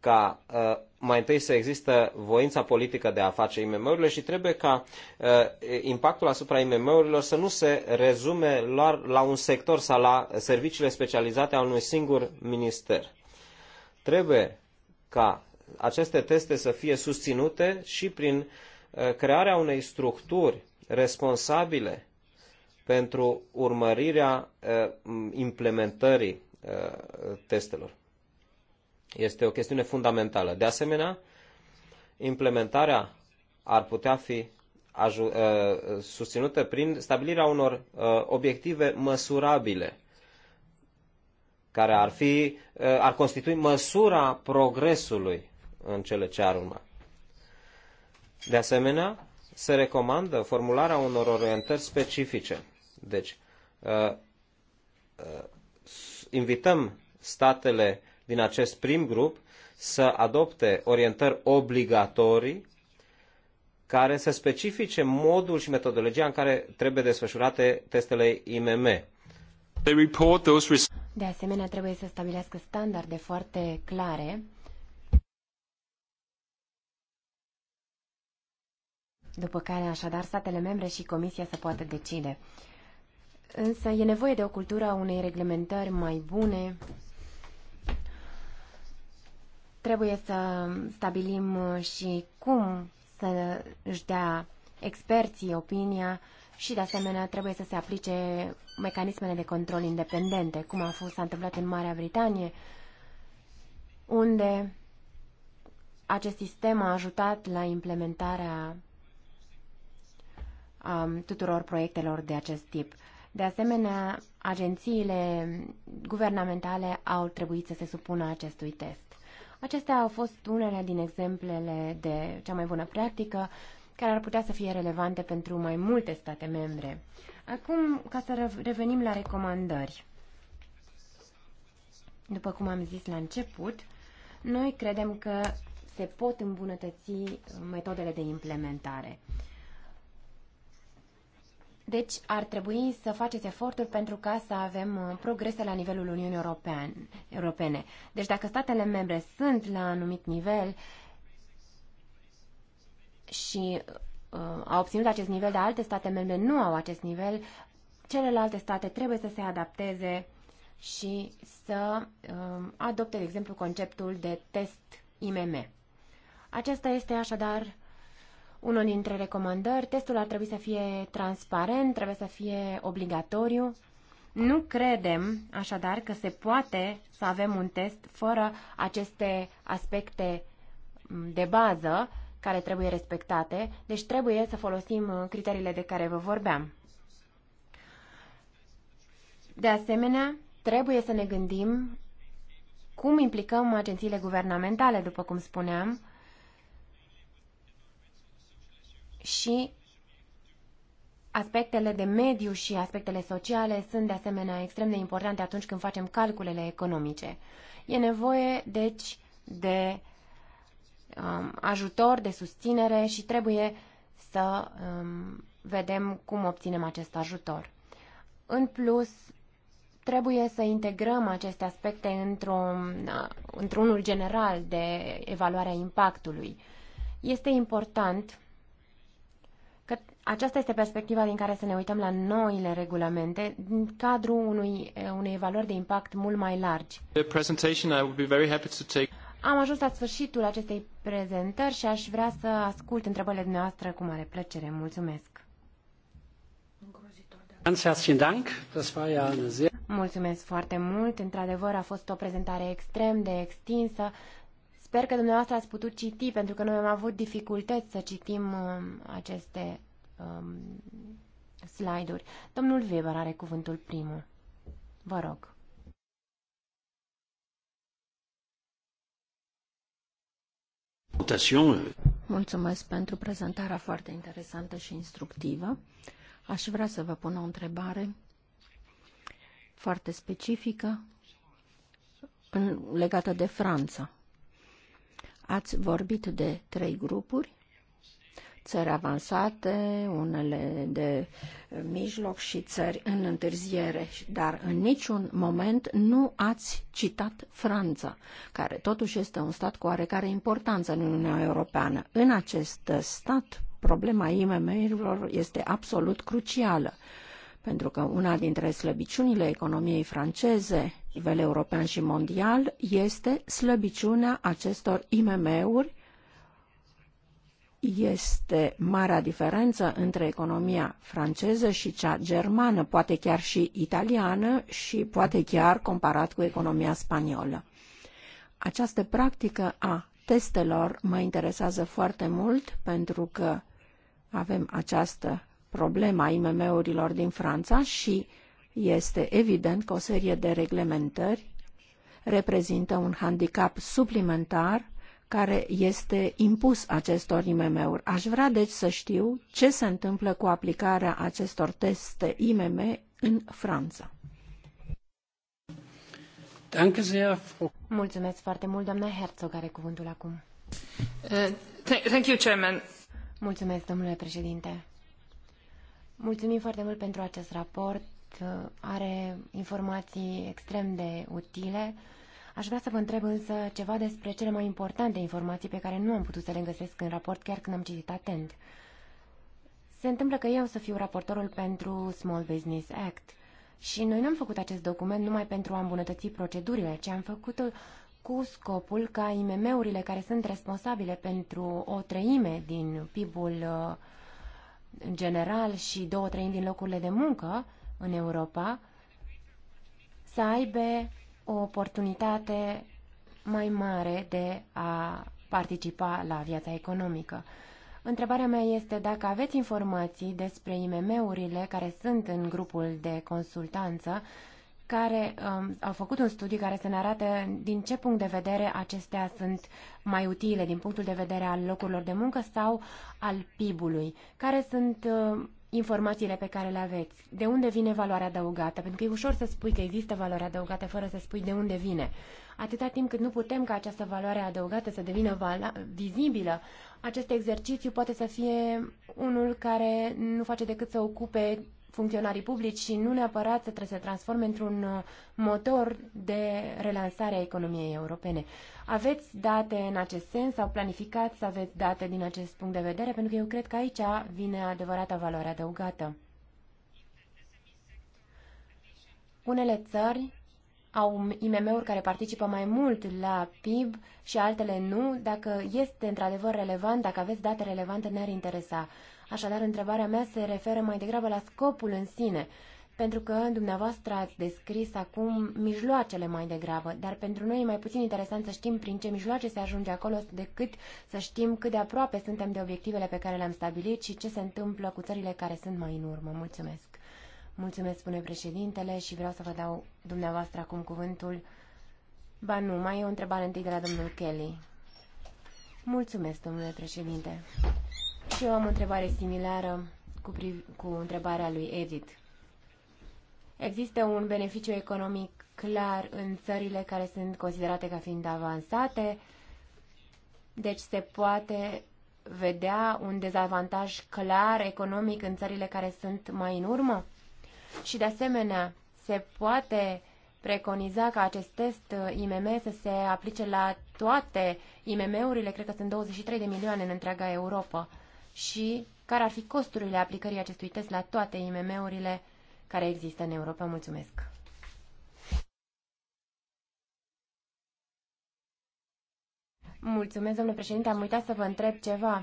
ca uh, mai întâi să există voința politică de a face IMM-urile și trebuie ca uh, impactul asupra IMM-urilor să nu se rezume la, la un sector sau la serviciile specializate al unui singur minister. Trebuie ca aceste teste să fie susținute și prin uh, Uh, crearea unei structuri responsabile pentru urmărirea uh, implementării uh, testelor. Este o chestiune fundamentală. De asemenea, implementarea ar putea fi susținută prin stabilirea unor obiective măsurabile care ar, fi, ar constitui măsura progresului în cele ce ar urma. De asemenea, se recomandă formularea unor orientări specifice. Deci, uh, uh, invităm statele din acest prim grup să adopte orientări obligatorii care să specifice modul și metodologia în care trebuie desfășurate testele IMM. De asemenea, trebuie să stabilească standarde foarte clare după care așadar statele membre și Comisia să poată decide. Însă e nevoie de o cultură a unei reglementări mai bune. Trebuie să stabilim și cum să își dea experții opinia și, de asemenea, trebuie să se aplice mecanismele de control independente, cum a fost s-a întâmplat în Marea Britanie, unde acest sistem a ajutat la implementarea um, tuturor proiectelor de acest tip. De asemenea, agențiile guvernamentale au trebuit să se supună acestui test. Acestea au fost unele din exemplele de cea mai bună practică care ar putea să fie relevante pentru mai multe state membre. Acum, ca să revenim la recomandări. După cum am zis la început, noi credem că se pot îmbunătăți metodele de implementare. Deci ar trebui să faceți eforturi pentru ca să avem uh, progrese la nivelul Uniunii Europene. Deci dacă statele membre sunt la anumit nivel și uh, au obținut acest nivel, dar alte state membre nu au acest nivel, celelalte state trebuie să se adapteze și să uh, adopte, de exemplu, conceptul de test IMM. Acesta este așadar unul dintre recomandări, testul ar trebui să fie transparent, trebuie să fie obligatoriu. Nu credem, așadar, că se poate să avem un test fără aceste aspecte mm, de bază care trebuie respectate, deci trebuie să folosim uh, criteriile de care vă vorbeam. De asemenea, trebuie să ne gândim cum implicăm agențiile guvernamentale, după cum spuneam, și aspectele de mediu și aspectele sociale sunt de asemenea extrem de importante atunci când facem calculele economice. E nevoie, deci, de um, ajutor, de susținere și trebuie să um, vedem cum obținem acest ajutor. În plus, trebuie să integrăm aceste aspecte într unul într-unul general de evaluarea impactului. Este important că aceasta este perspectiva din care să ne uităm la noile regulamente în cadrul unui, unei valori de impact mult mai largi. Am ajuns la sfârșitul acestei prezentări și aș vrea să ascult întrebările dumneavoastră cu mare plăcere. Mulțumesc! Da. Mulțumesc foarte mult! Într-adevăr, a fost o prezentare extrem de extinsă. Sper că dumneavoastră ați putut citi, pentru că noi am avut dificultăți să citim um, aceste um, slide-uri. Domnul Weber are cuvântul primul. Vă rog. Mulțumesc pentru prezentarea foarte interesantă și instructivă. Aș vrea să vă pun o întrebare foarte specifică în, legată de Franța. Ați vorbit de trei grupuri, țări avansate, unele de mijloc și țări în întârziere, dar în niciun moment nu ați citat Franța, care totuși este un stat cu oarecare importanță în Uniunea Europeană. În acest stat, problema IMM-urilor este absolut crucială, pentru că una dintre slăbiciunile economiei franceze nivel european și mondial este slăbiciunea acestor IMM-uri, este marea diferență între economia franceză și cea germană, poate chiar și italiană și poate chiar comparat cu economia spaniolă. Această practică a testelor mă interesează foarte mult pentru că avem această problemă a IMM-urilor din Franța și este evident că o serie de reglementări reprezintă un handicap suplimentar care este impus acestor IMM-uri. Aș vrea deci să știu ce se întâmplă cu aplicarea acestor teste IMM în Franța. Mulțumesc foarte mult, doamna Herzog are cuvântul acum. Eh, thank you, Chairman. Mulțumesc, domnule președinte. Mulțumim foarte mult pentru acest raport Uh, are informații extrem de utile. Aș vrea să vă întreb însă ceva despre cele mai importante informații pe care nu am putut să le găsesc în raport chiar când am citit atent. Se întâmplă că eu să fiu raportorul pentru Small Business Act și noi n-am făcut acest document numai pentru a îmbunătăți procedurile, ci am făcut-o cu scopul ca IMM-urile care sunt responsabile pentru o treime din PIB-ul uh, general și două treimi din locurile de muncă în Europa să aibă o oportunitate mai mare de a participa la viața economică. Întrebarea mea este dacă aveți informații despre IMM-urile care sunt în grupul de consultanță, care um, au făcut un studiu care să ne arate din ce punct de vedere acestea sunt mai utile, din punctul de vedere al locurilor de muncă sau al PIB-ului, care sunt uh, informațiile pe care le aveți. De unde vine valoarea adăugată? Pentru că e ușor să spui că există valoare adăugată fără să spui de unde vine. Atâta timp cât nu putem ca această valoare adăugată să devină vizibilă, acest exercițiu poate să fie unul care nu face decât să ocupe funcționarii publici și nu neapărat trebuie să se transforme într-un uh, motor de relansare a economiei europene. Aveți date în acest sens sau planificați să aveți date din acest punct de vedere? Pentru că eu cred că aici vine adevărata valoare adăugată. Unele țări au IMM-uri care participă mai mult la PIB și altele nu. Dacă este într-adevăr relevant, dacă aveți date relevante, ne-ar interesa. Așadar, întrebarea mea se referă mai degrabă la scopul în sine, pentru că dumneavoastră ați descris acum mijloacele mai degrabă, dar pentru noi e mai puțin interesant să știm prin ce mijloace se ajunge acolo decât să știm cât de aproape suntem de obiectivele pe care le-am stabilit și ce se întâmplă cu țările care sunt mai în urmă. Mulțumesc! Mulțumesc, spune președintele, și vreau să vă dau dumneavoastră acum cuvântul. Ba nu, mai e o întrebare întâi de la domnul Kelly. Mulțumesc, domnule președinte. Și eu am o întrebare similară cu, priv- cu întrebarea lui Edith. Există un beneficiu economic clar în țările care sunt considerate ca fiind avansate, deci se poate vedea un dezavantaj clar economic în țările care sunt mai în urmă? Și de asemenea, se poate preconiza ca acest test IMM să se aplice la toate IMM-urile, cred că sunt 23 de milioane în întreaga Europa și care ar fi costurile aplicării acestui test la toate IMM-urile care există în Europa. Mulțumesc! Mulțumesc, domnule președinte. Am uitat să vă întreb ceva.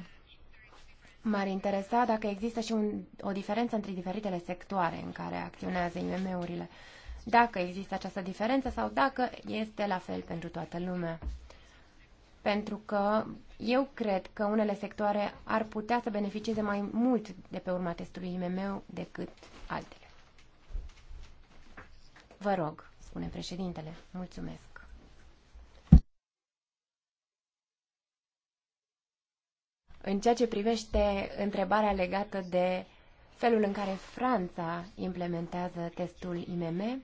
M-ar interesa dacă există și un, o diferență între diferitele sectoare în care acționează IMM-urile. Dacă există această diferență sau dacă este la fel pentru toată lumea pentru că eu cred că unele sectoare ar putea să beneficieze mai mult de pe urma testului IMM decât altele. Vă rog, spune președintele. Mulțumesc. În ceea ce privește întrebarea legată de felul în care Franța implementează testul IMM,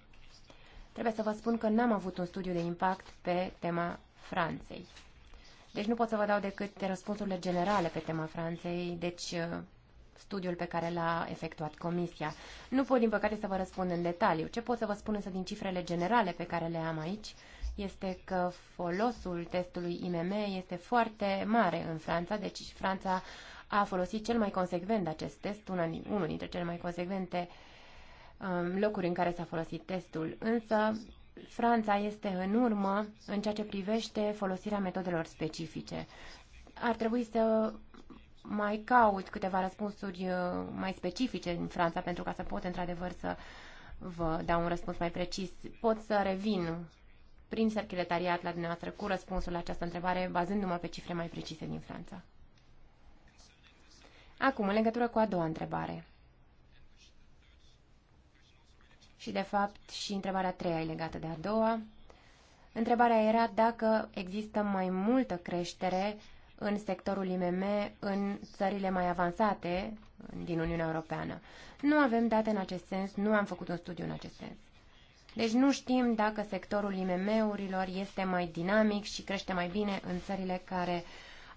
trebuie să vă spun că n-am avut un studiu de impact pe tema Franței. Deci nu pot să vă dau decât răspunsurile generale pe tema Franței, deci uh, studiul pe care l-a efectuat Comisia. Nu pot, din păcate, să vă răspund în detaliu. Ce pot să vă spun însă din cifrele generale pe care le am aici este că folosul testului IMM este foarte mare în Franța, deci Franța a folosit cel mai consecvent acest test, una, unul dintre cele mai consecvente um, locuri în care s-a folosit testul, însă Franța este în urmă în ceea ce privește folosirea metodelor specifice. Ar trebui să mai caut câteva răspunsuri uh, mai specifice în Franța pentru ca să pot într-adevăr să vă dau un răspuns mai precis. Pot să revin prin secretariat la dumneavoastră cu răspunsul la această întrebare, bazându-mă pe cifre mai precise din Franța. Acum, în legătură cu a doua întrebare. și, de fapt, și întrebarea a treia e legată de a doua. Întrebarea era dacă există mai multă creștere în sectorul IMM în țările mai avansate din Uniunea Europeană. Nu avem date în acest sens, nu am făcut un studiu în acest sens. Deci nu știm dacă sectorul IMM-urilor este mai dinamic și crește mai bine în țările care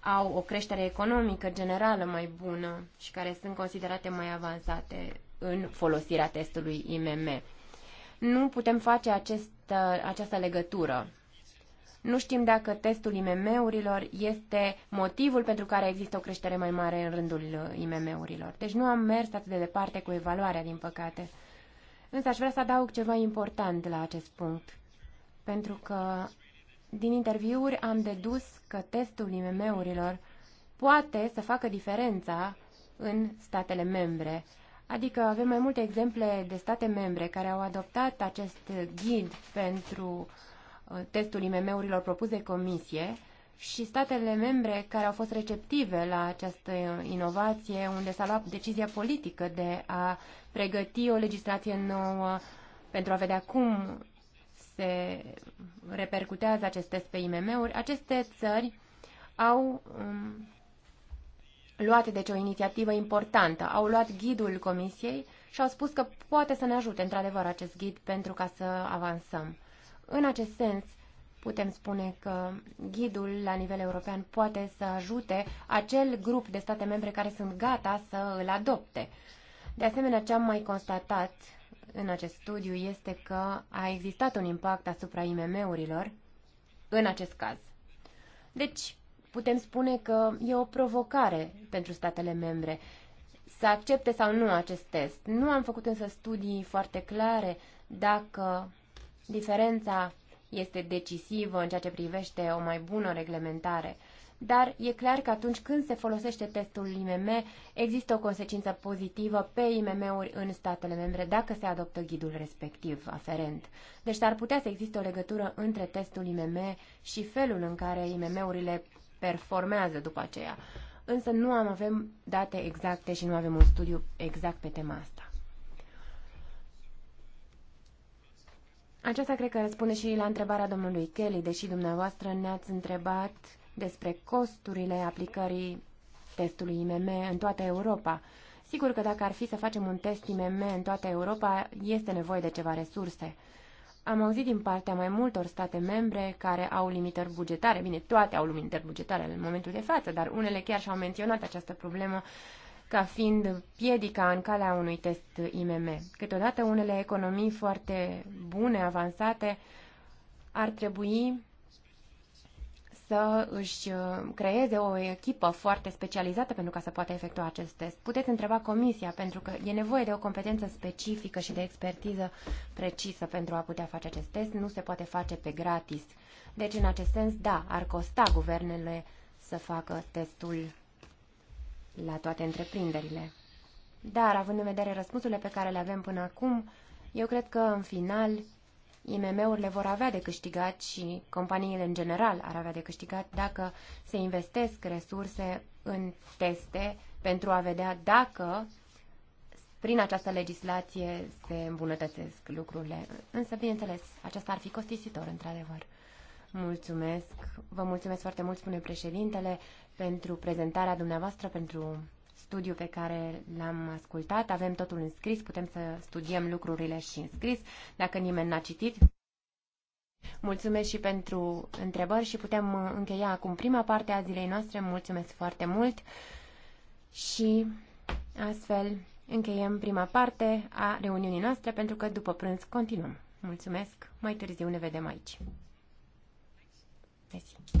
au o creștere economică generală mai bună și care sunt considerate mai avansate în folosirea testului IMM. Nu putem face acest, uh, această legătură. Nu știm dacă testul IMM-urilor este motivul pentru care există o creștere mai mare în rândul uh, IMM-urilor. Deci nu am mers atât de departe cu evaluarea, din păcate. Însă aș vrea să adaug ceva important la acest punct. Pentru că din interviuri am dedus că testul IMM-urilor poate să facă diferența în statele membre Adică avem mai multe exemple de state membre care au adoptat acest ghid pentru uh, testul IMM-urilor propus de comisie și statele membre care au fost receptive la această inovație, unde s-a luat decizia politică de a pregăti o legislație nouă pentru a vedea cum se repercutează acest test pe IMM-uri, aceste țări au um, luat deci o inițiativă importantă. Au luat ghidul Comisiei și au spus că poate să ne ajute într-adevăr acest ghid pentru ca să avansăm. În acest sens, putem spune că ghidul la nivel european poate să ajute acel grup de state membre care sunt gata să îl adopte. De asemenea, ce am mai constatat în acest studiu este că a existat un impact asupra IMM-urilor în acest caz. Deci, putem spune că e o provocare pentru statele membre să accepte sau nu acest test. Nu am făcut însă studii foarte clare dacă diferența este decisivă în ceea ce privește o mai bună reglementare. Dar e clar că atunci când se folosește testul IMM, există o consecință pozitivă pe IMM-uri în statele membre dacă se adoptă ghidul respectiv aferent. Deci ar putea să existe o legătură între testul IMM și felul în care IMM-urile performează după aceea. Însă nu am avem date exacte și nu avem un studiu exact pe tema asta. Aceasta cred că răspunde și la întrebarea domnului Kelly, deși dumneavoastră ne-ați întrebat despre costurile aplicării testului IMM în toată Europa. Sigur că dacă ar fi să facem un test IMM în toată Europa, este nevoie de ceva resurse. Am auzit din partea mai multor state membre care au limitări bugetare. Bine, toate au limitări bugetare în momentul de față, dar unele chiar și-au menționat această problemă ca fiind piedica în calea unui test IMM. Câteodată unele economii foarte bune, avansate, ar trebui să își uh, creeze o echipă foarte specializată pentru ca să poată efectua acest test. Puteți întreba comisia, pentru că e nevoie de o competență specifică și de expertiză precisă pentru a putea face acest test. Nu se poate face pe gratis. Deci, în acest sens, da, ar costa guvernele să facă testul la toate întreprinderile. Dar, având în vedere răspunsurile pe care le avem până acum, eu cred că, în final, IMM-urile vor avea de câștigat și companiile în general ar avea de câștigat dacă se investesc resurse în teste pentru a vedea dacă prin această legislație se îmbunătățesc lucrurile. Însă, bineînțeles, aceasta ar fi costisitor, într-adevăr. Mulțumesc, vă mulțumesc foarte mult, spune președintele, pentru prezentarea dumneavoastră, pentru studiu pe care l-am ascultat. Avem totul în scris, putem să studiem lucrurile și în scris, dacă nimeni n-a citit. Mulțumesc și pentru întrebări și putem încheia acum prima parte a zilei noastre. Mulțumesc foarte mult și astfel încheiem prima parte a reuniunii noastre pentru că după prânz continuăm. Mulțumesc, mai târziu ne vedem aici. Mersi.